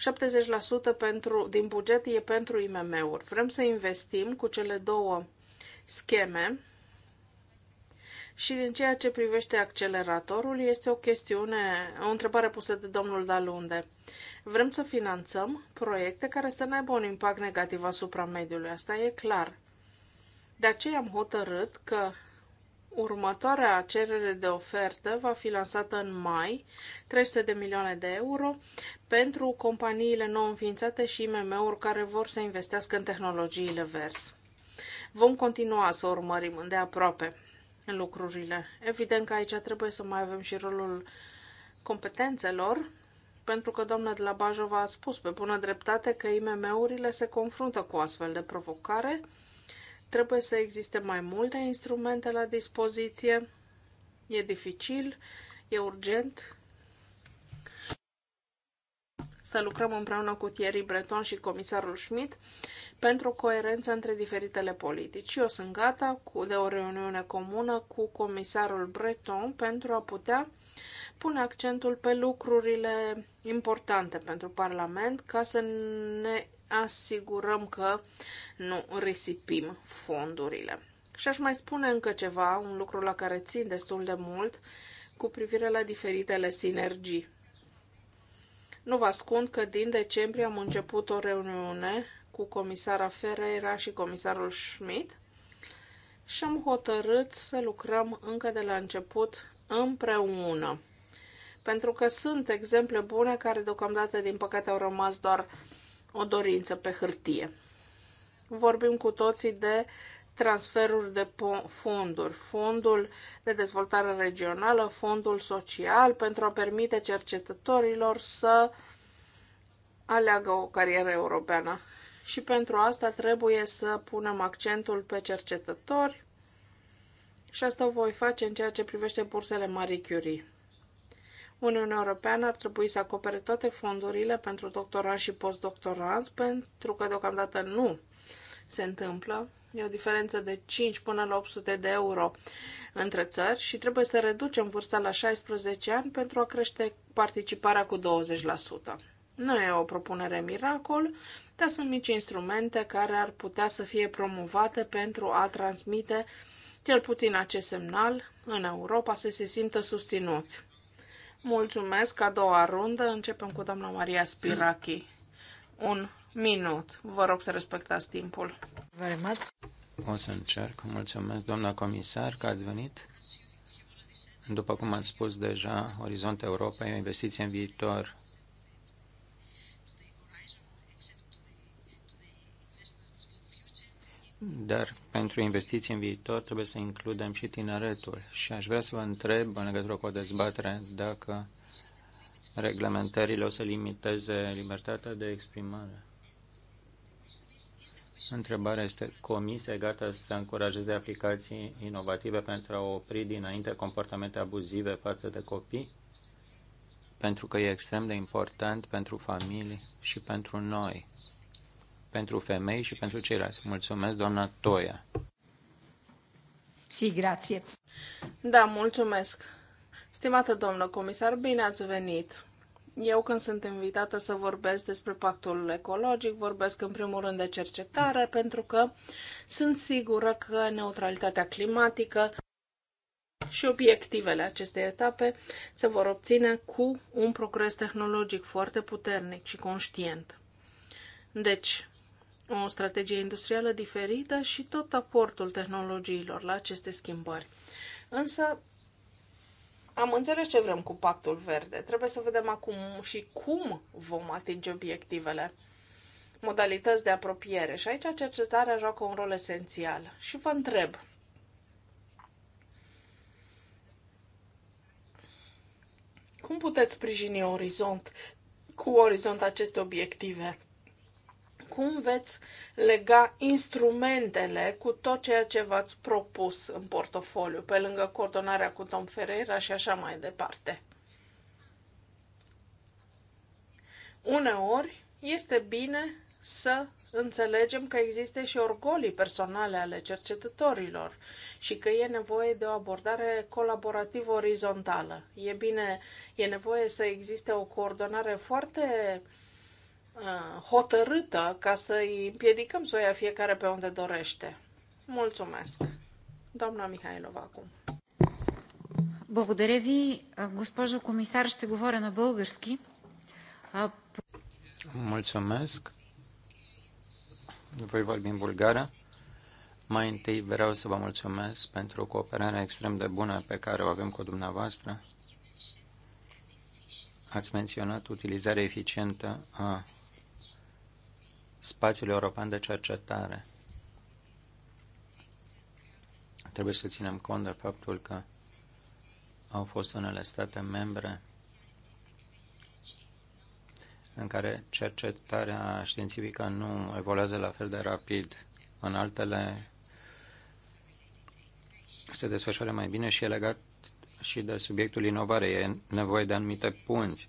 70% pentru, din buget e pentru IMM-uri. Vrem să investim cu cele două scheme și din ceea ce privește acceleratorul, este o chestiune, o întrebare pusă de domnul Dalunde. Vrem să finanțăm proiecte care să n-aibă un impact negativ asupra mediului, asta e clar. De aceea am hotărât că următoarea cerere de ofertă va fi lansată în mai, 300 de milioane de euro, pentru companiile nou înființate și IMM-uri care vor să investească în tehnologiile vers. Vom continua să urmărim îndeaproape lucrurile. Evident că aici trebuie să mai avem și rolul competențelor, pentru că doamna de la Bajova a spus pe bună dreptate că IMM-urile se confruntă cu astfel de provocare, Trebuie să existe mai multe instrumente la dispoziție. E dificil, e urgent să lucrăm împreună cu Thierry Breton și comisarul Schmidt pentru coerență între diferitele politici. Eu sunt gata cu, de o reuniune comună cu comisarul Breton pentru a putea pune accentul pe lucrurile importante pentru Parlament ca să ne asigurăm că nu risipim fondurile. Și aș mai spune încă ceva, un lucru la care țin destul de mult, cu privire la diferitele sinergii. Nu vă ascund că din decembrie am început o reuniune cu comisara Ferreira și comisarul Schmidt și am hotărât să lucrăm încă de la început împreună. Pentru că sunt exemple bune care deocamdată, din păcate, au rămas doar uh, o dorință pe hârtie. Vorbim cu toții de transferuri de fonduri, fondul de dezvoltare regională, fondul social, pentru a permite cercetătorilor să aleagă o carieră europeană. Și pentru asta trebuie să punem accentul pe cercetători și asta voi face în ceea ce privește bursele Marie Curie. Uniunea Europeană ar trebui să acopere toate fondurile pentru doctorat și postdoctoranți, pentru că deocamdată nu se întâmplă. E o diferență de 5 până la 800 de euro între țări și trebuie să reducem vârsta la 16 ani pentru a crește participarea cu 20%. Nu e o propunere miracol, dar sunt mici instrumente care ar putea să fie promovate pentru a transmite cel puțin acest semnal în Europa să se simtă susținuți. Mulțumesc. A doua rundă. Începem cu doamna Maria Spirachi. Un minut. Vă rog să respectați timpul. Very O să încerc. Mulțumesc, doamna comisar, că ați venit. După cum am spus deja, Orizont Europa e o investiție în viitor Dar pentru investiții în viitor trebuie să includem și tineretul. Și aș vrea să vă întreb în legătură cu o dezbatere dacă reglementările o să limiteze libertatea de exprimare. Întrebarea este, comisia e gata să încurajeze aplicații inovative pentru a opri dinainte comportamente abuzive față de copii? Pentru că e extrem de important pentru familii și pentru noi pentru femei și pentru ceilalți. Mulțumesc, doamna Toia. Si, grație. Da, mulțumesc. Stimată doamnă comisar, bine ați venit. Eu când sunt invitată să vorbesc despre pactul ecologic, vorbesc în primul rând de cercetare, pentru că sunt sigură că neutralitatea climatică și obiectivele acestei etape se vor obține cu un progres tehnologic foarte puternic și conștient. Deci, o strategie industrială diferită și tot aportul tehnologiilor la aceste schimbări. Însă, am înțeles ce vrem cu pactul verde. Trebuie să vedem acum și cum vom atinge obiectivele modalități de apropiere. Și aici cercetarea joacă un rol esențial. Și vă întreb. Cum puteți sprijini orizont cu orizont aceste obiective? Cum veți lega instrumentele cu tot ceea ce v-ați propus în portofoliu, pe lângă coordonarea cu Tom Ferreira și așa mai departe? Uneori este bine să înțelegem că există și orgolii personale ale cercetătorilor și că e nevoie de o abordare colaborativă orizontală. E bine, e nevoie să existe o coordonare foarte uh, hotărâtă ca să îi împiedicăm să o ia fiecare pe unde dorește. Mulțumesc. Doamna Mihailova acum. Благодаря ви, госпожо комисар. Ще говоря на български. Mulțumesc. Voi vorbi în bulgară. Mai întâi vreau să vă mulțumesc pentru cooperarea extrem de bună pe care o avem cu dumneavoastră. Ați menționat utilizarea eficientă a spațiul european de cercetare. Trebuie să ținem cont de faptul că au fost unele state membre în care cercetarea științifică nu evoluează la fel de rapid. În altele se desfășoară mai bine și e legat și de subiectul inovare. E nevoie de anumite punți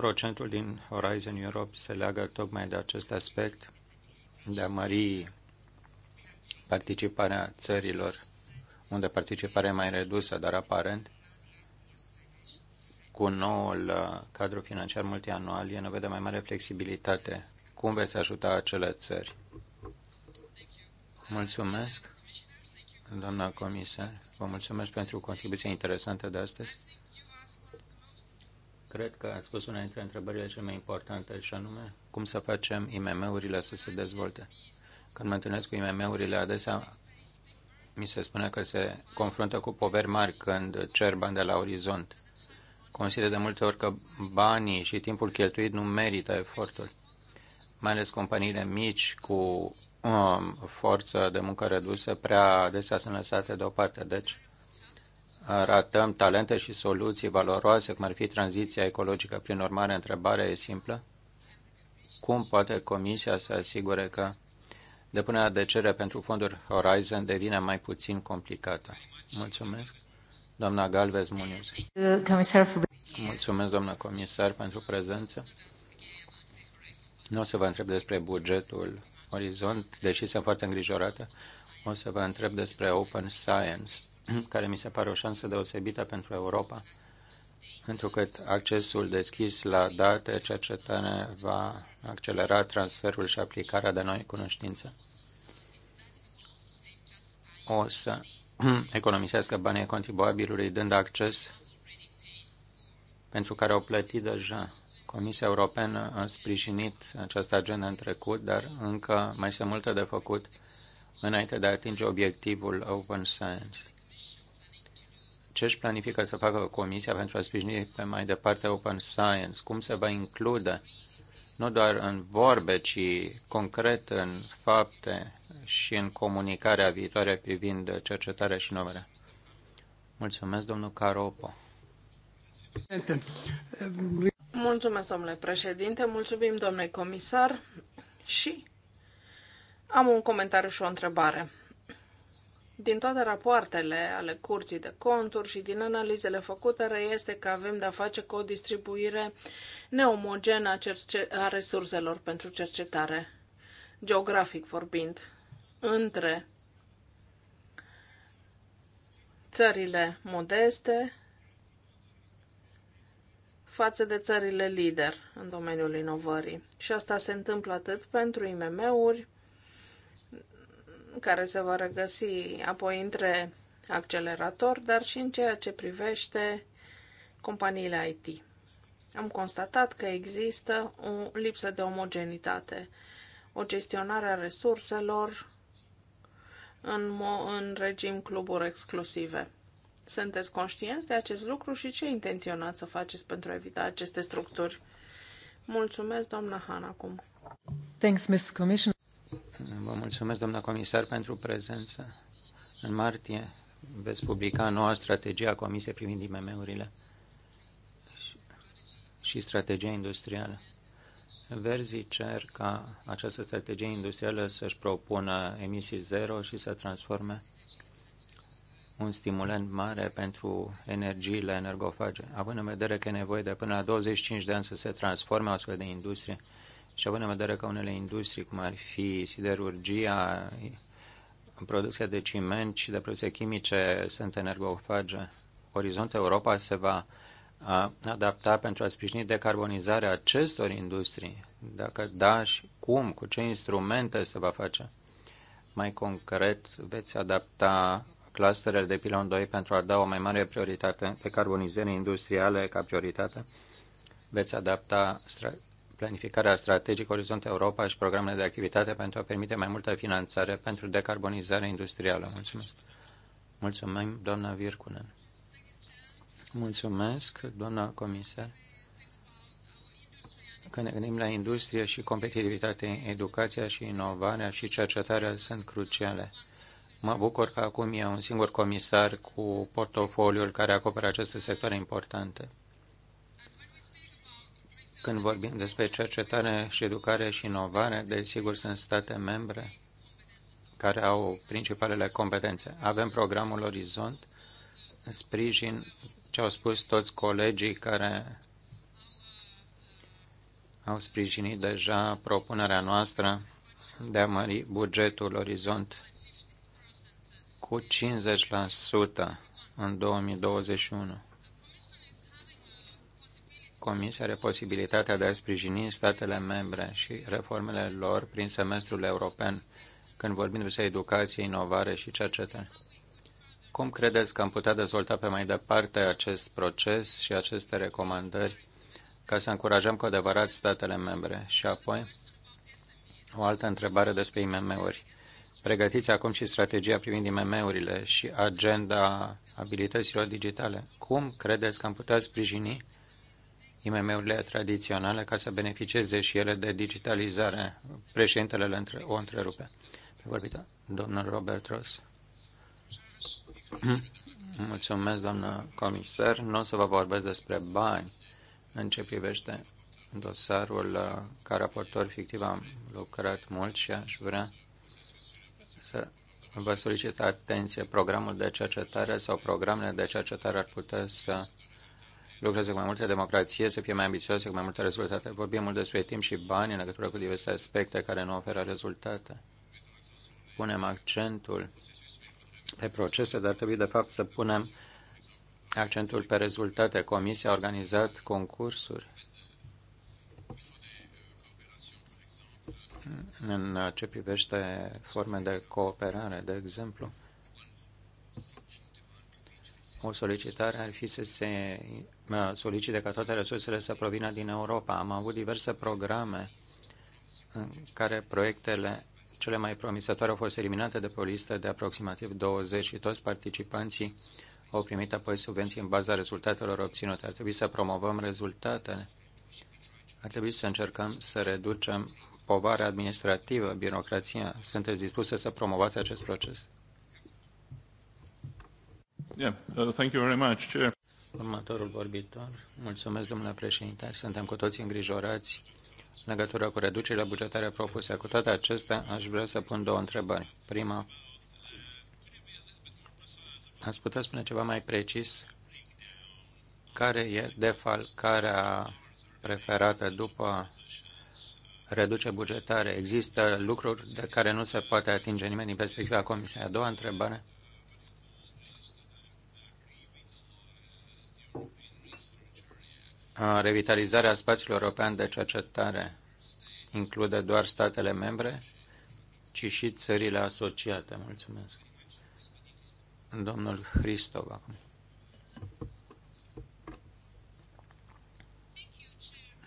Procentul din Horizon Europe se leagă tocmai de acest aspect, de a mări participarea țărilor unde participarea e mai redusă, dar aparent cu noul uh, cadru financiar multianual e nevoie de mai mare flexibilitate. Cum veți ajuta acele țări? Mulțumesc, doamna comisar. Vă mulțumesc pentru contribuția interesantă de astăzi. Cred că ați spus una dintre întrebările cele mai importante și anume cum să facem IMM-urile să se dezvolte. Când mă întâlnesc cu IMM-urile adesea mi se spune că se confruntă cu poveri mari când cer bani de la orizont. Consider de multe ori că banii și timpul cheltuit nu merită efortul, mai ales companiile mici cu um, forță de muncă redusă prea adesea sunt lăsate deoparte. Deci, ratăm talente și soluții valoroase, cum ar fi tranziția ecologică. Prin urmare, întrebarea e simplă. Cum poate Comisia să asigure că depunerea de cerere pentru fonduri Horizon devine mai puțin complicată? Mulțumesc. Doamna Galvez Muniz. Mulțumesc, doamna comisar, pentru prezență. Nu o să vă întreb despre bugetul Orizont, deși sunt foarte îngrijorată. O să vă întreb despre Open Science care mi se pare o șansă deosebită pentru Europa, pentru că accesul deschis la date, cercetare va accelera transferul și aplicarea de noi cunoștințe. O să economisească banii contribuabilului dând acces pentru care au plătit deja. Comisia Europeană a sprijinit această agendă în trecut, dar încă mai sunt multe de făcut înainte de a atinge obiectivul Open Science ce își planifică să facă Comisia pentru a sprijini pe mai departe Open Science? Cum se va include nu doar în vorbe, ci concret în fapte și în comunicarea viitoare privind cercetarea și inovarea? Mulțumesc, domnul Caropo. Mulțumesc, domnule președinte, mulțumim, domnule comisar și am un comentariu și o întrebare. Din toate rapoartele ale curții de conturi și din analizele făcute reiese că avem de-a face cu o distribuire neomogenă a, a resurselor pentru cercetare, geografic vorbind, între țările modeste față de țările lider în domeniul inovării. Și asta se întâmplă atât pentru IMM-uri, care se va regăsi apoi între accelerator, dar și în ceea ce privește companiile IT. Am constatat că există o lipsă de omogenitate, o gestionare a resurselor în, în regim cluburi exclusive. Sunteți conștienți de acest lucru și ce intenționați să faceți pentru a evita aceste structuri? Mulțumesc, doamna Han, acum. Thanks, Miss Commissioner. Vă mulțumesc, doamna comisar, pentru prezență. În martie veți publica noua strategie a Comisiei privind IMM-urile și strategia industrială. Verzii cer ca această strategie industrială să-și propună emisii zero și să transforme un stimulant mare pentru energiile energofage, având în vedere că e nevoie de până la 25 de ani să se transforme o astfel de industrie și având în vedere că unele industrii, cum ar fi siderurgia, producția de ciment și de produse chimice, sunt energofage, Orizont Europa se va adapta pentru a sprijini decarbonizarea acestor industrii? Dacă da, și cum, cu ce instrumente se va face? Mai concret, veți adapta clusterele de pilon 2 pentru a da o mai mare prioritate decarbonizării industriale ca prioritate? Veți adapta planificarea strategică Orizont Europa și programele de activitate pentru a permite mai multă finanțare pentru decarbonizarea industrială. Mulțumesc. Mulțumim, doamna Virkunen. Mulțumesc, doamna comisar. Când ne gândim la industrie și competitivitate, educația și inovarea și cercetarea sunt cruciale. Mă bucur că acum e un singur comisar cu portofoliul care acoperă aceste sectoare importante. Când vorbim despre cercetare și educare și inovare, desigur sunt state membre care au principalele competențe. Avem programul Orizont, sprijin ce au spus toți colegii care au sprijinit deja propunerea noastră de a mări bugetul Orizont cu 50% în 2021. Comisia are posibilitatea de a sprijini statele membre și reformele lor prin semestrul european, când vorbim despre educație, inovare și cercetare. Cum credeți că am putea dezvolta pe mai departe acest proces și aceste recomandări ca să încurajăm cu adevărat statele membre? Și apoi, o altă întrebare despre IMM-uri. Pregătiți acum și strategia privind IMM-urile și agenda abilităților digitale. Cum credeți că am putea sprijini IMM-urile tradiționale ca să beneficieze și ele de digitalizare. Președintele le între, o întrerupe. vorbit, domnul Robert Ross. Mulțumesc, doamnă comisar. Nu o să vă vorbesc despre bani în ce privește dosarul uh, ca raportor fictiv. Am lucrat mult și aș vrea să vă solicit atenție. Programul de cercetare sau programele de cercetare ar putea să lucreze cu mai multă democrație, să fie mai ambițioase, cu mai multe rezultate. Vorbim mult despre timp și bani în legătură cu diverse aspecte care nu oferă rezultate. Punem accentul pe procese, dar trebuie de fapt să punem accentul pe rezultate. Comisia a organizat concursuri în ce privește forme de cooperare, de exemplu o solicitare ar fi să se solicite ca toate resursele să provină din Europa. Am avut diverse programe în care proiectele cele mai promisătoare au fost eliminate de pe o listă de aproximativ 20 și toți participanții au primit apoi subvenții în baza rezultatelor obținute. Ar trebui să promovăm rezultatele. Ar trebui să încercăm să reducem povara administrativă, birocrația. Sunteți dispuse să promovați acest proces? Uh, Următorul vorbitor. Mulțumesc, domnule președinte. Suntem cu toții îngrijorați în legătură cu reducerea bugetară propusă. Cu toate acestea, aș vrea să pun două întrebări. Prima, ați putea spune ceva mai precis care e defalcarea preferată după reduce bugetare? Există lucruri de care nu se poate atinge nimeni din perspectiva Comisiei. A doua întrebare, Revitalizarea spațiului european de cercetare include doar statele membre, ci și țările asociate. Mulțumesc. Domnul Hristov acum.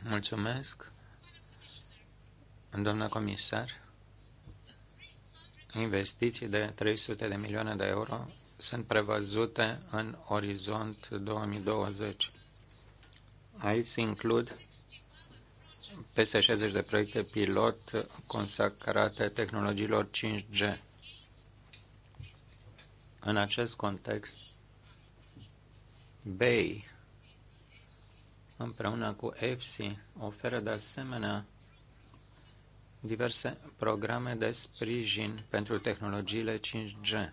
Mulțumesc. Doamna comisar, investiții de 300 de milioane de euro sunt prevăzute în orizont 2020. Aici se includ peste 60 de proiecte pilot consacrate tehnologiilor 5G. În acest context, BEI împreună cu EFSI oferă de asemenea diverse programe de sprijin pentru tehnologiile 5G.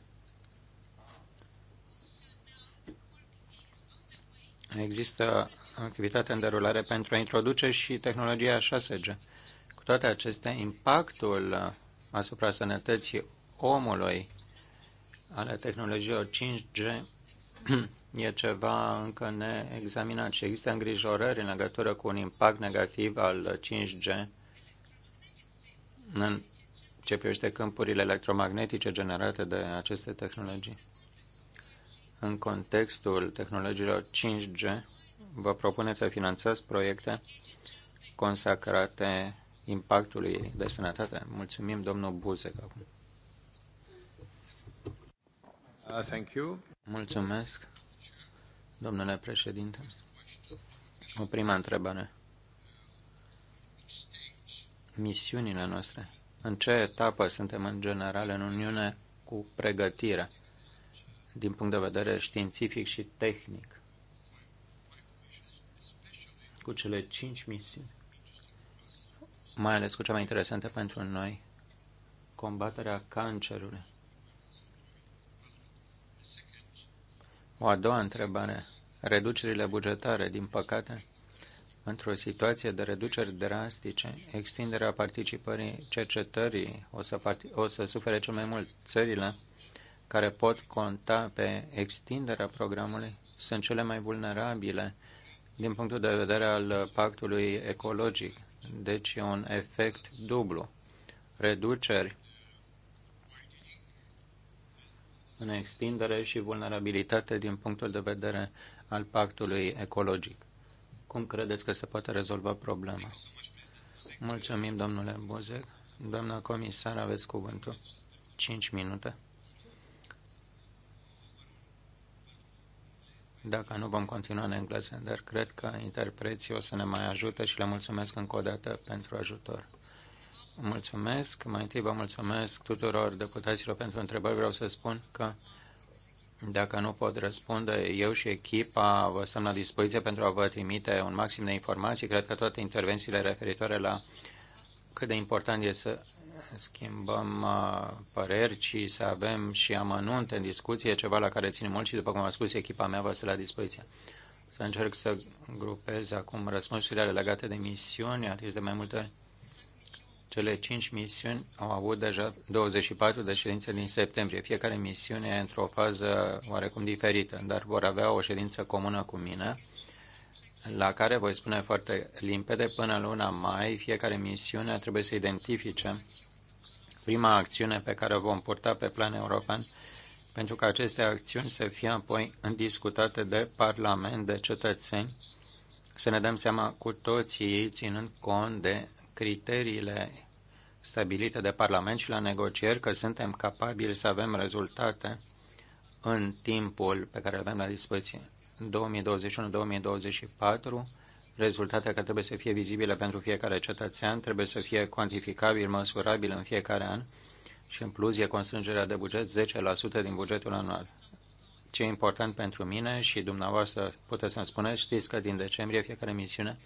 Există activitate în derulare pentru a introduce și tehnologia 6G. Cu toate acestea, impactul asupra sănătății omului ale tehnologiilor 5G e ceva încă neexaminat și există îngrijorări în legătură cu un impact negativ al 5G în ce privește câmpurile electromagnetice generate de aceste tehnologii în contextul tehnologiilor 5G, vă propuneți să finanțați proiecte consacrate impactului de sănătate. Mulțumim, domnul Buzec, acum. Uh, thank you. Mulțumesc, domnule președinte. O prima întrebare. Misiunile noastre. În ce etapă suntem în general în Uniune cu pregătirea? din punct de vedere științific și tehnic cu cele cinci misiuni, mai ales cu cea mai interesantă pentru noi, combaterea cancerului. O a doua întrebare, reducerile bugetare, din păcate, într-o situație de reduceri drastice, extinderea participării cercetării o să, part- o să sufere cel mai mult țările care pot conta pe extinderea programului sunt cele mai vulnerabile din punctul de vedere al pactului ecologic. Deci e un efect dublu. Reduceri în extindere și vulnerabilitate din punctul de vedere al pactului ecologic. Cum credeți că se poate rezolva problema? Mulțumim, domnule Bozec. Doamna comisar, aveți cuvântul. 5 minute. dacă nu vom continua în engleză, dar cred că interpreții o să ne mai ajute și le mulțumesc încă o dată pentru ajutor. Mulțumesc. Mai întâi vă mulțumesc tuturor deputaților pentru întrebări. Vreau să spun că dacă nu pot răspunde, eu și echipa vă stăm la dispoziție pentru a vă trimite un maxim de informații. Cred că toate intervențiile referitoare la cât de important este să schimbăm uh, păreri, ci să avem și amănunte în discuție, ceva la care ținem mult și, după cum am spus, echipa mea va stă la dispoziție. Să încerc să grupez acum răspunsurile legate de misiuni, atât de mai multe Cele cinci misiuni au avut deja 24 de ședințe din septembrie. Fiecare misiune e într-o fază oarecum diferită, dar vor avea o ședință comună cu mine, la care voi spune foarte limpede, până luna mai, fiecare misiune trebuie să identifice prima acțiune pe care o vom purta pe plan european pentru că aceste acțiuni să fie apoi discutate de Parlament, de cetățeni, să ne dăm seama cu toții, ținând cont de criteriile stabilite de Parlament și la negocieri, că suntem capabili să avem rezultate în timpul pe care îl avem la dispoziție. 2021-2024 rezultate care trebuie să fie vizibile pentru fiecare cetățean, trebuie să fie cuantificabil, măsurabil în fiecare an și în plus e constrângerea de buget 10% din bugetul anual. Ce e important pentru mine și dumneavoastră puteți să-mi spuneți, știți că din decembrie fiecare misiune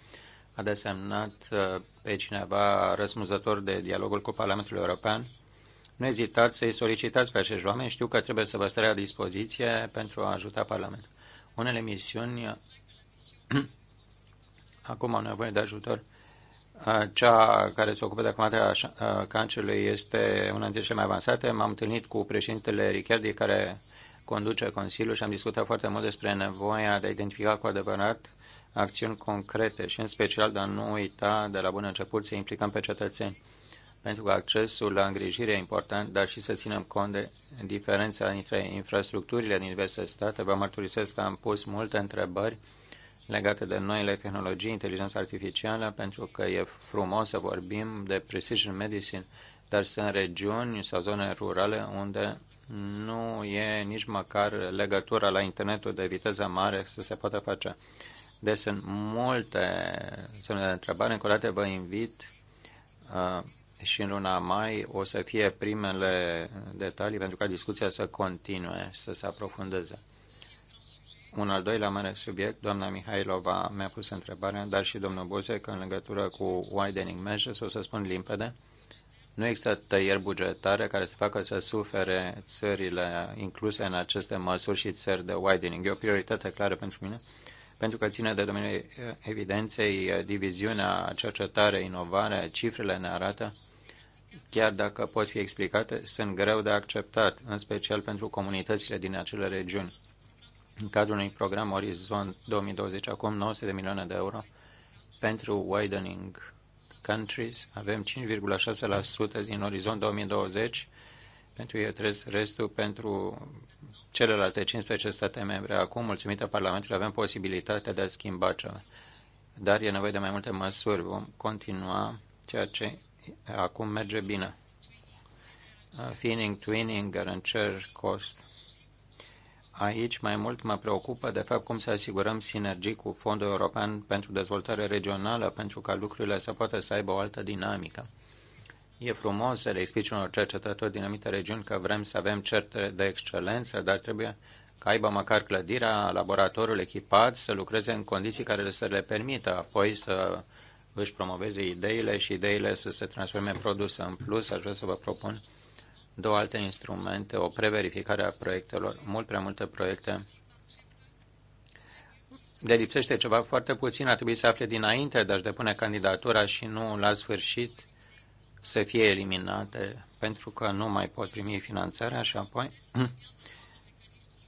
a desemnat uh, pe cineva răspunzător de dialogul cu Parlamentul European. Nu ezitați să-i solicitați pe acești oameni, știu că trebuie să vă stă la dispoziție pentru a ajuta Parlamentul. Unele misiuni acum au nevoie de ajutor. Cea care se ocupă de combaterea cancerului este una dintre cele mai avansate. M-am întâlnit cu președintele Richerdi, care conduce Consiliul și am discutat foarte mult despre nevoia de a identifica cu adevărat acțiuni concrete și în special de a nu uita de la bun început să implicăm pe cetățeni pentru că accesul la îngrijire e important, dar și să ținem cont de diferența dintre infrastructurile din diverse state. Vă mărturisesc că am pus multe întrebări legate de noile tehnologii, inteligența artificială, pentru că e frumos să vorbim de precision medicine, dar sunt regiuni sau zone rurale unde nu e nici măcar legătura la internetul de viteză mare să se poată face. Deci sunt multe semne de întrebare. Încă o dată vă invit uh, și în luna mai o să fie primele detalii pentru ca discuția să continue, să se aprofundeze un al doilea mare subiect, doamna Mihailova mi-a pus întrebarea, dar și domnul că în legătură cu widening measures, o să spun limpede, nu există tăieri bugetare care să facă să sufere țările incluse în aceste măsuri și țări de widening. E o prioritate clară pentru mine, pentru că ține de domeniul evidenței, diviziunea, cercetare, inovare, cifrele ne arată, chiar dacă pot fi explicate, sunt greu de acceptat, în special pentru comunitățile din acele regiuni în cadrul unui program Orizont 2020, acum 900 de milioane de euro pentru widening countries. Avem 5,6% din Orizont 2020 pentru ei trez restul pentru celelalte 15 state membre. Acum, mulțumită Parlamentului, avem posibilitatea de a schimba ceva. Dar e nevoie de mai multe măsuri. Vom continua ceea ce acum merge bine. Finning, twinning, cer cost Aici mai mult mă preocupă de fapt cum să asigurăm sinergii cu Fondul European pentru Dezvoltare Regională pentru ca lucrurile să poată să aibă o altă dinamică. E frumos să le explici unor cercetători din anumite regiuni că vrem să avem certe de excelență, dar trebuie ca aibă măcar clădirea, laboratorul echipat, să lucreze în condiții care să le permită apoi să își promoveze ideile și ideile să se transforme în produs. În plus, aș vrea să vă propun două alte instrumente, o preverificare a proiectelor, mult prea multe proiecte. De lipsește ceva foarte puțin, ar trebui să afle dinainte de a-și depune candidatura și nu la sfârșit să fie eliminate pentru că nu mai pot primi finanțarea și apoi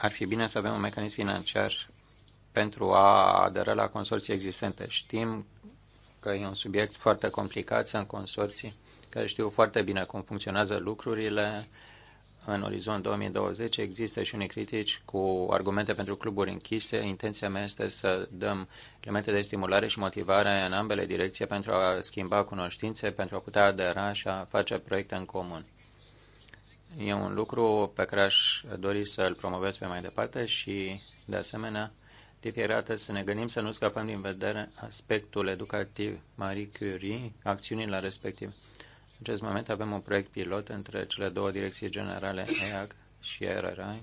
ar fi bine să avem un mecanism financiar pentru a adera la consorții existente. Știm că e un subiect foarte complicat, sunt consorții care știu foarte bine cum funcționează lucrurile. În orizont 2020 există și unii critici cu argumente pentru cluburi închise. Intenția mea este să dăm elemente de stimulare și motivare în ambele direcții pentru a schimba cunoștințe, pentru a putea adera și a face proiecte în comun. E un lucru pe care aș dori să-l promovez pe mai departe și, de asemenea, de fiecare dată să ne gândim să nu scăpăm din vedere aspectul educativ Marie Curie, acțiunile respective. În acest moment avem un proiect pilot între cele două direcții generale EAC și RRI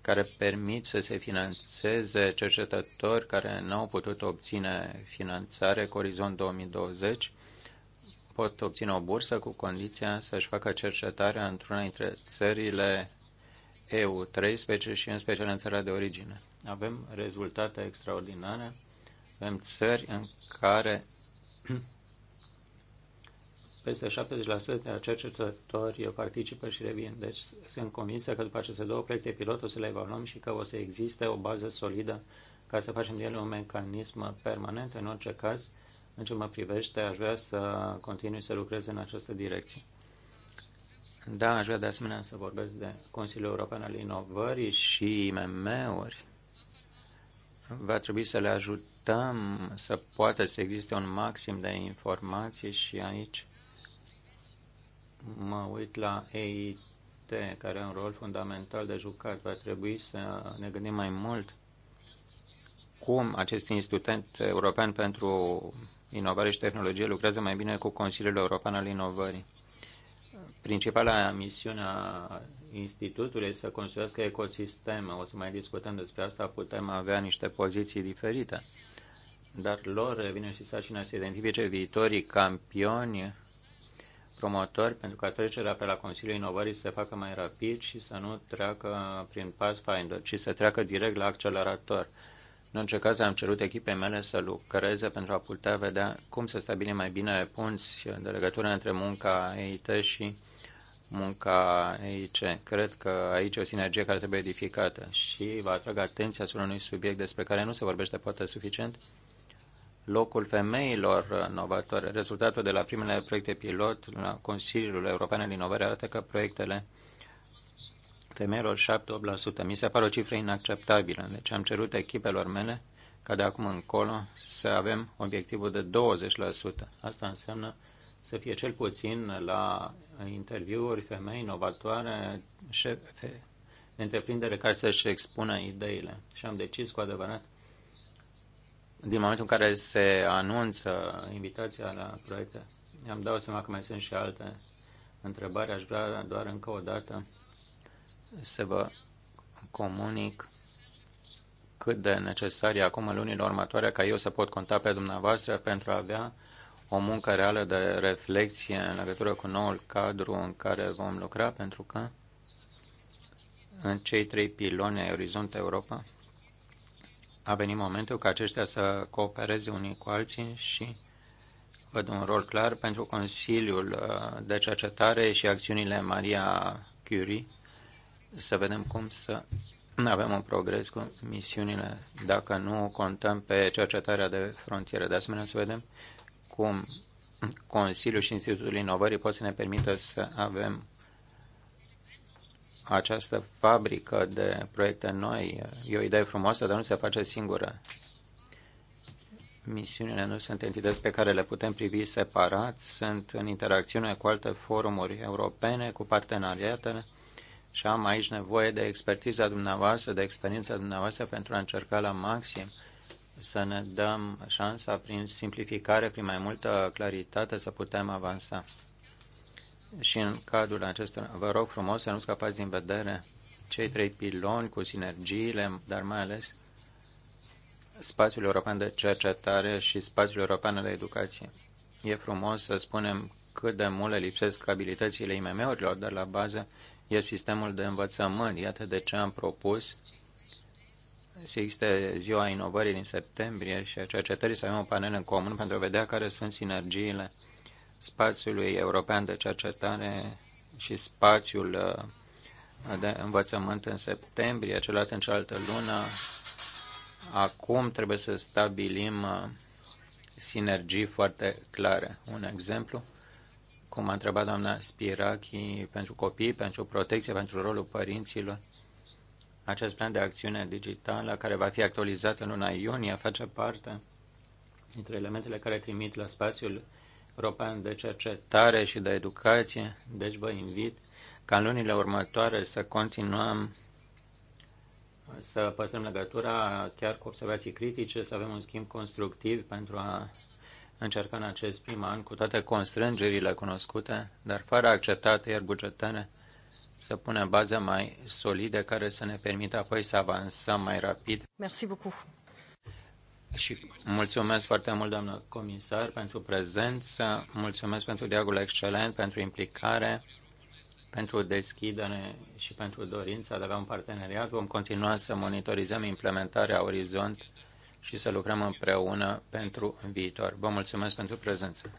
care permit să se financeze cercetători care nu au putut obține finanțare cu orizont 2020 pot obține o bursă cu condiția să-și facă cercetarea într-una dintre țările EU 13 și în special în țara de origine. Avem rezultate extraordinare, avem țări în care peste 70% dintre cercetători participă și revin. Deci sunt convinsă că după aceste două proiecte pilot o să le evaluăm și că o să existe o bază solidă ca să facem din ele un mecanism permanent. În orice caz, în ce mă privește, aș vrea să continui să lucrez în această direcție. Da, aș vrea de asemenea să vorbesc de Consiliul European al Inovării și IMM-uri. Va trebui să le ajutăm să poată să existe un maxim de informații și aici mă uit la EIT, care are un rol fundamental de jucat. Va trebui să ne gândim mai mult cum acest Institut European pentru Inovare și Tehnologie lucrează mai bine cu Consiliul European al Inovării. Principala misiune a institutului este să construiască ecosisteme. O să mai discutăm despre asta, putem avea niște poziții diferite. Dar lor vine și sarcina să identifice viitorii campioni promotori pentru ca trecerea pe la Consiliul Inovării să se facă mai rapid și să nu treacă prin Pathfinder, ci să treacă direct la accelerator. În orice caz, am cerut echipei mele să lucreze pentru a putea vedea cum să stabilim mai bine punți de legătură între munca EIT și munca EIC. Cred că aici e o sinergie care trebuie edificată și vă atrag atenția asupra unui subiect despre care nu se vorbește poate suficient, locul femeilor inovatoare. Rezultatul de la primele proiecte pilot la Consiliul European de Inovare arată că proiectele femeilor 7-8%. Mi se pare o cifră inacceptabilă, deci am cerut echipelor mele ca de acum încolo să avem obiectivul de 20%. Asta înseamnă să fie cel puțin la interviuri femei inovatoare, șefe, întreprindere care să-și expună ideile. Și am decis cu adevărat din momentul în care se anunță invitația la proiecte, am dau seama că mai sunt și alte întrebări. Aș vrea doar încă o dată să vă comunic cât de necesar e acum în lunile următoare ca eu să pot conta pe dumneavoastră pentru a avea o muncă reală de reflexie în legătură cu noul cadru în care vom lucra, pentru că în cei trei piloni ai Orizont Europa a venit momentul ca aceștia să coopereze unii cu alții și văd un rol clar pentru Consiliul uh, de Cercetare și acțiunile Maria Curie, să vedem cum să avem un progres cu misiunile, dacă nu contăm pe cercetarea de frontieră. De asemenea, să vedem cum Consiliul și Institutul Inovării pot să ne permită să avem această fabrică de proiecte noi. E o idee frumoasă, dar nu se face singură. Misiunile nu sunt entități pe care le putem privi separat, sunt în interacțiune cu alte forumuri europene, cu parteneriatele și am aici nevoie de expertiza dumneavoastră, de experiența dumneavoastră pentru a încerca la maxim să ne dăm șansa prin simplificare, prin mai multă claritate să putem avansa și în cadrul acesta vă rog frumos să nu scapați din vedere cei trei piloni cu sinergiile, dar mai ales spațiul european de cercetare și spațiul european de educație. E frumos să spunem cât de mult le lipsesc abilitățile IMM-urilor, dar la bază e sistemul de învățământ. Iată de ce am propus să existe ziua inovării din septembrie și a cercetării să avem un panel în comun pentru a vedea care sunt sinergiile spațiului european de cercetare și spațiul uh, de învățământ în septembrie, celălalt în cealaltă lună. Acum trebuie să stabilim uh, sinergii foarte clare. Un exemplu, cum a întrebat doamna Spirachi, pentru copii, pentru protecție, pentru rolul părinților. Acest plan de acțiune digitală, care va fi actualizat în luna iunie, face parte dintre elementele care trimit la spațiul European de Cercetare și de Educație, deci vă invit ca în lunile următoare să continuăm să păstrăm legătura chiar cu observații critice, să avem un schimb constructiv pentru a încerca în acest prim an, cu toate constrângerile cunoscute, dar fără a accepta tăieri să punem baze mai solide care să ne permită apoi să avansăm mai rapid. Mersi beaucoup și mulțumesc foarte mult, doamnă comisar, pentru prezență, mulțumesc pentru dialogul excelent, pentru implicare, pentru deschidere și pentru dorința de a avea un parteneriat. Vom continua să monitorizăm implementarea Orizont și să lucrăm împreună pentru viitor. Vă mulțumesc pentru prezență.